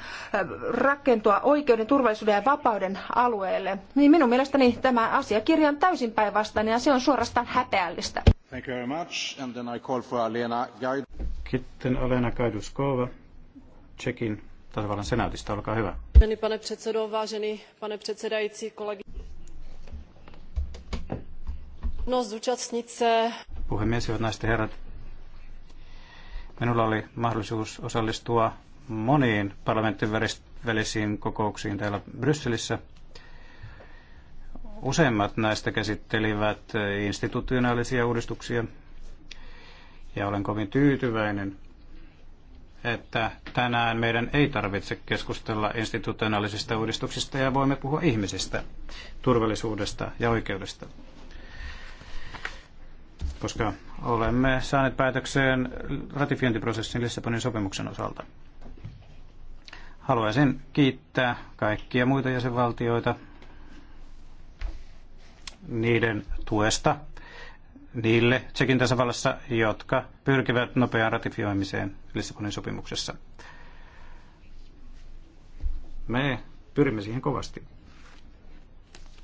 rakentua oikeuden, turvallisuuden ja vapauden alueelle. Niin minun mielestäni tämä asiakirja on täysin päinvastainen ja se on suorastaan häpeällistä. Thank you very much. And then I call for Alena Gaid. Kitten Alena Gaiduskova, Tsekin tasavallan senaatista, olkaa hyvä. Pane předsedo, vážený pane předsedající, kolegy. No, zúčastnit se puhemies, hyvät naiset ja herrat. Minulla oli mahdollisuus osallistua moniin parlamentin välisiin kokouksiin täällä Brysselissä. Useimmat näistä käsittelivät institutionaalisia uudistuksia, ja olen kovin tyytyväinen, että tänään meidän ei tarvitse keskustella institutionaalisista uudistuksista ja voimme puhua ihmisistä, turvallisuudesta ja oikeudesta koska olemme saaneet päätökseen ratifiointiprosessin Lissabonin sopimuksen osalta. Haluaisin kiittää kaikkia muita jäsenvaltioita niiden tuesta niille Tsekin tasavallassa, jotka pyrkivät nopeaan ratifioimiseen Lissabonin sopimuksessa. Me pyrimme siihen kovasti,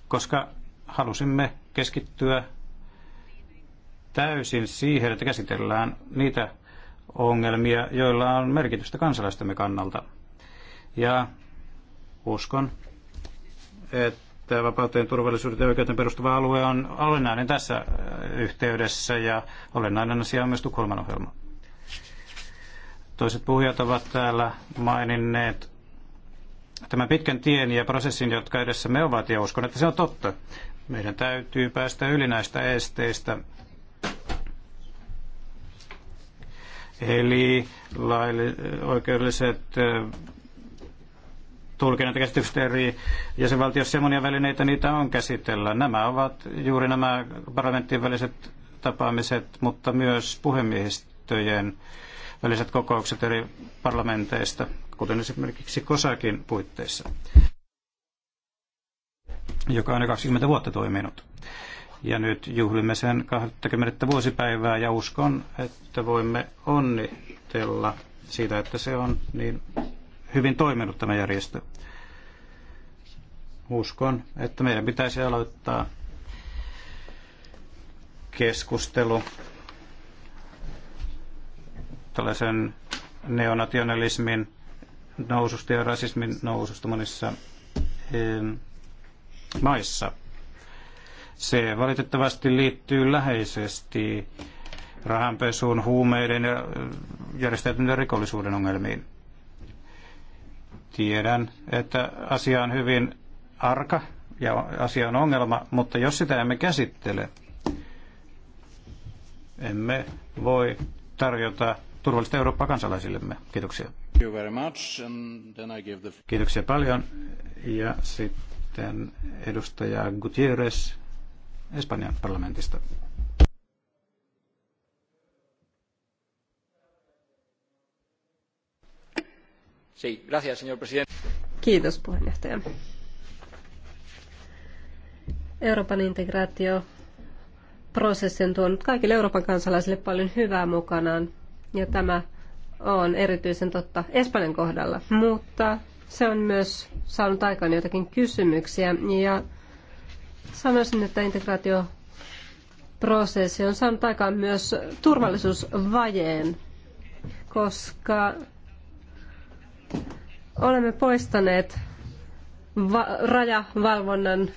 koska halusimme keskittyä täysin siihen, että käsitellään niitä ongelmia, joilla on merkitystä kansalaistemme kannalta. Ja uskon, että vapauteen, turvallisuuteen ja oikeuden perustuva alue on olennainen tässä äh, yhteydessä ja olennainen asia on myös Tukholman ohjelma. Toiset puhujat ovat täällä maininneet tämän pitkän tien ja prosessin, jotka me ovat, ja uskon, että se on totta. Meidän täytyy päästä yli näistä esteistä Eli laille, oikeudelliset tulkinnat ja käsitykset eri jäsenvaltioissa ja monia välineitä niitä on käsitellä. Nämä ovat juuri nämä parlamenttien väliset tapaamiset, mutta myös puhemiehistöjen väliset kokoukset eri parlamenteista, kuten esimerkiksi Kosakin puitteissa, joka on jo 20 vuotta toiminut. Ja nyt juhlimme sen 20. vuosipäivää ja uskon, että voimme onnitella siitä, että se on niin hyvin toiminut tämä järjestö. Uskon, että meidän pitäisi aloittaa keskustelu tällaisen neonationalismin noususta ja rasismin noususta monissa eh, maissa – se valitettavasti liittyy läheisesti rahanpesuun, huumeiden ja äh, järjestäytyneen rikollisuuden ongelmiin. Tiedän, että asia on hyvin arka ja asia on ongelma, mutta jos sitä emme käsittele, emme voi tarjota turvallista Eurooppaa kansalaisillemme. Kiitoksia. Kiitoksia paljon. Ja sitten edustaja Gutierrez Espanjan parlamentista. Kiitos puheenjohtaja. Euroopan integraatio prosessi on tuonut kaikille Euroopan kansalaisille paljon hyvää mukanaan ja tämä on erityisen totta Espanjan kohdalla, mutta se on myös saanut aikaan joitakin kysymyksiä ja Sanoisin, että integraatioprosessi on saanut aikaan myös turvallisuusvajeen, koska olemme poistaneet va- rajavalvonnan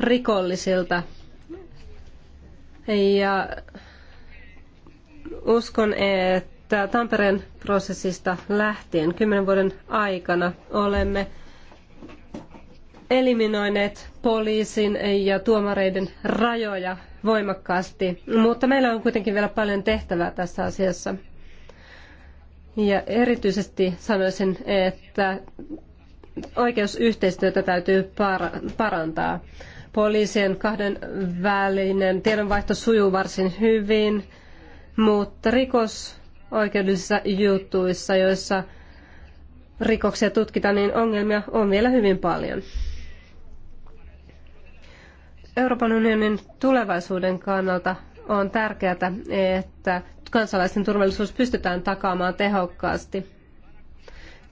rikollisilta. Ja uskon, että Tampereen prosessista lähtien kymmenen vuoden aikana olemme eliminoineet poliisin ja tuomareiden rajoja voimakkaasti, mutta meillä on kuitenkin vielä paljon tehtävää tässä asiassa. Ja erityisesti sanoisin, että oikeusyhteistyötä täytyy parantaa. Poliisien kahden välinen tiedonvaihto sujuu varsin hyvin, mutta rikosoikeudellisissa jutuissa, joissa rikoksia tutkitaan, niin ongelmia on vielä hyvin paljon. Euroopan unionin tulevaisuuden kannalta on tärkeää, että kansalaisten turvallisuus pystytään takaamaan tehokkaasti,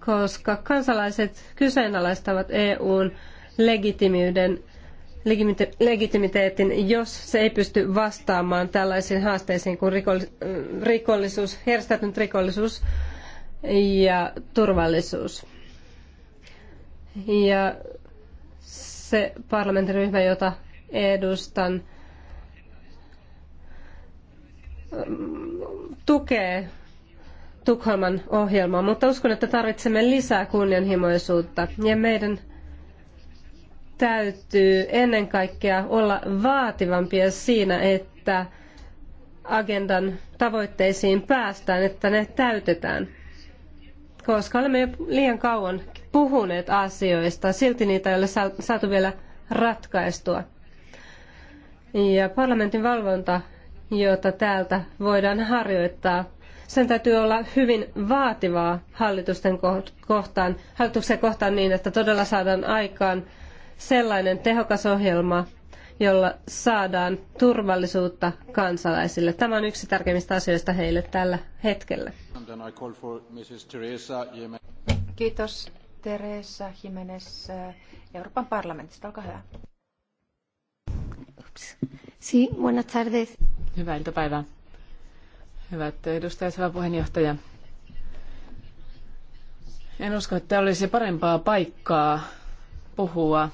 koska kansalaiset kyseenalaistavat EUn legitimiyden legitimiteetin, jos se ei pysty vastaamaan tällaisiin haasteisiin kuin rikollisuus, järjestäytynyt rikollisuus ja turvallisuus. Ja se parlamenttiryhmä, jota edustan, tukee Tukholman ohjelmaa, mutta uskon, että tarvitsemme lisää kunnianhimoisuutta ja meidän täytyy ennen kaikkea olla vaativampia siinä, että agendan tavoitteisiin päästään, että ne täytetään. Koska olemme jo liian kauan puhuneet asioista, silti niitä ei ole saatu vielä ratkaistua. Ja parlamentin valvonta, jota täältä voidaan harjoittaa, sen täytyy olla hyvin vaativaa hallitusten kohtaan, hallituksen kohtaan niin, että todella saadaan aikaan sellainen tehokas ohjelma, jolla saadaan turvallisuutta kansalaisille. Tämä on yksi tärkeimmistä asioista heille tällä hetkellä. Kiitos Teresa Jimenez Euroopan parlamentista. Olkaa hyvä. Si, buenas Hyvää iltapäivää. Hyvät edustajat, hyvä puheenjohtaja. En usko, että olisi parempaa paikkaa puhua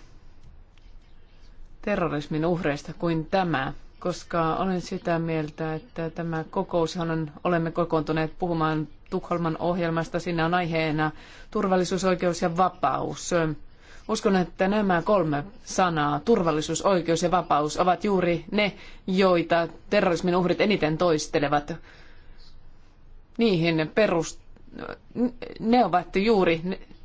terrorismin uhreista kuin tämä, koska olen sitä mieltä, että tämä kokous, johon olemme kokoontuneet puhumaan Tukholman ohjelmasta. Siinä on aiheena turvallisuus, oikeus ja vapaus. Uskon, että nämä kolme sanaa, turvallisuus, oikeus ja vapaus, ovat juuri ne, joita terrorismin uhrit eniten toistelevat. Niihin perust... Ne ovat juuri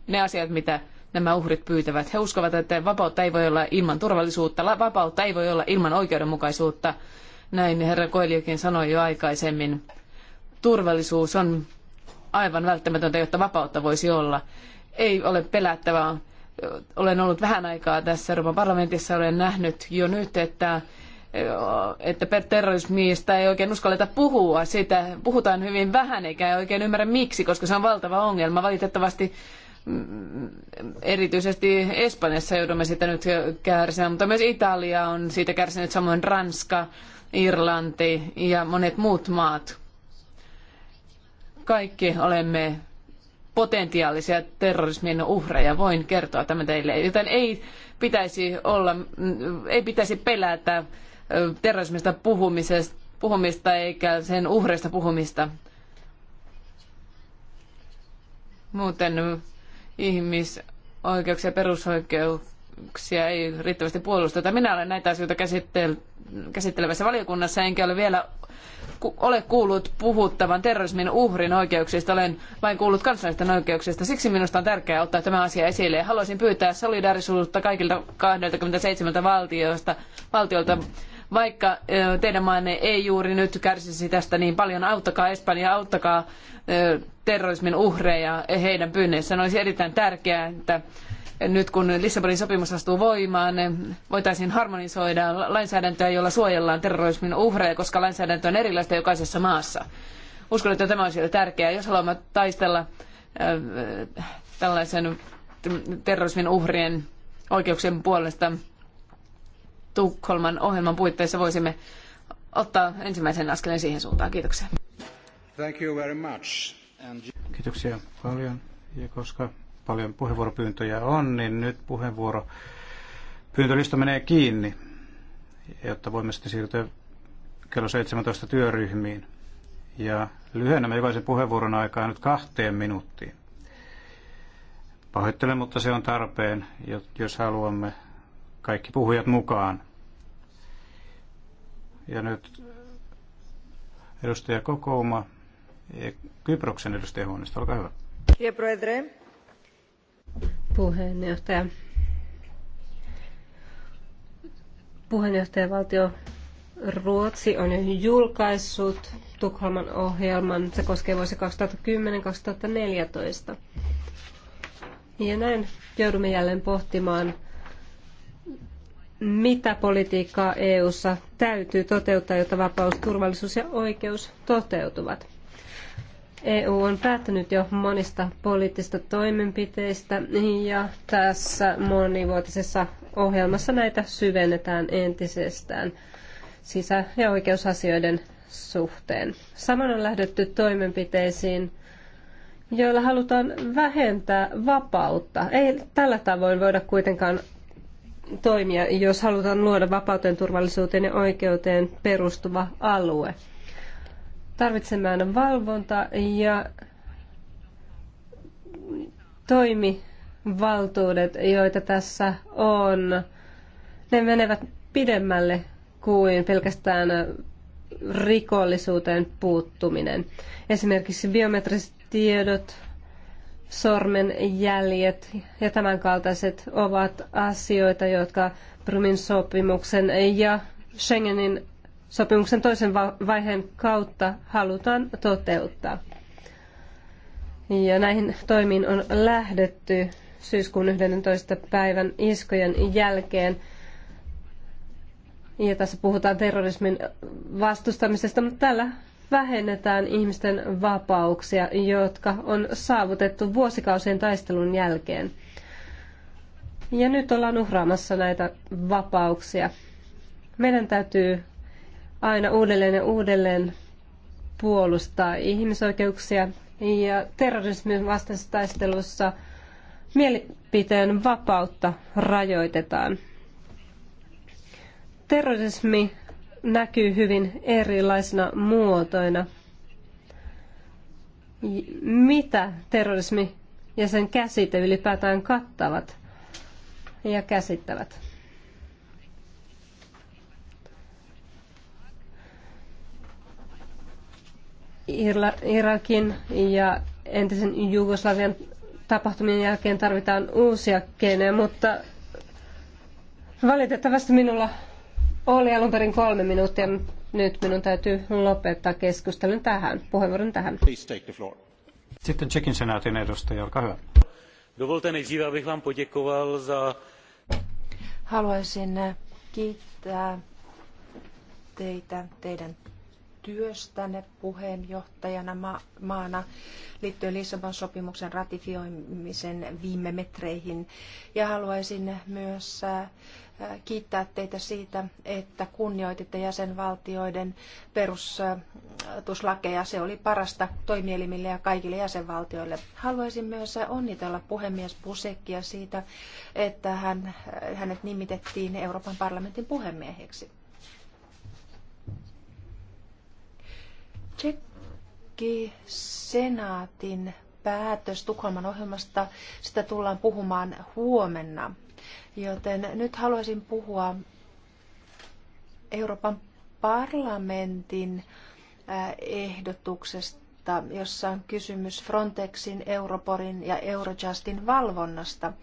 ne asiat, mitä nämä uhrit pyytävät. He uskovat, että vapautta ei voi olla ilman turvallisuutta, vapautta ei voi olla ilman oikeudenmukaisuutta. Näin herra Koeliokin sanoi jo aikaisemmin. Turvallisuus on aivan välttämätöntä, jotta vapautta voisi olla. Ei ole pelättävää olen ollut vähän aikaa tässä Euroopan parlamentissa, olen nähnyt jo nyt, että että terrorismista ei oikein uskalleta puhua. Siitä puhutaan hyvin vähän eikä oikein ymmärrä miksi, koska se on valtava ongelma. Valitettavasti mm, erityisesti Espanjassa joudumme sitä nyt kärsimään, mutta myös Italia on siitä kärsinyt, samoin Ranska, Irlanti ja monet muut maat. Kaikki olemme potentiaalisia terrorismin uhreja. Voin kertoa tämän teille. Joten ei pitäisi, olla, mm, ei pitäisi pelätä terrorismista puhumista eikä sen uhreista puhumista. Muuten ihmisoikeuksia ja perusoikeuksia ei riittävästi puolusteta. Minä olen näitä asioita käsittelevässä valiokunnassa enkä ole vielä ole kuullut puhuttavan terrorismin uhrin oikeuksista, olen vain kuullut kansalaisten oikeuksista. Siksi minusta on tärkeää ottaa tämä asia esille. Haluaisin pyytää solidaarisuutta kaikilta 27 valtiosta, valtiolta vaikka teidän maanne ei juuri nyt kärsisi tästä niin paljon, auttakaa Espanjaa, auttakaa terrorismin uhreja heidän pyynneissään. Olisi erittäin tärkeää, että nyt kun Lissabonin sopimus astuu voimaan, voitaisiin harmonisoida lainsäädäntöä, jolla suojellaan terrorismin uhreja, koska lainsäädäntö on erilaista jokaisessa maassa. Uskon, että tämä on siellä tärkeää. Jos haluamme taistella äh, tällaisen terrorismin uhrien oikeuksien puolesta Tukholman ohjelman puitteissa voisimme ottaa ensimmäisen askeleen siihen suuntaan. Kiitoksia. Thank you very much. And... Kiitoksia paljon. Ja koska paljon puheenvuoropyyntöjä on, niin nyt puheenvuoro pyyntölista menee kiinni, jotta voimme sitten siirtyä kello 17 työryhmiin. Ja lyhennämme jokaisen puheenvuoron aikaa nyt kahteen minuuttiin. Pahoittelen, mutta se on tarpeen, jos haluamme kaikki puhujat mukaan. Ja nyt edustaja Kokouma Kyproksen edustajahuoneesta, olkaa hyvä. Kiitos, puheenjohtaja. Puheenjohtajavaltio Ruotsi on jo julkaissut Tukholman ohjelman. Se koskee vuosi 2010-2014. Ja näin joudumme jälleen pohtimaan, mitä politiikkaa EU:ssa täytyy toteuttaa, jotta vapaus, turvallisuus ja oikeus toteutuvat. EU on päättänyt jo monista poliittisista toimenpiteistä ja tässä monivuotisessa ohjelmassa näitä syvennetään entisestään sisä- ja oikeusasioiden suhteen. Samoin on lähdetty toimenpiteisiin, joilla halutaan vähentää vapautta. Ei tällä tavoin voida kuitenkaan toimia, jos halutaan luoda vapauteen, turvallisuuteen ja oikeuteen perustuva alue tarvitsemään valvonta ja toimivaltuudet, joita tässä on, ne menevät pidemmälle kuin pelkästään rikollisuuteen puuttuminen. Esimerkiksi biometriset tiedot, sormenjäljet ja tämän kaltaiset ovat asioita, jotka Brumin sopimuksen ja Schengenin sopimuksen toisen vaiheen kautta halutaan toteuttaa. Ja näihin toimiin on lähdetty syyskuun 11. päivän iskujen jälkeen. Ja tässä puhutaan terrorismin vastustamisesta, mutta tällä vähennetään ihmisten vapauksia, jotka on saavutettu vuosikausien taistelun jälkeen. Ja nyt ollaan uhraamassa näitä vapauksia. Meidän täytyy aina uudelleen ja uudelleen puolustaa ihmisoikeuksia ja terrorismin vastaisessa taistelussa mielipiteen vapautta rajoitetaan. Terrorismi näkyy hyvin erilaisina muotoina. Mitä terrorismi ja sen käsite ylipäätään kattavat ja käsittävät? Irakin ja entisen Jugoslavian tapahtumien jälkeen tarvitaan uusia keinoja, mutta valitettavasti minulla oli alun perin kolme minuuttia. Nyt minun täytyy lopettaa keskustelun tähän, puheenvuoron tähän. Sitten Tsekin senaatin edustaja, olkaa hyvä. Dovolte nejdříve, abych vám poděkoval za... Haluaisin kiittää teitä teidän työstänne puheenjohtajana ma- maana liittyen Lissabon sopimuksen ratifioimisen viime metreihin. Ja haluaisin myös äh, kiittää teitä siitä, että kunnioititte jäsenvaltioiden perustuslakeja. Se oli parasta toimielimille ja kaikille jäsenvaltioille. Haluaisin myös onnitella puhemies Busekkia siitä, että hän, äh, hänet nimitettiin Euroopan parlamentin puhemieheksi. Tsekki senaatin päätös Tukholman ohjelmasta, sitä tullaan puhumaan huomenna. Joten nyt haluaisin puhua Euroopan parlamentin ehdotuksesta hanketta, jossa on kysymys Frontexin, Europorin ja Eurojustin valvonnasta.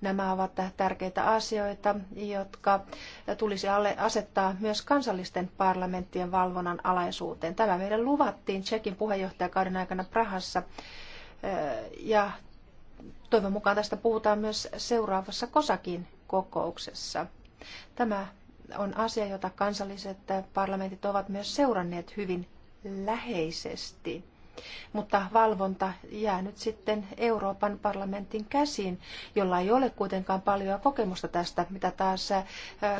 Nämä ovat tärkeitä asioita, jotka tulisi asettaa myös kansallisten parlamenttien valvonnan alaisuuteen. Tämä meidän luvattiin Tsekin puheenjohtajakauden aikana Prahassa eh, ja toivon mukaan tästä puhutaan myös seuraavassa Kosakin kokouksessa. Tämä on asia, jota kansalliset parlamentit ovat myös seuranneet hyvin läheisesti. Mutta valvonta jää nyt sitten Euroopan parlamentin käsiin, jolla ei ole kuitenkaan paljon kokemusta tästä, mitä taas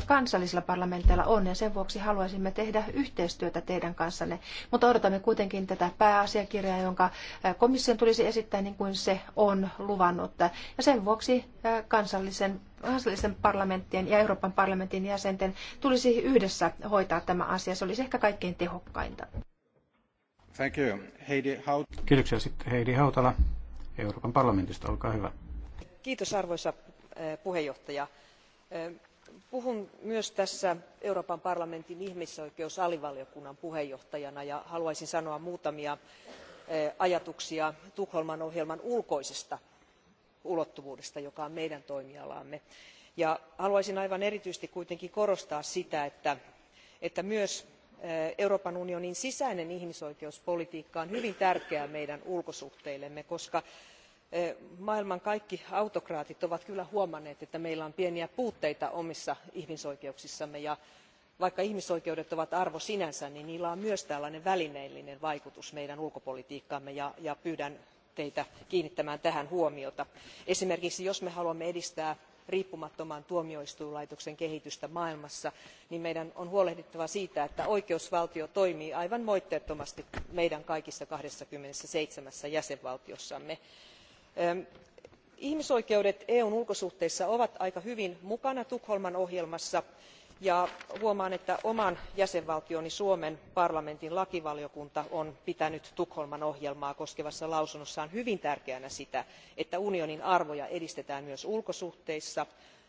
kansallisilla parlamenteilla on. Ja sen vuoksi haluaisimme tehdä yhteistyötä teidän kanssanne. Mutta odotamme kuitenkin tätä pääasiakirjaa, jonka komission tulisi esittää niin kuin se on luvannut. Ja sen vuoksi kansallisen kansallisten parlamenttien ja Euroopan parlamentin jäsenten tulisi yhdessä hoitaa tämä asia. Se olisi ehkä kaikkein tehokkainta. Thank you. Heidi Haut... Kiitoksia sitten Heidi Hautala Euroopan parlamentista. Olkaa hyvä. Kiitos arvoisa eh, puheenjohtaja. Eh, puhun myös tässä Euroopan parlamentin ihmisoikeusalivaliokunnan puheenjohtajana ja haluaisin sanoa muutamia eh, ajatuksia Tukholman ohjelman ulkoisesta ulottuvuudesta, joka on meidän toimialaamme. Ja haluaisin aivan erityisesti kuitenkin korostaa sitä, että, että myös euroopan unionin sisäinen ihmisoikeuspolitiikka on hyvin tärkeää meidän ulkosuhteillemme koska maailman kaikki autokraatit ovat kyllä huomanneet että meillä on pieniä puutteita omissa ihmisoikeuksissamme ja vaikka ihmisoikeudet ovat arvo sinänsä niin niillä on myös tällainen välineellinen vaikutus meidän ulkopolitiikkaamme ja pyydän teitä kiinnittämään tähän huomiota. esimerkiksi jos me haluamme edistää riippumattoman tuomioistuinlaitoksen kehitystä maailmassa niin meidän on huolehdittava siitä että oikeusvaltio toimii aivan moitteettomasti meidän kaikissa kaksikymmentäseitsemän jäsenvaltiossamme. ihmisoikeudet eun ulkosuhteissa ovat aika hyvin mukana tukholman ohjelmassa ja huomaan että oman jäsenvaltioni suomen parlamentin lakivaliokunta on pitänyt tukholman ohjelmaa koskevassa lausunnossaan hyvin tärkeänä sitä että unionin arvoja edistetään myös ulkosuhteissa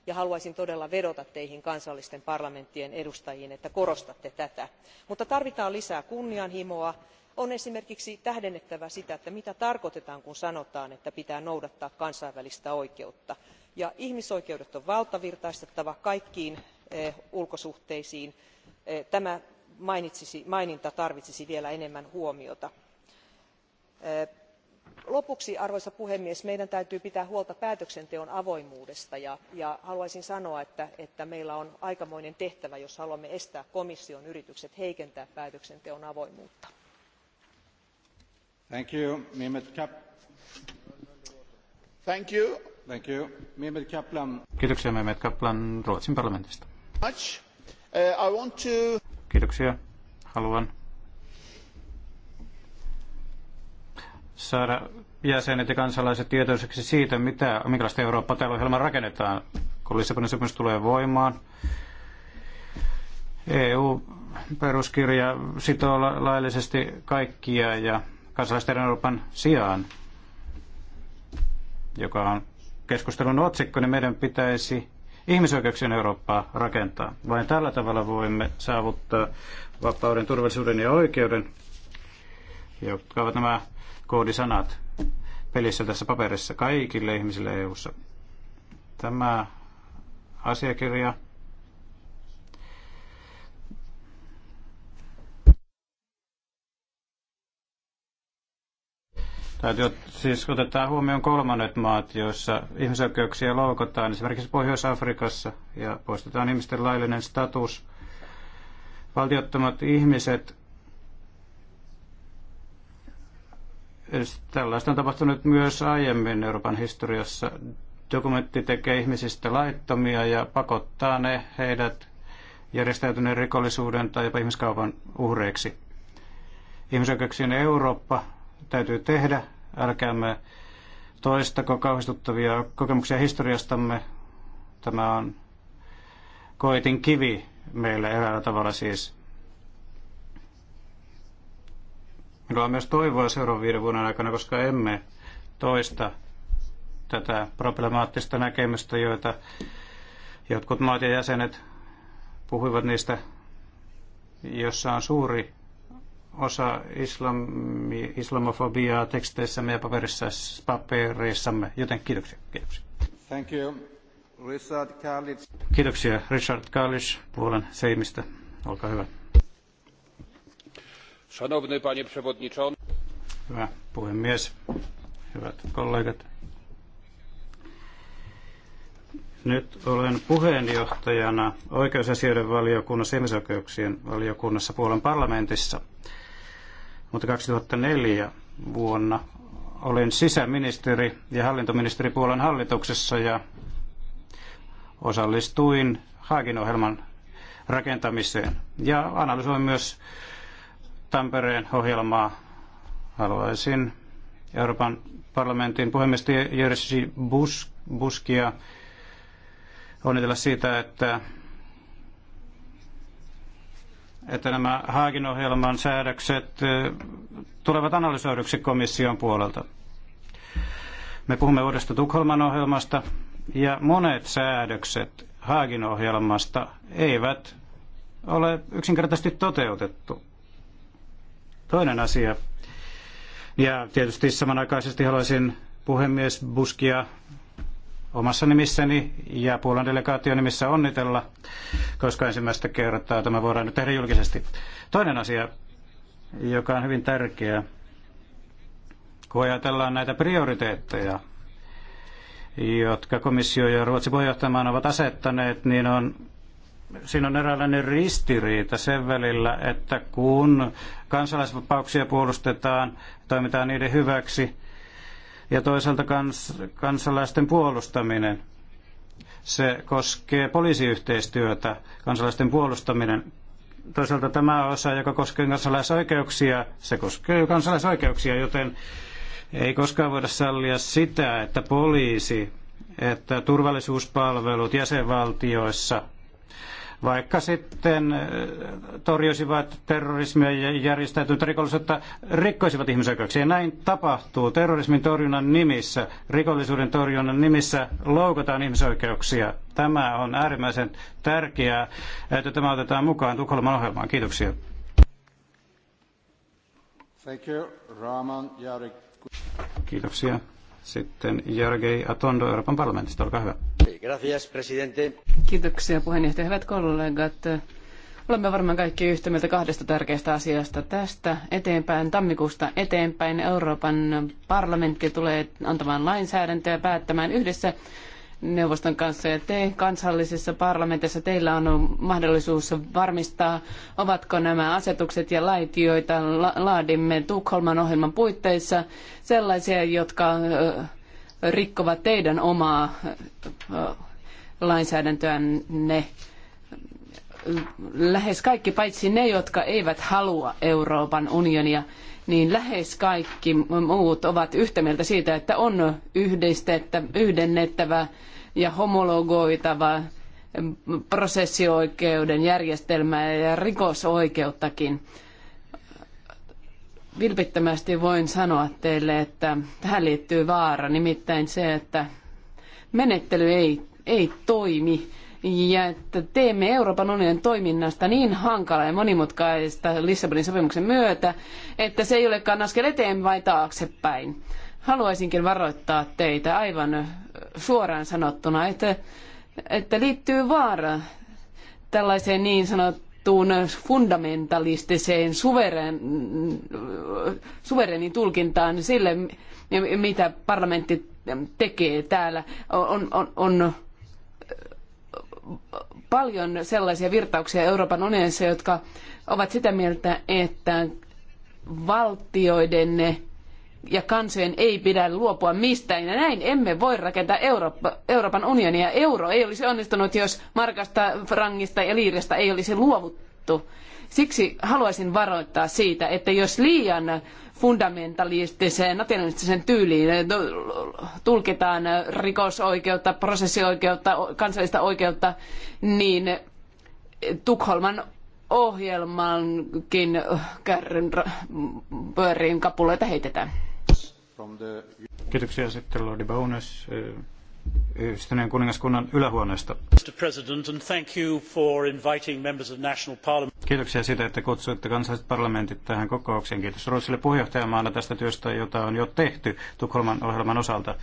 ja haluaisin todella vedota teihin kansallisten parlamenttien edustajiin että korostatte tätä. mutta tarvitaan lisää kunnianhimoa. on esimerkiksi tähdennettävä sitä mitä tarkoitetaan kun sanotaan että pitää noudattaa kansainvälistä oikeutta ja ihmisoikeudet on valtavirtaistettava kaikkiin Eh, ulkosuhteisiin eh, tämä maininta tarvitsisi vielä enemmän huomiota. Eh, lopuksi arvoisa puhemies, meidän täytyy pitää huolta päätöksenteon avoimuudesta ja haluaisin sanoa että meillä on aikamoinen tehtävä jos haluamme estää komission yritykset heikentää päätöksenteon avoimuutta. Ruotsin parlamentista. Uh, Kiitoksia. Haluan saada jäsenet ja kansalaiset tietoiseksi siitä, mitä, minkälaista Eurooppaa tällä ohjelmalla rakennetaan, kun Lissabonin sopimus tulee voimaan. EU-peruskirja sitoo laillisesti kaikkia ja kansalaisten Euroopan sijaan, joka on keskustelun otsikko, niin meidän pitäisi ihmisoikeuksien Eurooppaa rakentaa. Vain tällä tavalla voimme saavuttaa vapauden, turvallisuuden ja oikeuden, jotka ovat nämä koodisanat pelissä tässä paperissa kaikille ihmisille EU-ssa. Tämä asiakirja Täytyy, siis otetaan huomioon kolmannet maat, joissa ihmisoikeuksia loukotaan, esimerkiksi Pohjois-Afrikassa, ja poistetaan ihmisten laillinen status. Valtiottomat ihmiset, tällaista on tapahtunut myös aiemmin Euroopan historiassa. Dokumentti tekee ihmisistä laittomia ja pakottaa ne heidät järjestäytyneen rikollisuuden tai jopa ihmiskaupan uhreiksi. Ihmisoikeuksien Eurooppa täytyy tehdä Älkäämme toistako kauhistuttavia kokemuksia historiastamme. Tämä on koitin kivi meille eräällä tavalla siis. Minulla on myös toivoa seuraavan viiden vuoden aikana, koska emme toista tätä problemaattista näkemystä, joita jotkut maat ja jäsenet puhuivat niistä, jossa on suuri osa islami, islamofobiaa teksteissämme ja paperissa, paperissamme, joten kiitoksia. kiitoksia. Thank you. Richard Kalic. Kiitoksia Richard Kalic puolen seimistä. Olkaa hyvä. Szanowny panie przewodniczący. Hyvä puhemies, hyvät kollegat. Nyt olen puheenjohtajana oikeusasioiden valiokunnassa ja ihmisoikeuksien valiokunnassa Puolan parlamentissa mutta 2004 vuonna olin sisäministeri ja hallintoministeri Puolan hallituksessa ja osallistuin Haagin ohjelman rakentamiseen ja analysoin myös Tampereen ohjelmaa. Haluaisin Euroopan parlamentin puhemies Jerzy Bus, Buskia onnitella siitä, että että nämä Haagin ohjelman säädökset tulevat analysoiduksi komission puolelta. Me puhumme uudesta Tukholman ohjelmasta ja monet säädökset Haagin ohjelmasta eivät ole yksinkertaisesti toteutettu. Toinen asia. Ja tietysti samanaikaisesti haluaisin puhemies Buskia omassa nimissäni ja Puolan delegaation nimissä onnitella, koska ensimmäistä kertaa tämä voidaan nyt tehdä julkisesti. Toinen asia, joka on hyvin tärkeä, kun ajatellaan näitä prioriteetteja, jotka komissio ja Ruotsin puheenjohtajamaan ovat asettaneet, niin on siinä on eräänlainen ristiriita sen välillä, että kun kansalaisvapauksia puolustetaan, toimitaan niiden hyväksi, ja toisaalta kans, kansalaisten puolustaminen. Se koskee poliisiyhteistyötä, kansalaisten puolustaminen. Toisaalta tämä osa, joka koskee kansalaisoikeuksia, se koskee kansalaisoikeuksia, joten ei koskaan voida sallia sitä, että poliisi, että turvallisuuspalvelut jäsenvaltioissa – vaikka sitten äh, torjuisivat terrorismia ja järjestäytynyttä rikollisuutta, rikkoisivat ihmisoikeuksia. Ja näin tapahtuu. Terrorismin torjunnan nimissä, rikollisuuden torjunnan nimissä loukataan ihmisoikeuksia. Tämä on äärimmäisen tärkeää, että tämä otetaan mukaan Tukholman ohjelmaan. Kiitoksia. Thank you, Raman Kiitoksia. Sitten Jörgei Atondo Euroopan parlamentista, olkaa hyvä. Kiitoksia puheenjohtaja. Hyvät kollegat, olemme varmaan kaikki yhtä mieltä kahdesta tärkeästä asiasta. Tästä eteenpäin, tammikuusta eteenpäin, Euroopan parlamentti tulee antamaan lainsäädäntöä ja päättämään yhdessä neuvoston kanssa ja te kansallisissa parlamentissa teillä on mahdollisuus varmistaa, ovatko nämä asetukset ja lait, joita laadimme Tukholman ohjelman puitteissa, sellaisia, jotka rikkovat teidän omaa lainsäädäntöänne lähes kaikki, paitsi ne, jotka eivät halua Euroopan unionia, niin lähes kaikki muut ovat yhtä mieltä siitä, että on yhdennettävä ja homologoitava prosessioikeuden järjestelmää ja rikosoikeuttakin vilpittömästi voin sanoa teille, että tähän liittyy vaara, nimittäin se, että menettely ei, ei toimi ja että teemme Euroopan unionin toiminnasta niin hankalaa ja monimutkaista Lissabonin sopimuksen myötä, että se ei olekaan askel eteen vai taaksepäin. Haluaisinkin varoittaa teitä aivan suoraan sanottuna, että, että liittyy vaara tällaiseen niin sanottuun annettuun fundamentalistiseen suveren, suverenin tulkintaan sille, mitä parlamentti tekee täällä. On, on, on paljon sellaisia virtauksia Euroopan unionissa, jotka ovat sitä mieltä, että valtioiden ja kansojen ei pidä luopua mistään. Ja näin emme voi rakentaa Eurooppa, Euroopan unionia. Euro ei olisi onnistunut, jos markasta, frangista ja liiristä ei olisi luovuttu. Siksi haluaisin varoittaa siitä, että jos liian fundamentalistiseen, nationalistiseen tyyliin tulkitaan rikosoikeutta, prosessioikeutta, kansallista oikeutta, niin Tukholman ohjelmankin kärryn pyöriin kapuloita heitetään. Kiitoksia sitten Lordi Bowness eh, yhdistyneen kuningaskunnan ylähuoneesta. Kiitoksia siitä, että kutsuitte kansalliset parlamentit tähän kokoukseen. Kiitos Ruotsille puheenjohtajamaana tästä työstä, jota on jo tehty Tukholman ohjelman osalta.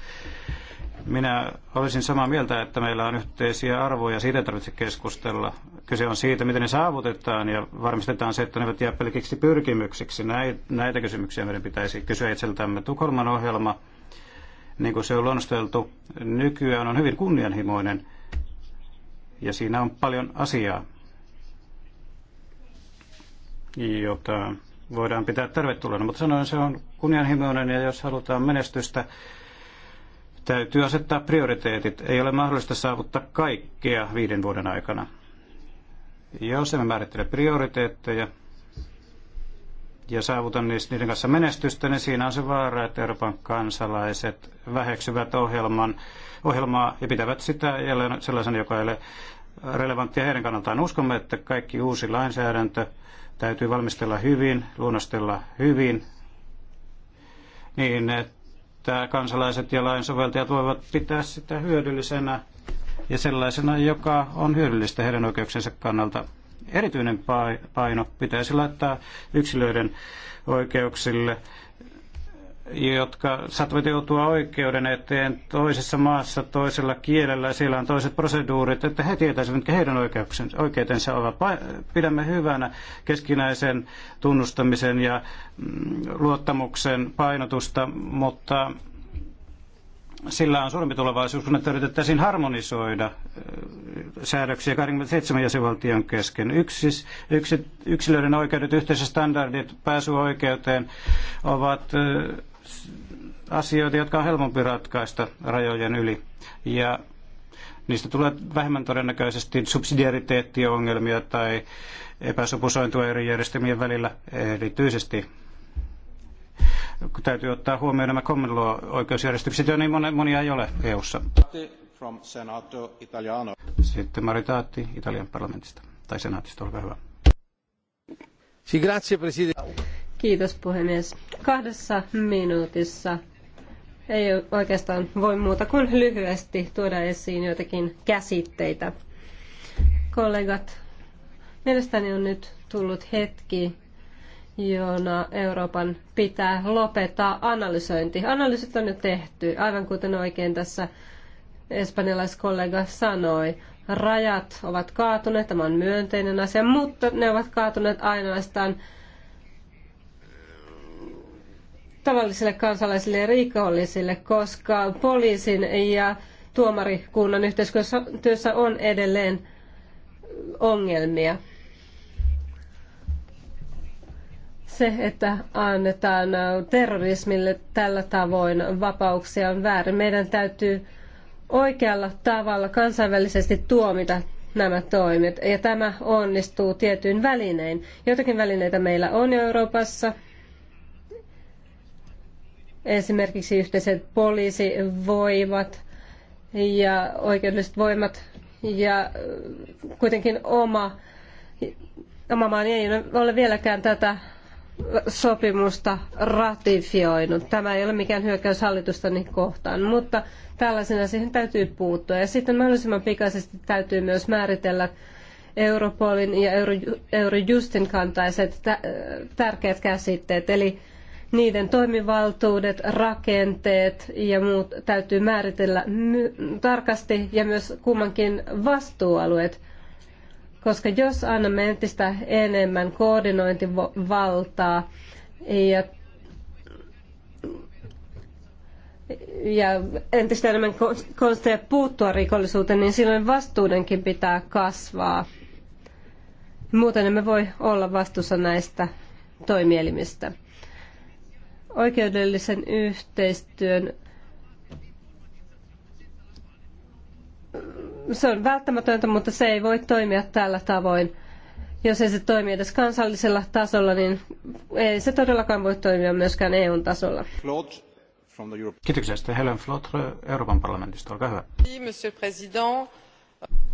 Minä olisin samaa mieltä, että meillä on yhteisiä arvoja, siitä ei tarvitse keskustella. Kyse on siitä, miten ne saavutetaan ja varmistetaan se, että ne eivät jää pelkiksi pyrkimyksiksi. Näitä kysymyksiä meidän pitäisi kysyä itseltämme. Tukholman ohjelma, niin kuin se on luonnosteltu, nykyään on hyvin kunnianhimoinen ja siinä on paljon asiaa, jota voidaan pitää tervetulleena. Mutta sanoin, se on kunnianhimoinen ja jos halutaan menestystä, Täytyy asettaa prioriteetit. Ei ole mahdollista saavuttaa kaikkea viiden vuoden aikana. Jos emme määrittele prioriteetteja ja saavuta niiden kanssa menestystä, niin siinä on se vaara, että Euroopan kansalaiset väheksyvät ohjelman, ohjelmaa ja pitävät sitä jälleen sellaisen, joka ei ole relevanttia heidän kannaltaan. Uskomme, että kaikki uusi lainsäädäntö täytyy valmistella hyvin, luonnostella hyvin, niin että että kansalaiset ja lainsoveltajat voivat pitää sitä hyödyllisenä ja sellaisena, joka on hyödyllistä heidän oikeuksensa kannalta. Erityinen paino pitäisi laittaa yksilöiden oikeuksille jotka saattavat joutua oikeuden eteen toisessa maassa toisella kielellä, siellä on toiset proseduurit, että he tietäisivät, mitkä heidän oikeutensa ovat. Pidämme hyvänä keskinäisen tunnustamisen ja mm, luottamuksen painotusta, mutta sillä on suurempi tulevaisuus, kun että yritettäisiin harmonisoida äh, säädöksiä 27 jäsenvaltion kesken. Yksis, yksi, yksilöiden oikeudet, yhteiset standardit, pääsy oikeuteen ovat äh, asioita, jotka on helpompi ratkaista rajojen yli. Ja niistä tulee vähemmän todennäköisesti subsidiariteettiongelmia tai epäsopusointua eri järjestelmien välillä erityisesti. Kun täytyy ottaa huomioon nämä common law-oikeusjärjestykset, joita niin monia ei ole EU-ssa. Sitten Maritaatti Italian parlamentista tai senaatista, olkaa hyvä. Si, grazie, Kiitos puhemies. Kahdessa minuutissa ei oikeastaan voi muuta kuin lyhyesti tuoda esiin joitakin käsitteitä. Kollegat, mielestäni on nyt tullut hetki, jona Euroopan pitää lopettaa analysointi. Analyysit on jo tehty, aivan kuten oikein tässä espanjalaiskollega sanoi. Rajat ovat kaatuneet, tämä on myönteinen asia, mutta ne ovat kaatuneet ainoastaan tavallisille kansalaisille ja rikollisille, koska poliisin ja tuomarikunnan yhteistyössä on edelleen ongelmia. Se, että annetaan terrorismille tällä tavoin vapauksia on väärin. Meidän täytyy oikealla tavalla kansainvälisesti tuomita nämä toimet. Ja tämä onnistuu tietyin välinein. Jotakin välineitä meillä on Euroopassa, esimerkiksi yhteiset poliisivoimat ja oikeudelliset voimat ja äh, kuitenkin oma, oma maani ei ole vieläkään tätä sopimusta ratifioinut. Tämä ei ole mikään hyökkäys hallitustani kohtaan, mutta tällaisena siihen täytyy puuttua. Ja sitten mahdollisimman pikaisesti täytyy myös määritellä Europolin ja Eurojustin kantaiset tärkeät käsitteet, eli niiden toimivaltuudet, rakenteet ja muut täytyy määritellä tarkasti ja myös kummankin vastuualueet. Koska jos annamme entistä enemmän koordinointivaltaa ja ja entistä enemmän konsteja puuttua rikollisuuteen, niin silloin vastuudenkin pitää kasvaa. Muuten emme voi olla vastuussa näistä toimielimistä oikeudellisen yhteistyön se on välttämätöntä, mutta se ei voi toimia tällä tavoin. Jos ei se toimi edes kansallisella tasolla, niin ei se todellakaan voi toimia myöskään EUn tasolla. Kiitoksia. Sitten Helen Flotre Euroopan parlamentista. Olkaa hyvä.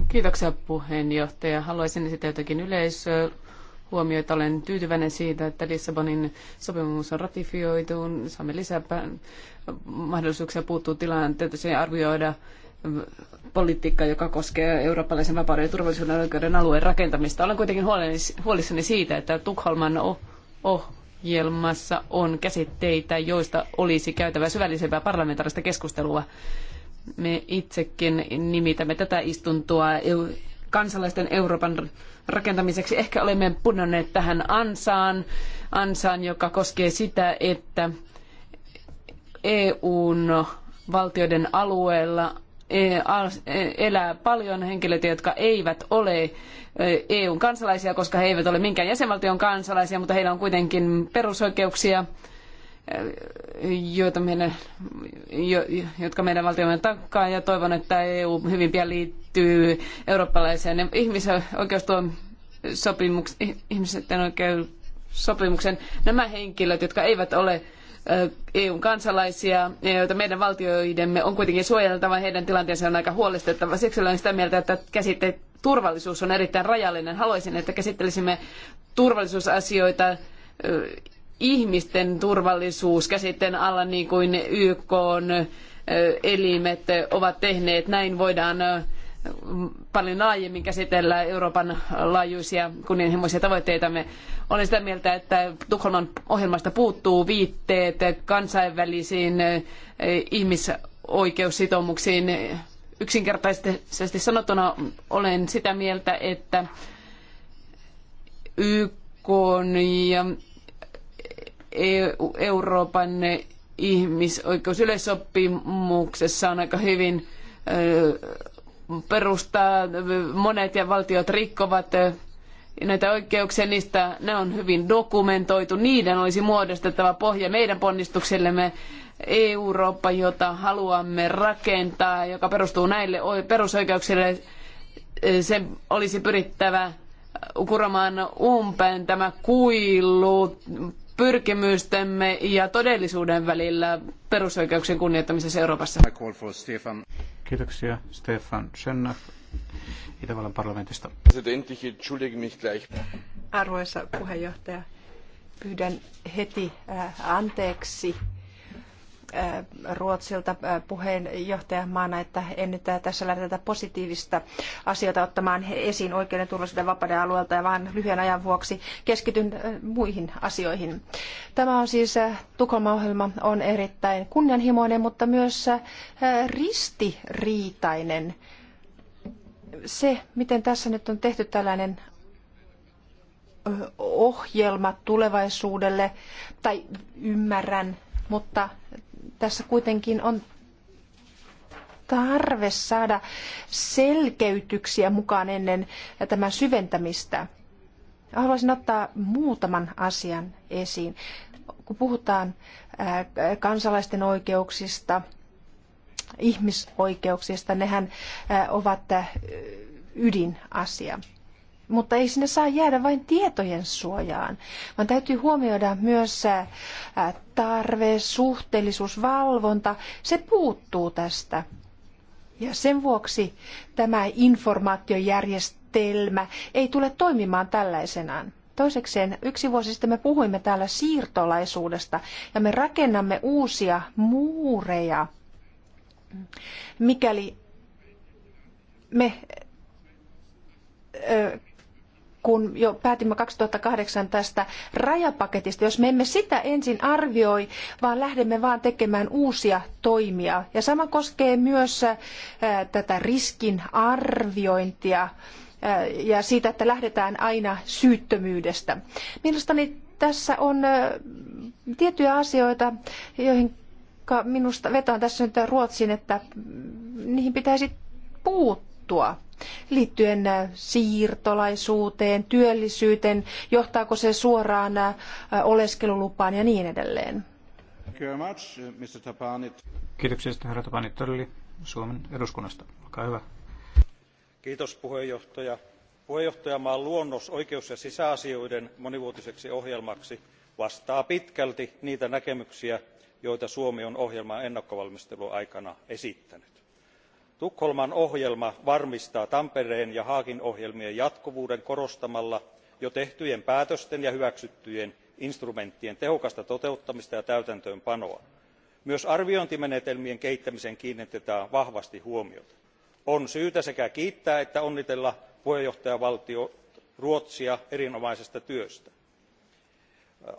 Kiitoksia puheenjohtaja. Haluaisin esittää jotakin yleisöä huomioita. Olen tyytyväinen siitä, että Lissabonin sopimus on ratifioitu. Saamme lisää mahdollisuuksia puuttua tilanteeseen ja arvioida politiikkaa, joka koskee eurooppalaisen vapauden ja turvallisuuden oikeuden alueen rakentamista. Olen kuitenkin huolissani siitä, että Tukholman ohjelmassa on käsitteitä, joista olisi käytävä syvällisempää parlamentaarista keskustelua. Me itsekin nimitämme tätä istuntoa kansalaisten Euroopan rakentamiseksi. Ehkä olemme punonneet tähän ansaan, ansaan joka koskee sitä, että EUn valtioiden alueella e, e, elää paljon henkilöitä, jotka eivät ole EUn e kansalaisia, koska he eivät ole minkään jäsenvaltion kansalaisia, mutta heillä on kuitenkin perusoikeuksia joita meidän, jo, jotka meidän valtiomme takkaa ja toivon, että EU hyvin pian liittyy eurooppalaiseen ihmisten oikeussopimuksen. Nämä henkilöt, jotka eivät ole EUn kansalaisia, joita meidän valtioidemme on kuitenkin suojeltava, heidän tilanteensa on aika huolestuttava. Siksi olen sitä mieltä, että käsite turvallisuus on erittäin rajallinen. Haluaisin, että käsittelisimme turvallisuusasioita ihmisten turvallisuus, käsitteen alla, niin kuin YK elimet ovat tehneet. Näin voidaan paljon laajemmin käsitellä Euroopan laajuisia kunnianhimoisia tavoitteitamme. Olen sitä mieltä, että Tukholman ohjelmasta puuttuu viitteet kansainvälisiin ihmisoikeussitoumuksiin. Yksinkertaisesti sanottuna olen sitä mieltä, että YK ja E Euroopan ihmisoikeusyleissopimuksessa on aika hyvin perustaa. Monet ja valtiot rikkovat näitä oikeuksia, niistä ne on hyvin dokumentoitu. Niiden olisi muodostettava pohja meidän ponnistuksellemme Eurooppa, jota haluamme rakentaa, joka perustuu näille perusoikeuksille. Se olisi pyrittävä kuromaan umpeen tämä kuilu pyrkimystemme ja todellisuuden välillä perusoikeuksien kunnioittamisessa Euroopassa. Kiitoksia Stefan Schennach Itävallan parlamentista. Arvoisa puheenjohtaja, pyydän heti äh, anteeksi Äh, Ruotsilta äh, puheenjohtajamaana, että en nyt äh, tässä lähde tätä positiivista asioita ottamaan esiin oikeuden turvallisuuden vapauden alueelta, ja vaan lyhyen ajan vuoksi keskityn muihin asioihin. Tämä on siis, Tukholman ohjelma on erittäin kunnianhimoinen, mutta myös ristiriitainen. Se, miten tässä nyt on tehty tällainen ohjelma tulevaisuudelle, tai ymmärrän mutta tässä kuitenkin on tarve saada selkeytyksiä mukaan ennen tämän syventämistä. Haluaisin ottaa muutaman asian esiin. Kun puhutaan kansalaisten oikeuksista, ihmisoikeuksista, nehän ovat ydinasia mutta ei sinne saa jäädä vain tietojen suojaan, vaan täytyy huomioida myös tarve, suhteellisuus, valvonta. Se puuttuu tästä. Ja sen vuoksi tämä informaatiojärjestelmä ei tule toimimaan tällaisenaan. Toisekseen yksi vuosi sitten me puhuimme täällä siirtolaisuudesta ja me rakennamme uusia muureja, mikäli me kun jo päätimme 2008 tästä rajapaketista, jos me emme sitä ensin arvioi, vaan lähdemme vaan tekemään uusia toimia. Ja sama koskee myös äh, tätä riskin arviointia äh, ja siitä, että lähdetään aina syyttömyydestä. Mielestäni tässä on äh, tiettyjä asioita, joihin minusta vetoan tässä nyt Ruotsiin, että niihin pitäisi puuttua muuttua liittyen äh, siirtolaisuuteen, työllisyyteen, johtaako se suoraan äh, oleskelulupaan ja niin edelleen. Uh, Kiitoksia, herra Tapani Tölli Suomen eduskunnasta. Olkaa hyvä. Kiitos puheenjohtaja. Puheenjohtajamaan luonnos oikeus- ja sisäasioiden monivuotiseksi ohjelmaksi vastaa pitkälti niitä näkemyksiä, joita Suomi on ohjelman ennakkovalmistelun aikana esittänyt tukholman ohjelma varmistaa tampereen ja haagin ohjelmien jatkuvuuden korostamalla jo tehtyjen päätösten ja hyväksyttyjen instrumenttien tehokasta toteuttamista ja täytäntöönpanoa. myös arviointimenetelmien kehittämiseen kiinnitetään vahvasti huomiota. on syytä sekä kiittää että onnitella puheenjohtajavaltio ruotsia erinomaisesta työstä.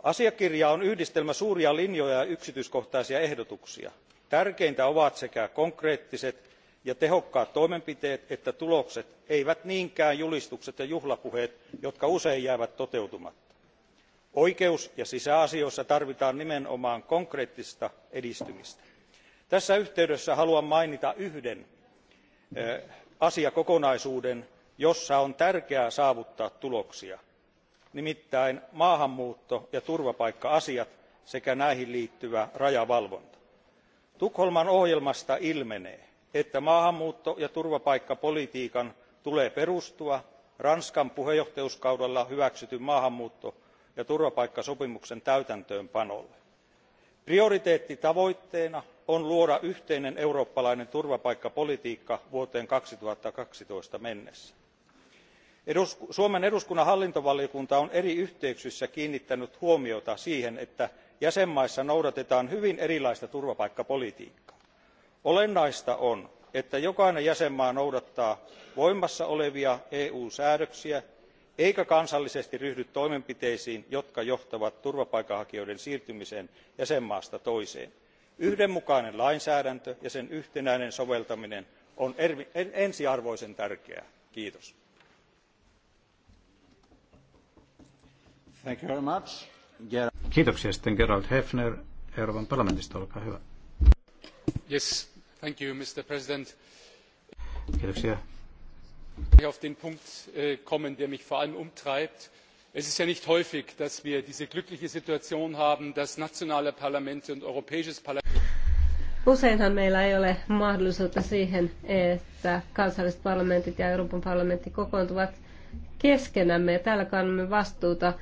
asiakirja on yhdistelmä suuria linjoja ja yksityiskohtaisia ehdotuksia. tärkeintä ovat sekä konkreettiset ja tehokkaat toimenpiteet että tulokset eivät niinkään julistukset ja juhlapuheet jotka usein jäävät toteutumatta. oikeus ja sisäasioissa tarvitaan nimenomaan konkreettista edistymistä. tässä yhteydessä haluan mainita yhden asiakokonaisuuden jossa on tärkeää saavuttaa tuloksia nimittäin maahanmuutto ja turvapaikka asiat sekä näihin liittyvä rajavalvonta. tukholman ohjelmasta ilmenee että maahanmuutto ja turvapaikkapolitiikan tulee perustua ranskan puheenjohtajuuskaudella hyväksytyn maahanmuutto ja turvapaikkasopimuksen täytäntöönpanolle. prioriteettitavoitteena on luoda yhteinen eurooppalainen turvapaikkapolitiikka vuoteen kaksituhatta kaksitoista mennessä. suomen eduskunnan hallintovaliokunta on eri yhteyksissä kiinnittänyt huomiota siihen että jäsenmaissa noudatetaan hyvin erilaista turvapaikkapolitiikkaa olennaista on että jokainen jäsenmaa noudattaa voimassa olevia eu säädöksiä eikä kansallisesti ryhdy toimenpiteisiin jotka johtavat turvapaikanhakijoiden siirtymiseen jäsenmaasta toiseen. yhdenmukainen lainsäädäntö ja sen yhtenäinen soveltaminen on ensiarvoisen tärkeää. kiitoksia. Yes, thank you, Mr. President. Kiitoksia. Ich auf den Punkt äh, kommen, der mich vor allem umtreibt. Es ist ja nicht häufig, dass wir diese glückliche Situation haben, dass nationale Parlamente und Europäisches Parlament Useinhan meillä ei ole mahdollisuutta siihen, että kansalliset parlamentit ja Euroopan parlamentti kokoontuvat keskenämme ja täällä kannamme vastuuta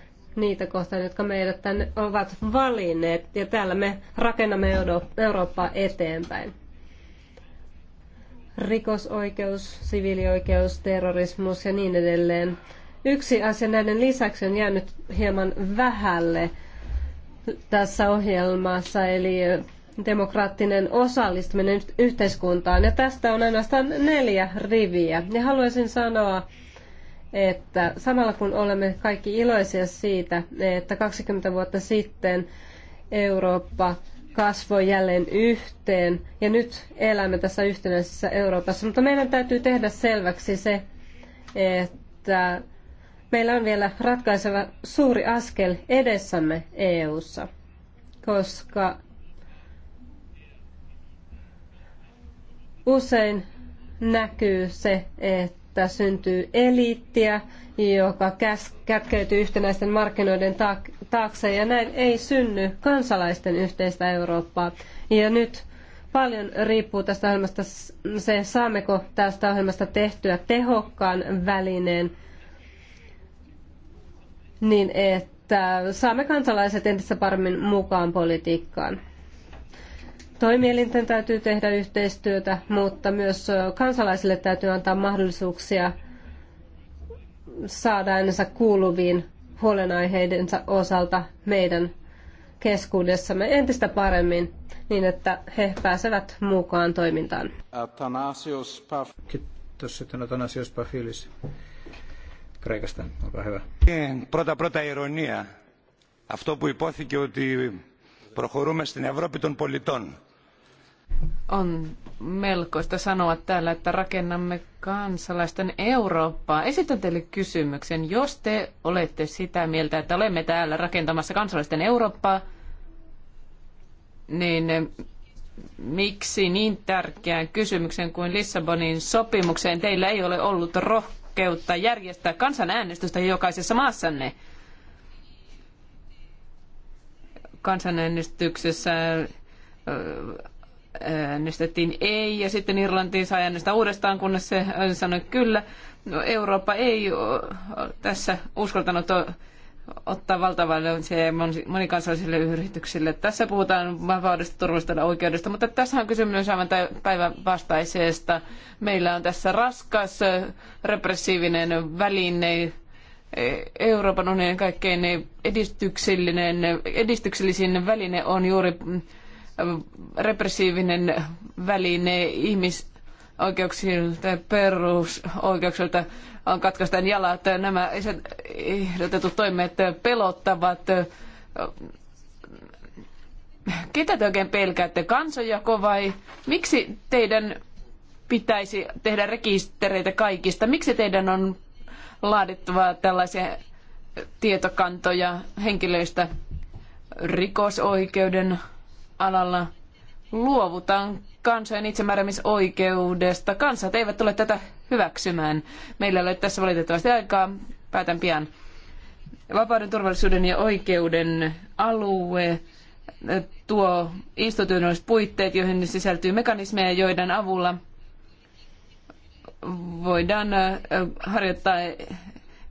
niitä kohtaan, jotka meidät tänne ovat valinneet. Ja täällä me rakennamme Eurooppaa eteenpäin. Rikosoikeus, siviilioikeus, terrorismus ja niin edelleen. Yksi asia näiden lisäksi on jäänyt hieman vähälle tässä ohjelmassa, eli demokraattinen osallistuminen yhteiskuntaan. Ja tästä on ainoastaan neljä riviä. Ja haluaisin sanoa, että samalla kun olemme kaikki iloisia siitä, että 20 vuotta sitten Eurooppa kasvoi jälleen yhteen ja nyt elämme tässä yhtenäisessä Euroopassa, mutta meidän täytyy tehdä selväksi se, että meillä on vielä ratkaiseva suuri askel edessämme EU:ssa, koska usein näkyy se, että että syntyy eliittiä, joka kätkeytyy yhtenäisten markkinoiden taakse, ja näin ei synny kansalaisten yhteistä Eurooppaa. Ja nyt paljon riippuu tästä ohjelmasta se, saammeko tästä ohjelmasta tehtyä tehokkaan välineen, niin että saamme kansalaiset entistä paremmin mukaan politiikkaan. Toimielinten täytyy tehdä yhteistyötä, mutta myös kansalaisille täytyy antaa mahdollisuuksia saada äänensä kuuluviin huolenaiheidensa osalta meidän keskuudessamme entistä paremmin niin, että he pääsevät mukaan toimintaan. Athanasios Paf... Kiitos sitten Athanasios Pafilis. Kreikasta, olkaa hyvä. Πρώτα πρώτα ηρωνία. Αυτό που υπόθηκε ότι προχωρούμε στην Ευρώπη των πολιτών. On melkoista sanoa täällä, että rakennamme kansalaisten Eurooppaa. Esitän teille kysymyksen. Jos te olette sitä mieltä, että olemme täällä rakentamassa kansalaisten Eurooppaa, niin miksi niin tärkeään kysymykseen kuin Lissabonin sopimukseen teillä ei ole ollut rohkeutta järjestää kansanäänestystä jokaisessa maassanne? Kansanäänestyksessä äänestettiin ei ja sitten Irlantiin sai äänestää uudestaan, kunnes se sanoi kyllä. No, Eurooppa ei tässä uskaltanut ottaa ja monikansallisille yrityksille. Tässä puhutaan vapaudesta, turvasta ja oikeudesta, mutta tässä on kysymys aivan päivän vastaisesta. Meillä on tässä raskas repressiivinen väline, e, Euroopan unionin kaikkein edistyksellinen, edistyksellisin väline on juuri repressiivinen väline ihmisoikeuksilta ja perusoikeuksilta on katkaistaan jalat. Nämä ehdotetut toimet pelottavat. Ketä te oikein pelkäätte? Kansojako vai miksi teidän pitäisi tehdä rekistereitä kaikista? Miksi teidän on laadittava tällaisia tietokantoja henkilöistä rikosoikeuden alalla luovutaan kansojen itsemääräämisoikeudesta. Kansat eivät tule tätä hyväksymään. Meillä ei ole tässä valitettavasti aikaa. Päätän pian. Vapauden, turvallisuuden ja oikeuden alue eh, tuo institutionaaliset puitteet, joihin sisältyy mekanismeja, joiden avulla voidaan eh, harjoittaa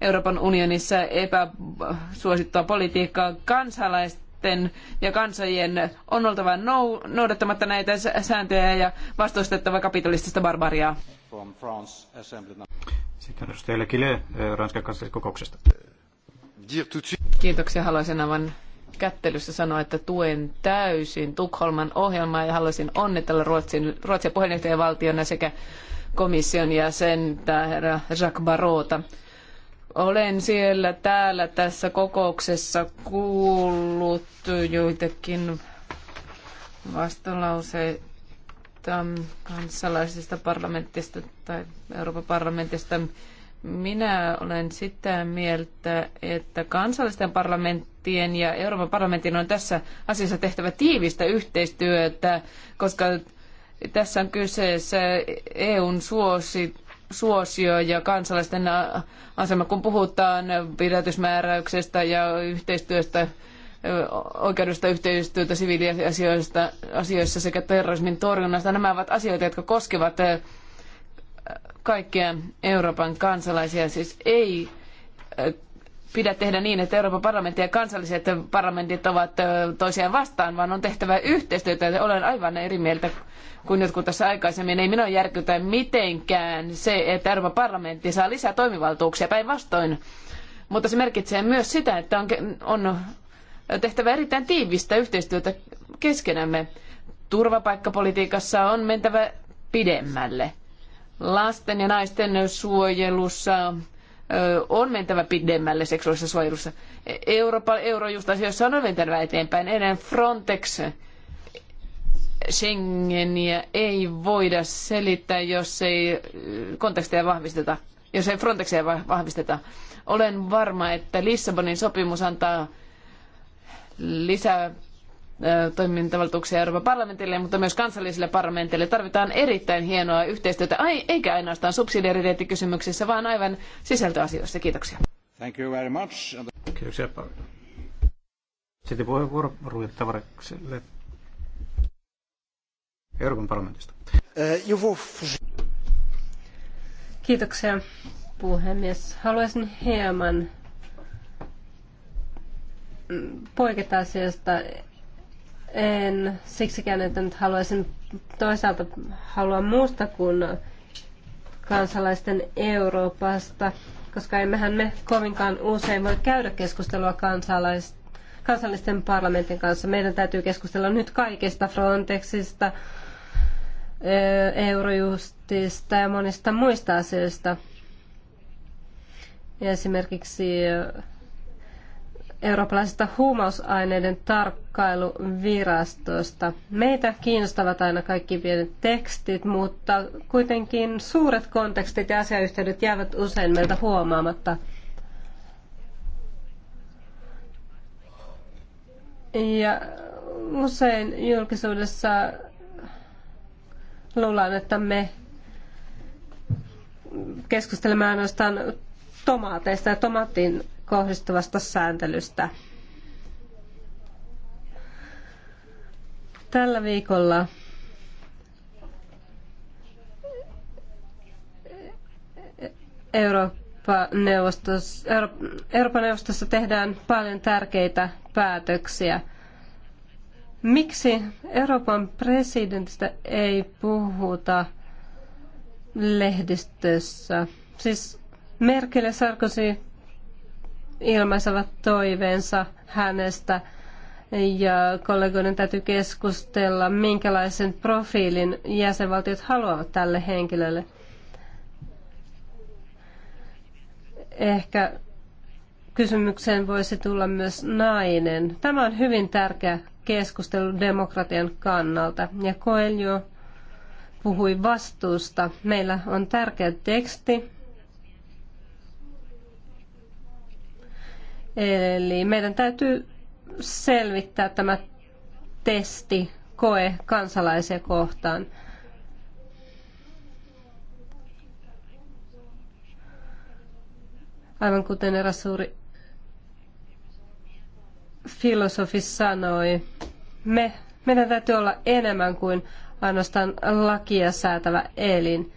Euroopan unionissa epäsuosittua politiikkaa. Kansalaiset maiden ja kansojen on oltava noudattamatta näitä sääntöjä ja vastustettava kapitalistista barbariaa. Sitten edustaja Lekile eh, Ranskan kansalliskokouksesta. Kiitoksia. Haluaisin aivan kättelyssä sanoa, että tuen täysin Tukholman ohjelmaa ja haluaisin onnitella Ruotsin, Ruotsin puheenjohtajavaltiona sekä komission jäsentä herra Jacques Barrota olen siellä täällä tässä kokouksessa kuullut joitakin vastalauseita kansalaisista parlamentista tai Euroopan parlamentista. Minä olen sitä mieltä, että kansallisten parlamenttien ja Euroopan parlamentin on tässä asiassa tehtävä tiivistä yhteistyötä, koska tässä on kyseessä EUn suosit suosio ja kansalaisten asema, kun puhutaan pidätysmääräyksestä ja yhteistyöstä, oikeudesta yhteistyötä siviiliasioista asioissa sekä terrorismin torjunnasta. Nämä ovat asioita, jotka koskevat kaikkia Euroopan kansalaisia, siis ei pidä tehdä niin, että Euroopan parlamentti ja kansalliset parlamentit ovat toisiaan vastaan, vaan on tehtävä yhteistyötä. Olen aivan eri mieltä kuin jotkut tässä aikaisemmin. Ei minua järkytä mitenkään se, että Euroopan parlamentti saa lisää toimivaltuuksia päinvastoin. Mutta se merkitsee myös sitä, että on, on tehtävä erittäin tiivistä yhteistyötä keskenämme. Turvapaikkapolitiikassa on mentävä pidemmälle. Lasten ja naisten suojelussa on mentävä pidemmälle seksuaalisessa suojelussa. Euroopan eurojustasioissa on mentävä eteenpäin. Enää Frontex Schengeniä ei voida selittää, jos ei konteksteja vahvisteta, jos ei Frontexia vahvisteta. Olen varma, että Lissabonin sopimus antaa lisää toimintavaltuuksia Euroopan parlamentille, mutta myös kansallisille parlamenteille. Tarvitaan erittäin hienoa yhteistyötä, Ei eikä ainoastaan subsidiariteettikysymyksissä, vaan aivan sisältöasioissa. Kiitoksia. Thank you very much. Kiitoksia paljon. Sitten puheenvuoro Euroopan parlamentista. Eh, Kiitoksia puhemies. Haluaisin hieman poiketa asiasta en siksikään, että nyt haluaisin toisaalta halua muusta kuin kansalaisten Euroopasta, koska emmehän me kovinkaan usein voi käydä keskustelua kansalaisten kansallisten parlamentin kanssa. Meidän täytyy keskustella nyt kaikesta Frontexista, eh, Eurojustista ja monista muista asioista. esimerkiksi eh, eurooppalaisesta huumausaineiden tarkkailuvirastosta. Meitä kiinnostavat aina kaikki pienet tekstit, mutta kuitenkin suuret kontekstit ja asiayhteydet jäävät usein meiltä huomaamatta. Ja usein julkisuudessa luullaan, että me keskustelemme ainoastaan tomaateista ja tomaatin kohdistuvasta sääntelystä. Tällä viikolla neuvostossa Euroopan neuvostossa tehdään paljon tärkeitä päätöksiä. Miksi Euroopan presidentistä ei puhuta lehdistössä? Siis Merkel ja Sarkozy ilmaisevat toiveensa hänestä ja kollegoiden täytyy keskustella, minkälaisen profiilin jäsenvaltiot haluavat tälle henkilölle. Ehkä kysymykseen voisi tulla myös nainen. Tämä on hyvin tärkeä keskustelu demokratian kannalta. Ja Koelio puhui vastuusta. Meillä on tärkeä teksti, Eli meidän täytyy selvittää tämä testi koe kansalaisia kohtaan. Aivan kuten eräs suuri filosofi sanoi, me, meidän täytyy olla enemmän kuin ainoastaan lakia säätävä elin.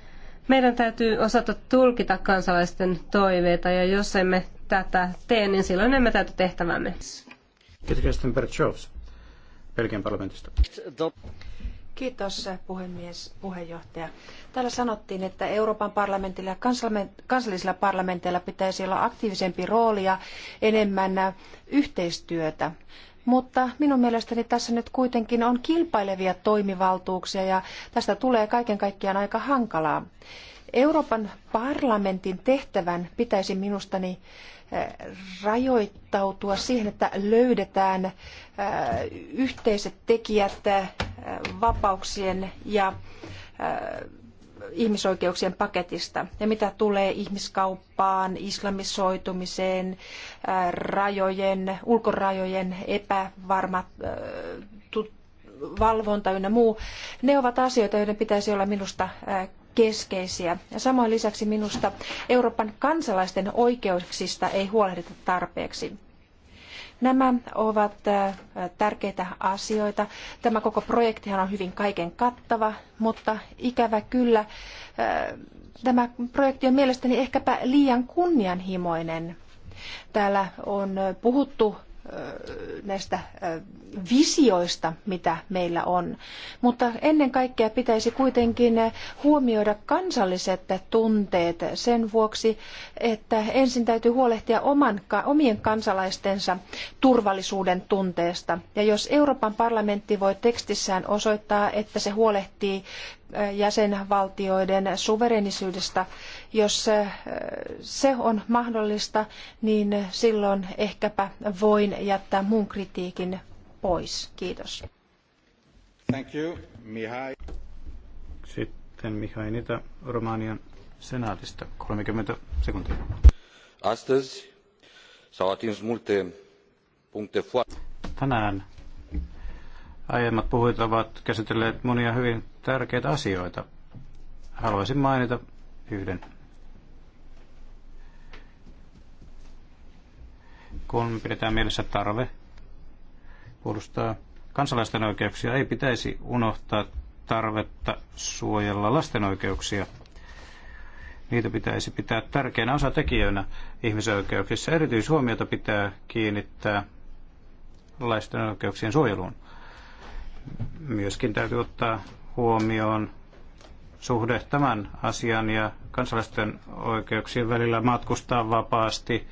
Meidän täytyy osata tulkita kansalaisten toiveita ja jos emme tätä tee, niin silloin emme täytä tehtävämme. Kirsten Berchovs, Belgian parlamentista. Kiitos puhemies, puheenjohtaja. Täällä sanottiin, että Euroopan parlamentilla ja kansallisilla parlamenteilla pitäisi olla aktiivisempi rooli ja enemmän yhteistyötä. Mutta minun mielestäni tässä nyt kuitenkin on kilpailevia toimivaltuuksia ja tästä tulee kaiken kaikkiaan aika hankalaa. Euroopan parlamentin tehtävän pitäisi minustani rajoittautua siihen, että löydetään äh, yhteiset tekijät äh, vapauksien ja äh, ihmisoikeuksien paketista. Ja mitä tulee ihmiskauppaan, islamisoitumiseen, rajojen, ulkorajojen epävarmat valvonta ynnä muu, ne ovat asioita, joiden pitäisi olla minusta keskeisiä. Ja samoin lisäksi minusta Euroopan kansalaisten oikeuksista ei huolehdita tarpeeksi. Nämä ovat äh, tärkeitä asioita. Tämä koko projektihan on hyvin kaiken kattava, mutta ikävä kyllä äh, tämä projekti on mielestäni ehkäpä liian kunnianhimoinen. Täällä on puhuttu näistä visioista, mitä meillä on. Mutta ennen kaikkea pitäisi kuitenkin huomioida kansalliset tunteet sen vuoksi, että ensin täytyy huolehtia oman, omien kansalaistensa turvallisuuden tunteesta. Ja jos Euroopan parlamentti voi tekstissään osoittaa, että se huolehtii jäsenvaltioiden suverenisyydestä jos eh, se on mahdollista, niin silloin ehkäpä voin jättää muun kritiikin pois. Kiitos. Thank you, Mihai. Sitten Mihai Nita, Romanian senaatista. 30 sekuntia. Astăzi s-au atins multe puncte foarte... Tänään aiemmat puhujat ovat käsitelleet monia hyvin tärkeitä asioita. Haluaisin mainita yhden. kun pidetään mielessä tarve puolustaa kansalaisten oikeuksia, ei pitäisi unohtaa tarvetta suojella lasten oikeuksia. Niitä pitäisi pitää tärkeänä osatekijöinä ihmisoikeuksissa. Erityishuomiota pitää kiinnittää lasten oikeuksien suojeluun. Myöskin täytyy ottaa huomioon suhde tämän asian ja kansalaisten oikeuksien välillä matkustaa vapaasti,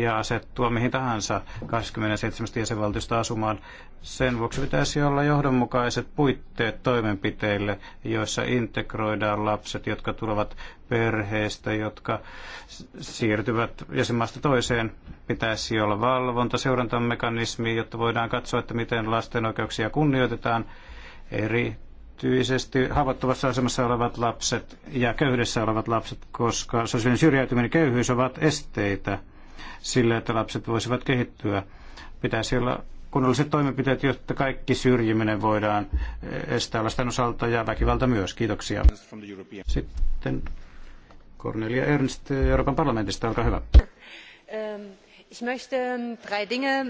ja asettua mihin tahansa 27 jäsenvaltiosta asumaan. Sen vuoksi pitäisi olla johdonmukaiset puitteet toimenpiteille, joissa integroidaan lapset, jotka tulevat perheistä, jotka siirtyvät jäsenmaasta toiseen. Pitäisi olla valvonta, seurantamekanismi, jotta voidaan katsoa, että miten lasten oikeuksia kunnioitetaan eri erityisesti haavoittuvassa asemassa olevat lapset ja köyhyydessä olevat lapset, koska sosiaalinen syrjäytyminen ja köyhyys ovat esteitä sille, että lapset voisivat kehittyä. Pitäisi olla kunnolliset toimenpiteet, jotta kaikki syrjiminen voidaan eh, estää lasten osalta ja väkivalta myös. Kiitoksia. Sitten Cornelia Ernst Euroopan parlamentista, olkaa hyvä. Ähm, ähm,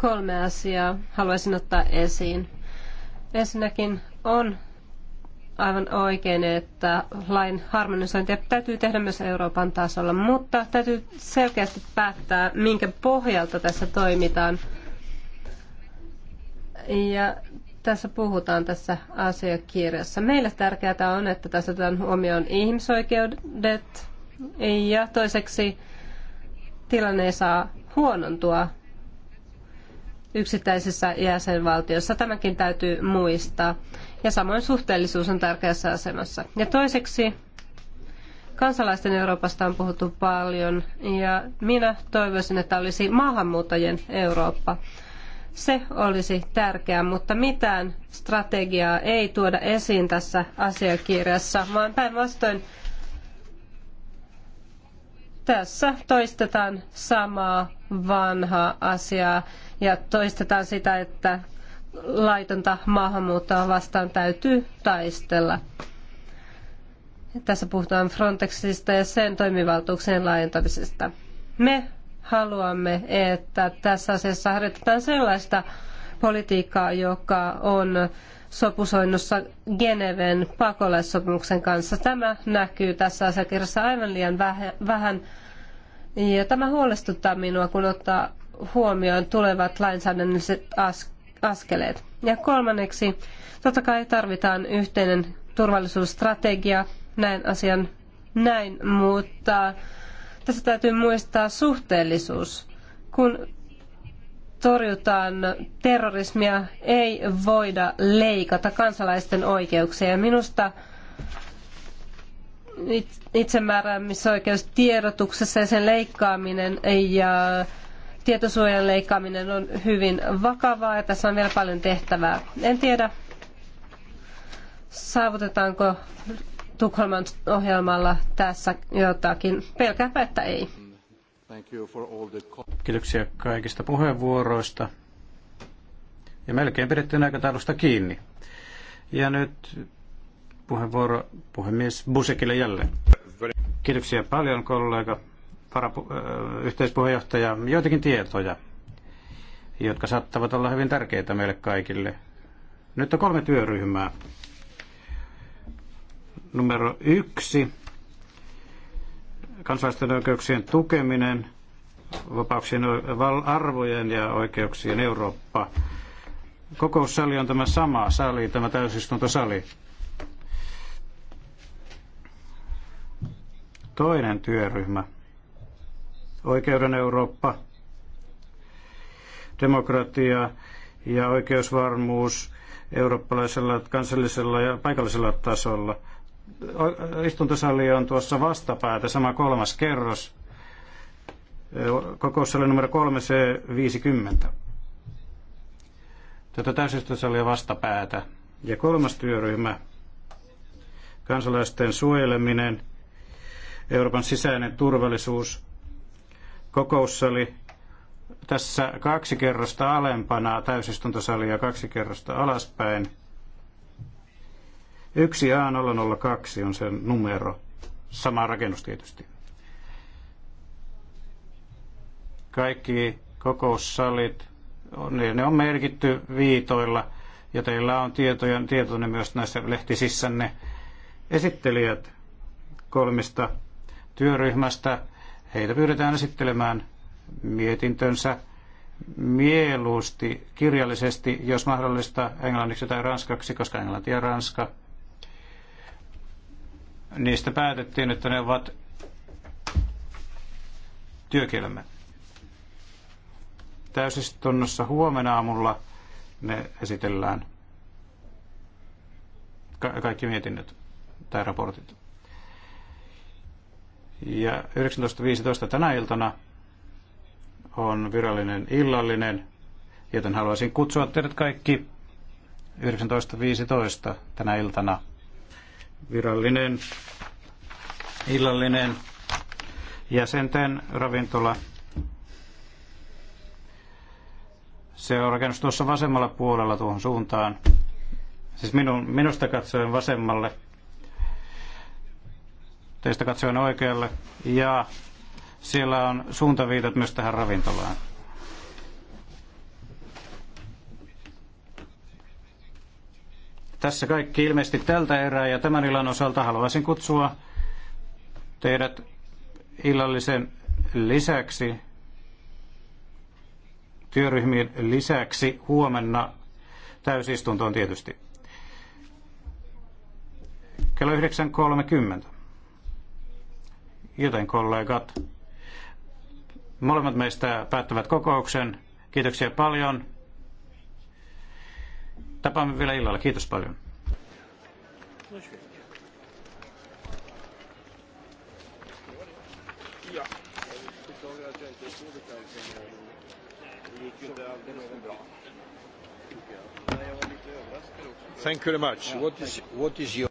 Kolme asiaa haluaisin ottaa esiin. Ensinnäkin on aivan oikein, että lain harmonisointia täytyy tehdä myös Euroopan tasolla, mutta täytyy selkeästi päättää, minkä pohjalta tässä toimitaan. Ja tässä puhutaan tässä asiakirjassa. Meille tärkeää on, että tässä otetaan huomioon ihmisoikeudet ja toiseksi tilanne ei saa huonontua yksittäisessä jäsenvaltiossa. Tämäkin täytyy muistaa. Ja samoin suhteellisuus on tärkeässä asemassa. Ja toiseksi kansalaisten Euroopasta on puhuttu paljon ja minä toivoisin, että olisi maahanmuuttajien Eurooppa. Se olisi tärkeää, mutta mitään strategiaa ei tuoda esiin tässä asiakirjassa, vaan päinvastoin tässä toistetaan samaa vanhaa asiaa ja toistetaan sitä, että laitonta maahanmuuttoa vastaan täytyy taistella. Tässä puhutaan Frontexista ja sen toimivaltuuksien laajentamisesta. Me haluamme, että tässä asiassa harjoitetaan sellaista politiikkaa, joka on sopusoinnussa Geneven pakolaissopimuksen kanssa. Tämä näkyy tässä asiakirjassa aivan liian vähän. Ja tämä huolestuttaa minua, kun ottaa huomioon tulevat lainsäädännölliset askeleet askeleet. Ja kolmanneksi, totta kai tarvitaan yhteinen turvallisuusstrategia, näin asian näin, mutta tässä täytyy muistaa suhteellisuus. Kun torjutaan terrorismia, ei voida leikata kansalaisten oikeuksia. Ja minusta itsemääräämisoikeus tiedotuksessa ja sen leikkaaminen ja tietosuojan leikkaaminen on hyvin vakavaa ja tässä on vielä paljon tehtävää. En tiedä, saavutetaanko Tukholman ohjelmalla tässä jotakin. Pelkääpä, että ei. Kiitoksia kaikista puheenvuoroista. Ja melkein pidettiin aikataulusta kiinni. Ja nyt puheenvuoro puhemies Busekille jälleen. Kiitoksia paljon kollega varapu- yhteispuheenjohtaja, joitakin tietoja, jotka saattavat olla hyvin tärkeitä meille kaikille. Nyt on kolme työryhmää. Numero yksi, kansalaisten oikeuksien tukeminen, vapauksien arvojen ja oikeuksien Eurooppa. Kokoussali on tämä sama sali, tämä täysistuntosali. Toinen työryhmä oikeuden Eurooppa, demokratia ja oikeusvarmuus eurooppalaisella, kansallisella ja paikallisella tasolla. Istuntosali on tuossa vastapäätä, sama kolmas kerros. E, Kokoussali numero 3C50. Tätä täysistuntosalia vastapäätä. Ja kolmas työryhmä, kansalaisten suojeleminen, Euroopan sisäinen turvallisuus, kokoussali tässä kaksi kerrosta alempana, ja kaksi kerrosta alaspäin. 1A002 on sen numero. Sama rakennus tietysti. Kaikki kokoussalit, ne on merkitty viitoilla ja teillä on tietoja, tietonne myös näissä lehtisissänne. Esittelijät kolmista työryhmästä Heitä pyydetään esittelemään mietintönsä mieluusti kirjallisesti, jos mahdollista, englanniksi tai ranskaksi, koska englanti ja ranska. Niistä päätettiin, että ne ovat työkielemme. Täysistunnossa huomenna aamulla ne esitellään. Ka- kaikki mietinnöt tai raportit. Ja 19.15 tänä iltana on virallinen illallinen, joten haluaisin kutsua teidät kaikki 19.15 tänä iltana virallinen illallinen jäsenten ravintola. Se on rakennus tuossa vasemmalla puolella tuohon suuntaan. Siis minun, minusta katsoen vasemmalle teistä katsoen oikealle. Ja siellä on suuntaviitat myös tähän ravintolaan. Tässä kaikki ilmeisesti tältä erää ja tämän illan osalta haluaisin kutsua teidät illallisen lisäksi, työryhmien lisäksi huomenna täysistuntoon tietysti. Kello 9.30. Joten kollegat, molemmat meistä päättävät kokouksen. Kiitoksia paljon. Tapaamme vielä illalla. Kiitos paljon. Thank you very much. What is, what is your...